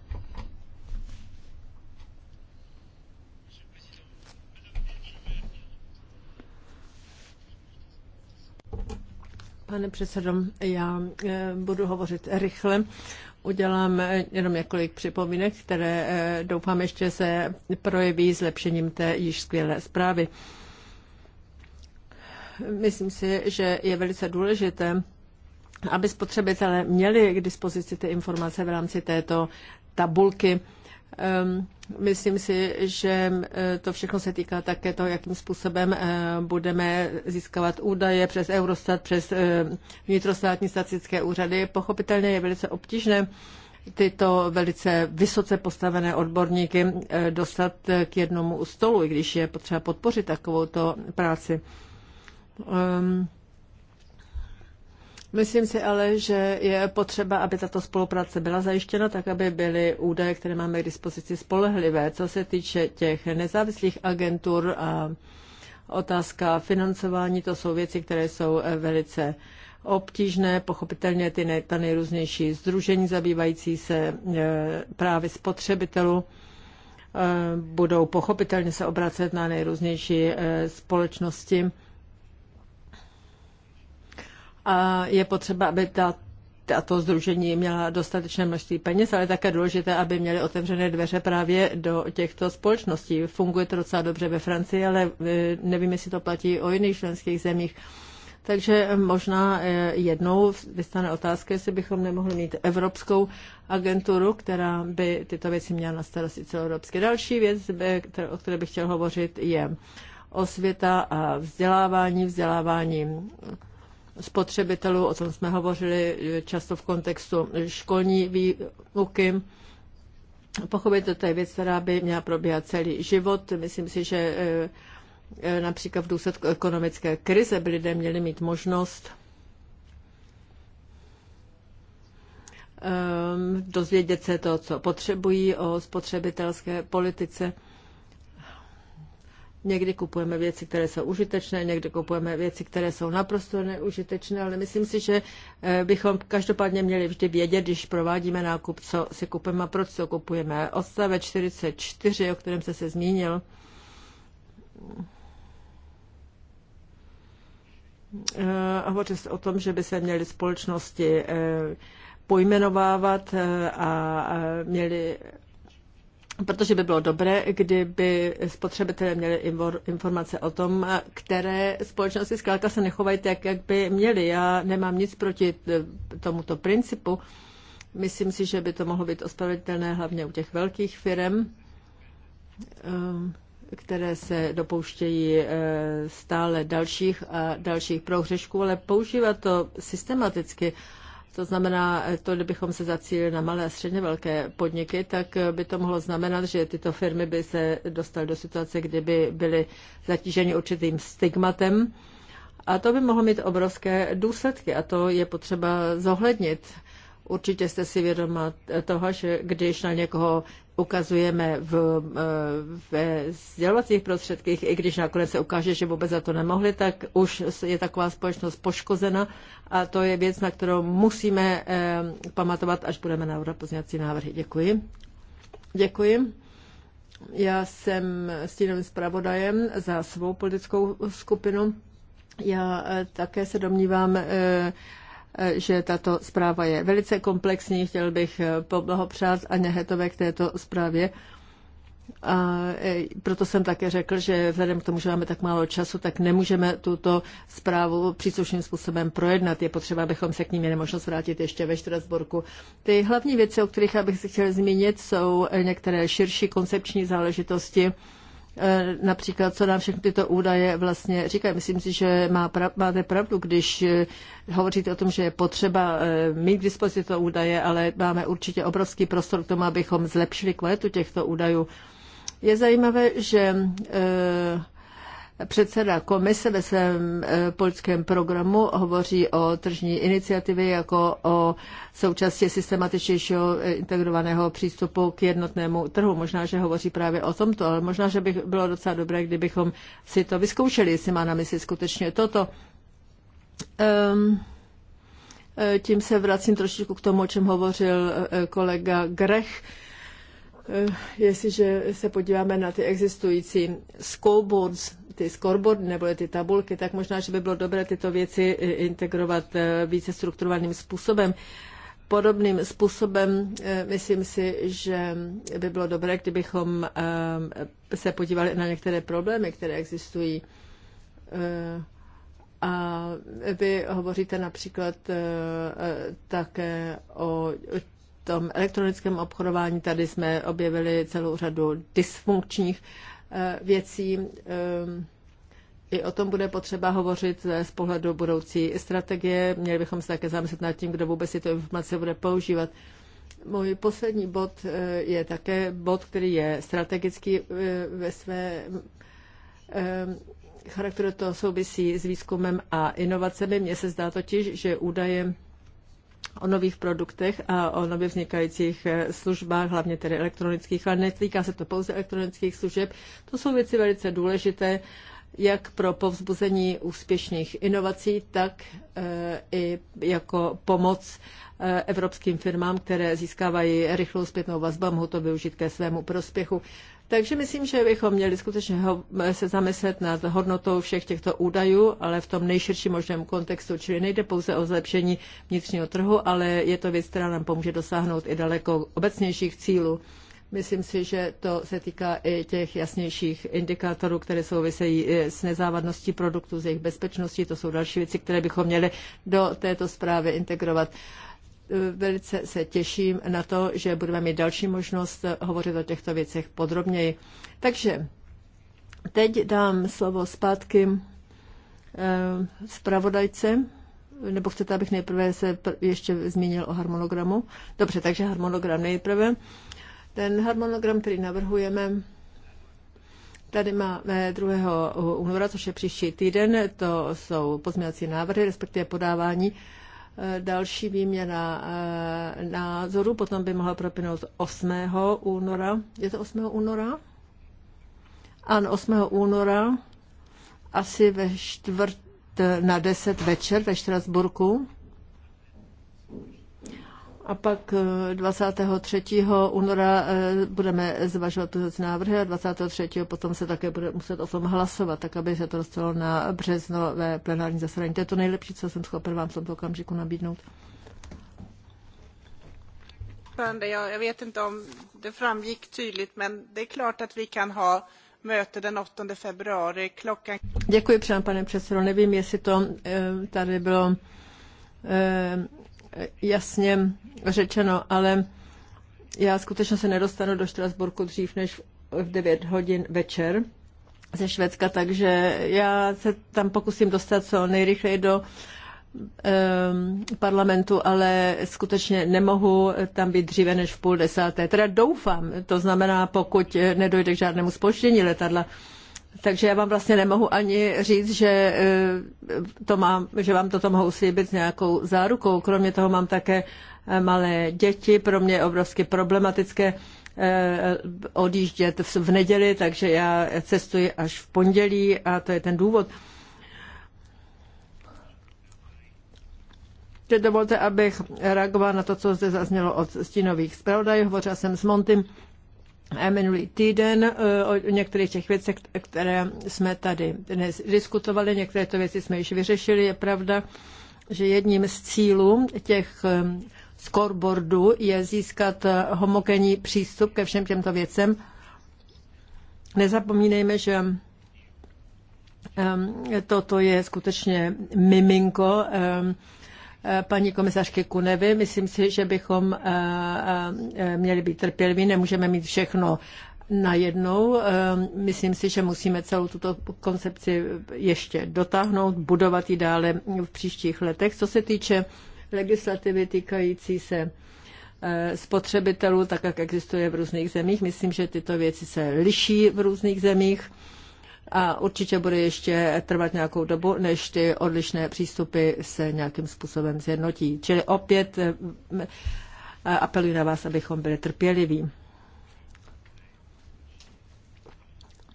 S2: Pane předsedo, já eh, budu hovořit rychle. Udělám eh, jenom několik připomínek, které eh, doufám ještě se projeví zlepšením té již skvělé zprávy. Myslím si, že je velice důležité, aby spotřebitelé měli k dispozici ty informace v rámci této tabulky Ehm, myslím si, že eh, to všechno se týká také toho, jakým způsobem eh, budeme získávat údaje přes Eurostat, přes eh, vnitrostátní statické úřady. Pochopitelně je velice obtížné tyto velice vysoce postavené odborníky dostat k jednomu stolu, i když je potřeba podpořit takovouto práci. Um, Myslím si ale, že je potřeba, aby tato spolupráce byla zajištěna, tak aby byly údaje, které máme k dispozici, spolehlivé. Co se týče těch nezávislých agentur a otázka financování, to jsou věci, které jsou eh, velice obtížné, pochopitelně ty nej, ta nejrůznější združení zabývající se eh, právě spotřebitelů eh, budou pochopitelně se obracet na nejrůznější společnosti a je potřeba, aby ta tato združení měla dostatečné množství peněz, ale také důležité, aby měly otevřené dveře právě do těchto společností. Funguje to docela dobře ve Francii, ale eh, nevím, jestli to platí o jiných členských zemích. Takže možná eh, jednou vystane otázka, jestli bychom nemohli mít evropskou agenturu, která by tyto věci měla na starosti celoevropské. Další věc, eh, o které bych chtěl hovořit, je osvěta a vzdělávání, vzdělávání spotřebitelů, o tom jsme hovořili často v kontextu školní výuky. Pochopitelně to je věc, která by měla probíhat celý život. Myslím si, že eh, eh, například v důsledku ekonomické krize by lidé měli mít možnost ehm, dozvědět se to, co potřebují o spotřebitelské politice. Někdy kupujeme věci, které jsou užitečné, někdy kupujeme věci, které jsou naprosto neužitečné, ale myslím si, že eh, bychom každopádně měli vždy vědět, když provádíme nákup, co si kupujeme a proč co kupujeme. Odstavec 44, o kterém se se zmínil, eh, hovoří se o tom, že by se měly společnosti eh, pojmenovávat a měly protože by bylo dobré, kdyby spotřebitelé měli informace o tom, které společnosti zkrátka se nechovají tak, jak by měly. Já nemám nic proti eh, tomuto principu. Myslím si, že by to mohlo být ospravedlitelné hlavně u těch velkých firm, ehm, které se dopouštějí eh, stále dalších a dalších prohřešků, ale používat to systematicky to znamená, to, kdybychom se zacílili na malé a středně velké podniky, tak by to mohlo znamenat, že tyto firmy by se dostaly do situace, kdyby byly zatíženy určitým stigmatem. A to by mohlo mít obrovské důsledky a to je potřeba zohlednit. Určitě jste si vědoma toho, že když na někoho ukazujeme v, eh, ve sdělovacích prostředcích, i když nakonec se ukáže, že vůbec za to nemohli, tak už je taková společnost poškozena a to je věc, na kterou musíme eh, pamatovat, až budeme navrhovat pozněcí návrhy. Děkuji. Děkuji. Já jsem stínovým zpravodajem za svou politickou skupinu. Já eh, také se domnívám, že tato zpráva je velice komplexní. Chtěl bych eh, poblahopřát Aně Hetové k této zprávě. A eh, proto jsem také řekl, že vzhledem k tomu, že máme tak málo času, tak nemůžeme tuto zprávu příslušným způsobem projednat. Je potřeba, abychom se k ní měli možnost vrátit ještě ve Štrasburku. Ty hlavní věci, o kterých bych se chtěl zmínit, jsou eh, některé širší koncepční záležitosti, Eh, například, co nám všechny tyto údaje vlastně říkají. Myslím si, že má prav, máte pravdu, když eh, hovoříte o tom, že je potřeba eh, mít k dispozici tyto údaje, ale máme určitě obrovský prostor k tomu, abychom zlepšili kvalitu těchto údajů. Je zajímavé, že Předseda komise ve svém eh, polském programu hovoří o tržní iniciativě jako o součástí systematičtějšího eh, integrovaného přístupu k jednotnému trhu. Možná, že hovoří právě o tomto, ale možná, že by bylo docela dobré, kdybychom si to vyzkoušeli, jestli má na mysli skutečně toto. Um, tím se vracím trošičku k tomu, o čem hovořil kolega Grech. Jestliže se podíváme na ty existující scoreboards, ty scoreboard nebo ty tabulky, tak možná, že by bylo dobré tyto věci eh, integrovat eh, více strukturovaným způsobem. Podobným způsobem eh, myslím si, že by bylo dobré, kdybychom se podívali na některé problémy, které existují. A vy hovoříte například také o tom elektronickém obchodování. Tady jsme objevili celou řadu dysfunkčních Eh, věcí. Eh, I o tom bude potřeba hovořit eh, z pohledu budoucí strategie. Měli bychom se také zamyslet nad tím, kdo vůbec si to informace bude používat. Můj poslední bod je také bod, který je strategický ve své charakteru. To souvisí s výzkumem a inovacemi. Mně se zdá totiž, že údaje o nových produktech a o nově vznikajících eh, službách, hlavně tedy elektronických, ale netýká se to pouze elektronických služeb. To jsou věci velice důležité, jak pro povzbuzení úspěšných inovací, tak eh, i jako pomoc eh, evropským firmám, které získávají rychlou zpětnou vazbu a mohou to využít ke svému prospěchu. Takže myslím, že bychom měli skutečně se zamyslet nad hodnotou všech těchto údajů, ale v tom nejširším možném kontextu, čili nejde pouze o zlepšení vnitřního trhu, ale je to věc, která nám pomůže dosáhnout i daleko obecnějších cílů. Myslím si, že to se týká i těch jasnějších indikátorů, které souvisejí eh, s nezávadností produktů, s jejich bezpečností. To jsou další věci, které bychom měli do této zprávy integrovat velice se těším na to, že budeme mít další možnost hovořit o těchto věcech podrobněji. Takže teď dám slovo zpátky eh, zpravodajce, nebo chcete, abych nejprve se ještě zmínil o harmonogramu? Dobře, takže harmonogram nejprve. Ten harmonogram, který navrhujeme, Tady máme 2. února, což je příští týden, to jsou pozměňovací návrhy, respektive podávání Eh, další výměna eh, názoru, potom by mohla propinout 8. února. Je to 8. února? Ano, 8. února, asi ve čtvrt na 10 večer ve Štrasburku. A pak 23. Eh, února eh, budeme zvažovat tyto návrhy a 23. potom se také bude muset o tom hlasovat, tak aby se to dostalo na ve plenární zasedání. To je to nejlepší, co jsem schopen vám v tomto okamžiku nabídnout.
S3: Jag, jag vet inte om det framgick tydligt, men det är klart att vi kan ha möte den 8 februari klockan...
S2: Děkuji, pane předsedo. Nevím, jestli to eh, tady bylo jasně řečeno, ale já skutečně se nedostanu do Štrasburku dřív než v 9 hodin večer ze Švédska, takže já se tam pokusím dostat co nejrychleji do ehm, parlamentu, ale skutečně nemohu tam být dříve než v půl desáté. Teda doufám, to znamená, pokud nedojde k žádnému spoždění letadla, takže já vám vlastně nemohu ani říct, že, eh, to mám, že vám toto mohu slíbit s nějakou zárukou. Kromě toho mám také eh, malé děti, pro mě je obrovsky problematické eh, odjíždět v neděli, takže já cestuji až v pondělí a to je ten důvod. Teď dovolte, abych reagovala na to, co zde zaznělo od stínových zpravodajů. Hovořila jsem s Montym minulý týden eh, o některých těch věcech, které jsme tady dnes diskutovali. Některé to věci jsme již vyřešili. Je pravda, že jedním z cílů těch eh, scoreboardů je získat eh, homogenní přístup ke všem těmto věcem. Nezapomínejme, že toto je skutečně miminko Eh, paní komisařky Kunevy. Myslím si, že bychom eh, eh, měli být trpěliví, nemůžeme mít všechno najednou. Myslím si, že musíme celou tuto koncepci ještě dotáhnout, budovat ji dále v příštích letech. Co se týče legislativy týkající se spotřebitelů, tak jak existuje v různých zemích. Myslím, že tyto věci se liší v různých zemích a určitě bude ještě trvat nějakou dobu, než ty odlišné přístupy se nějakým způsobem zjednotí. Čili opět eh, eh, apeluji na vás, abychom byli trpěliví.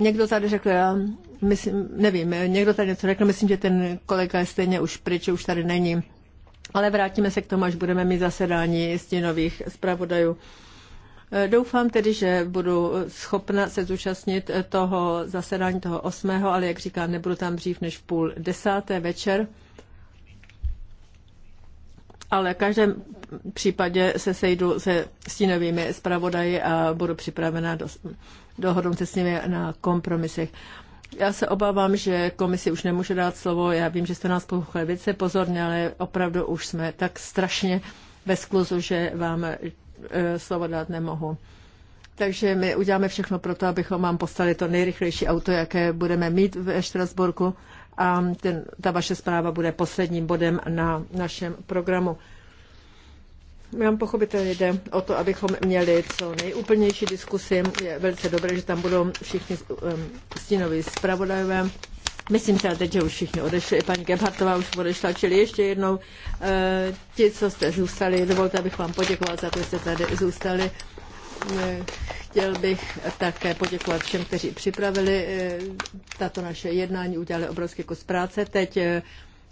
S2: Někdo tady řekl, já myslím, nevím, někdo tady něco řekl, myslím, že ten kolega je stejně už pryč, už tady není. Ale vrátíme se k tomu, až budeme mít zasedání stěnových zpravodajů. Doufám tedy, že budu schopna se zúčastnit toho zasedání toho osmého, ale jak říkám, nebudu tam dřív než v půl desáté večer. Ale v každém případě se sejdu se stínovými zpravodaji a budu připravena do, dohodnout se s nimi na kompromisech. Já se obávám, že komisi už nemůže dát slovo. Já vím, že jste nás pochopili více pozorně, ale opravdu už jsme tak strašně ve skluzu, že vám Eh, slovo dát nemohu. Takže my uděláme všechno pro to, abychom vám postali to nejrychlejší auto, jaké budeme mít ve Štrasburku a ten, ta vaše zpráva bude posledním bodem na našem programu. vám pochopitelně jde o to, abychom měli co nejúplnější diskusy. Je velice dobré, že tam budou všichni eh, stínoví zpravodajové. Myslím že teď, už všichni odešli, paní Gebhartová už odešla, čili ještě jednou eh, ti, co jste zůstali, dovolte, abych vám poděkoval za to, že jste tady zůstali. Eh, chtěl bych také poděkovat všem, kteří připravili eh, tato naše jednání, udělali obrovský kus práce. Teď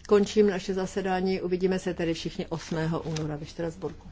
S2: končím naše zasedání, uvidíme se tedy všichni 8. února ve Štrasburku.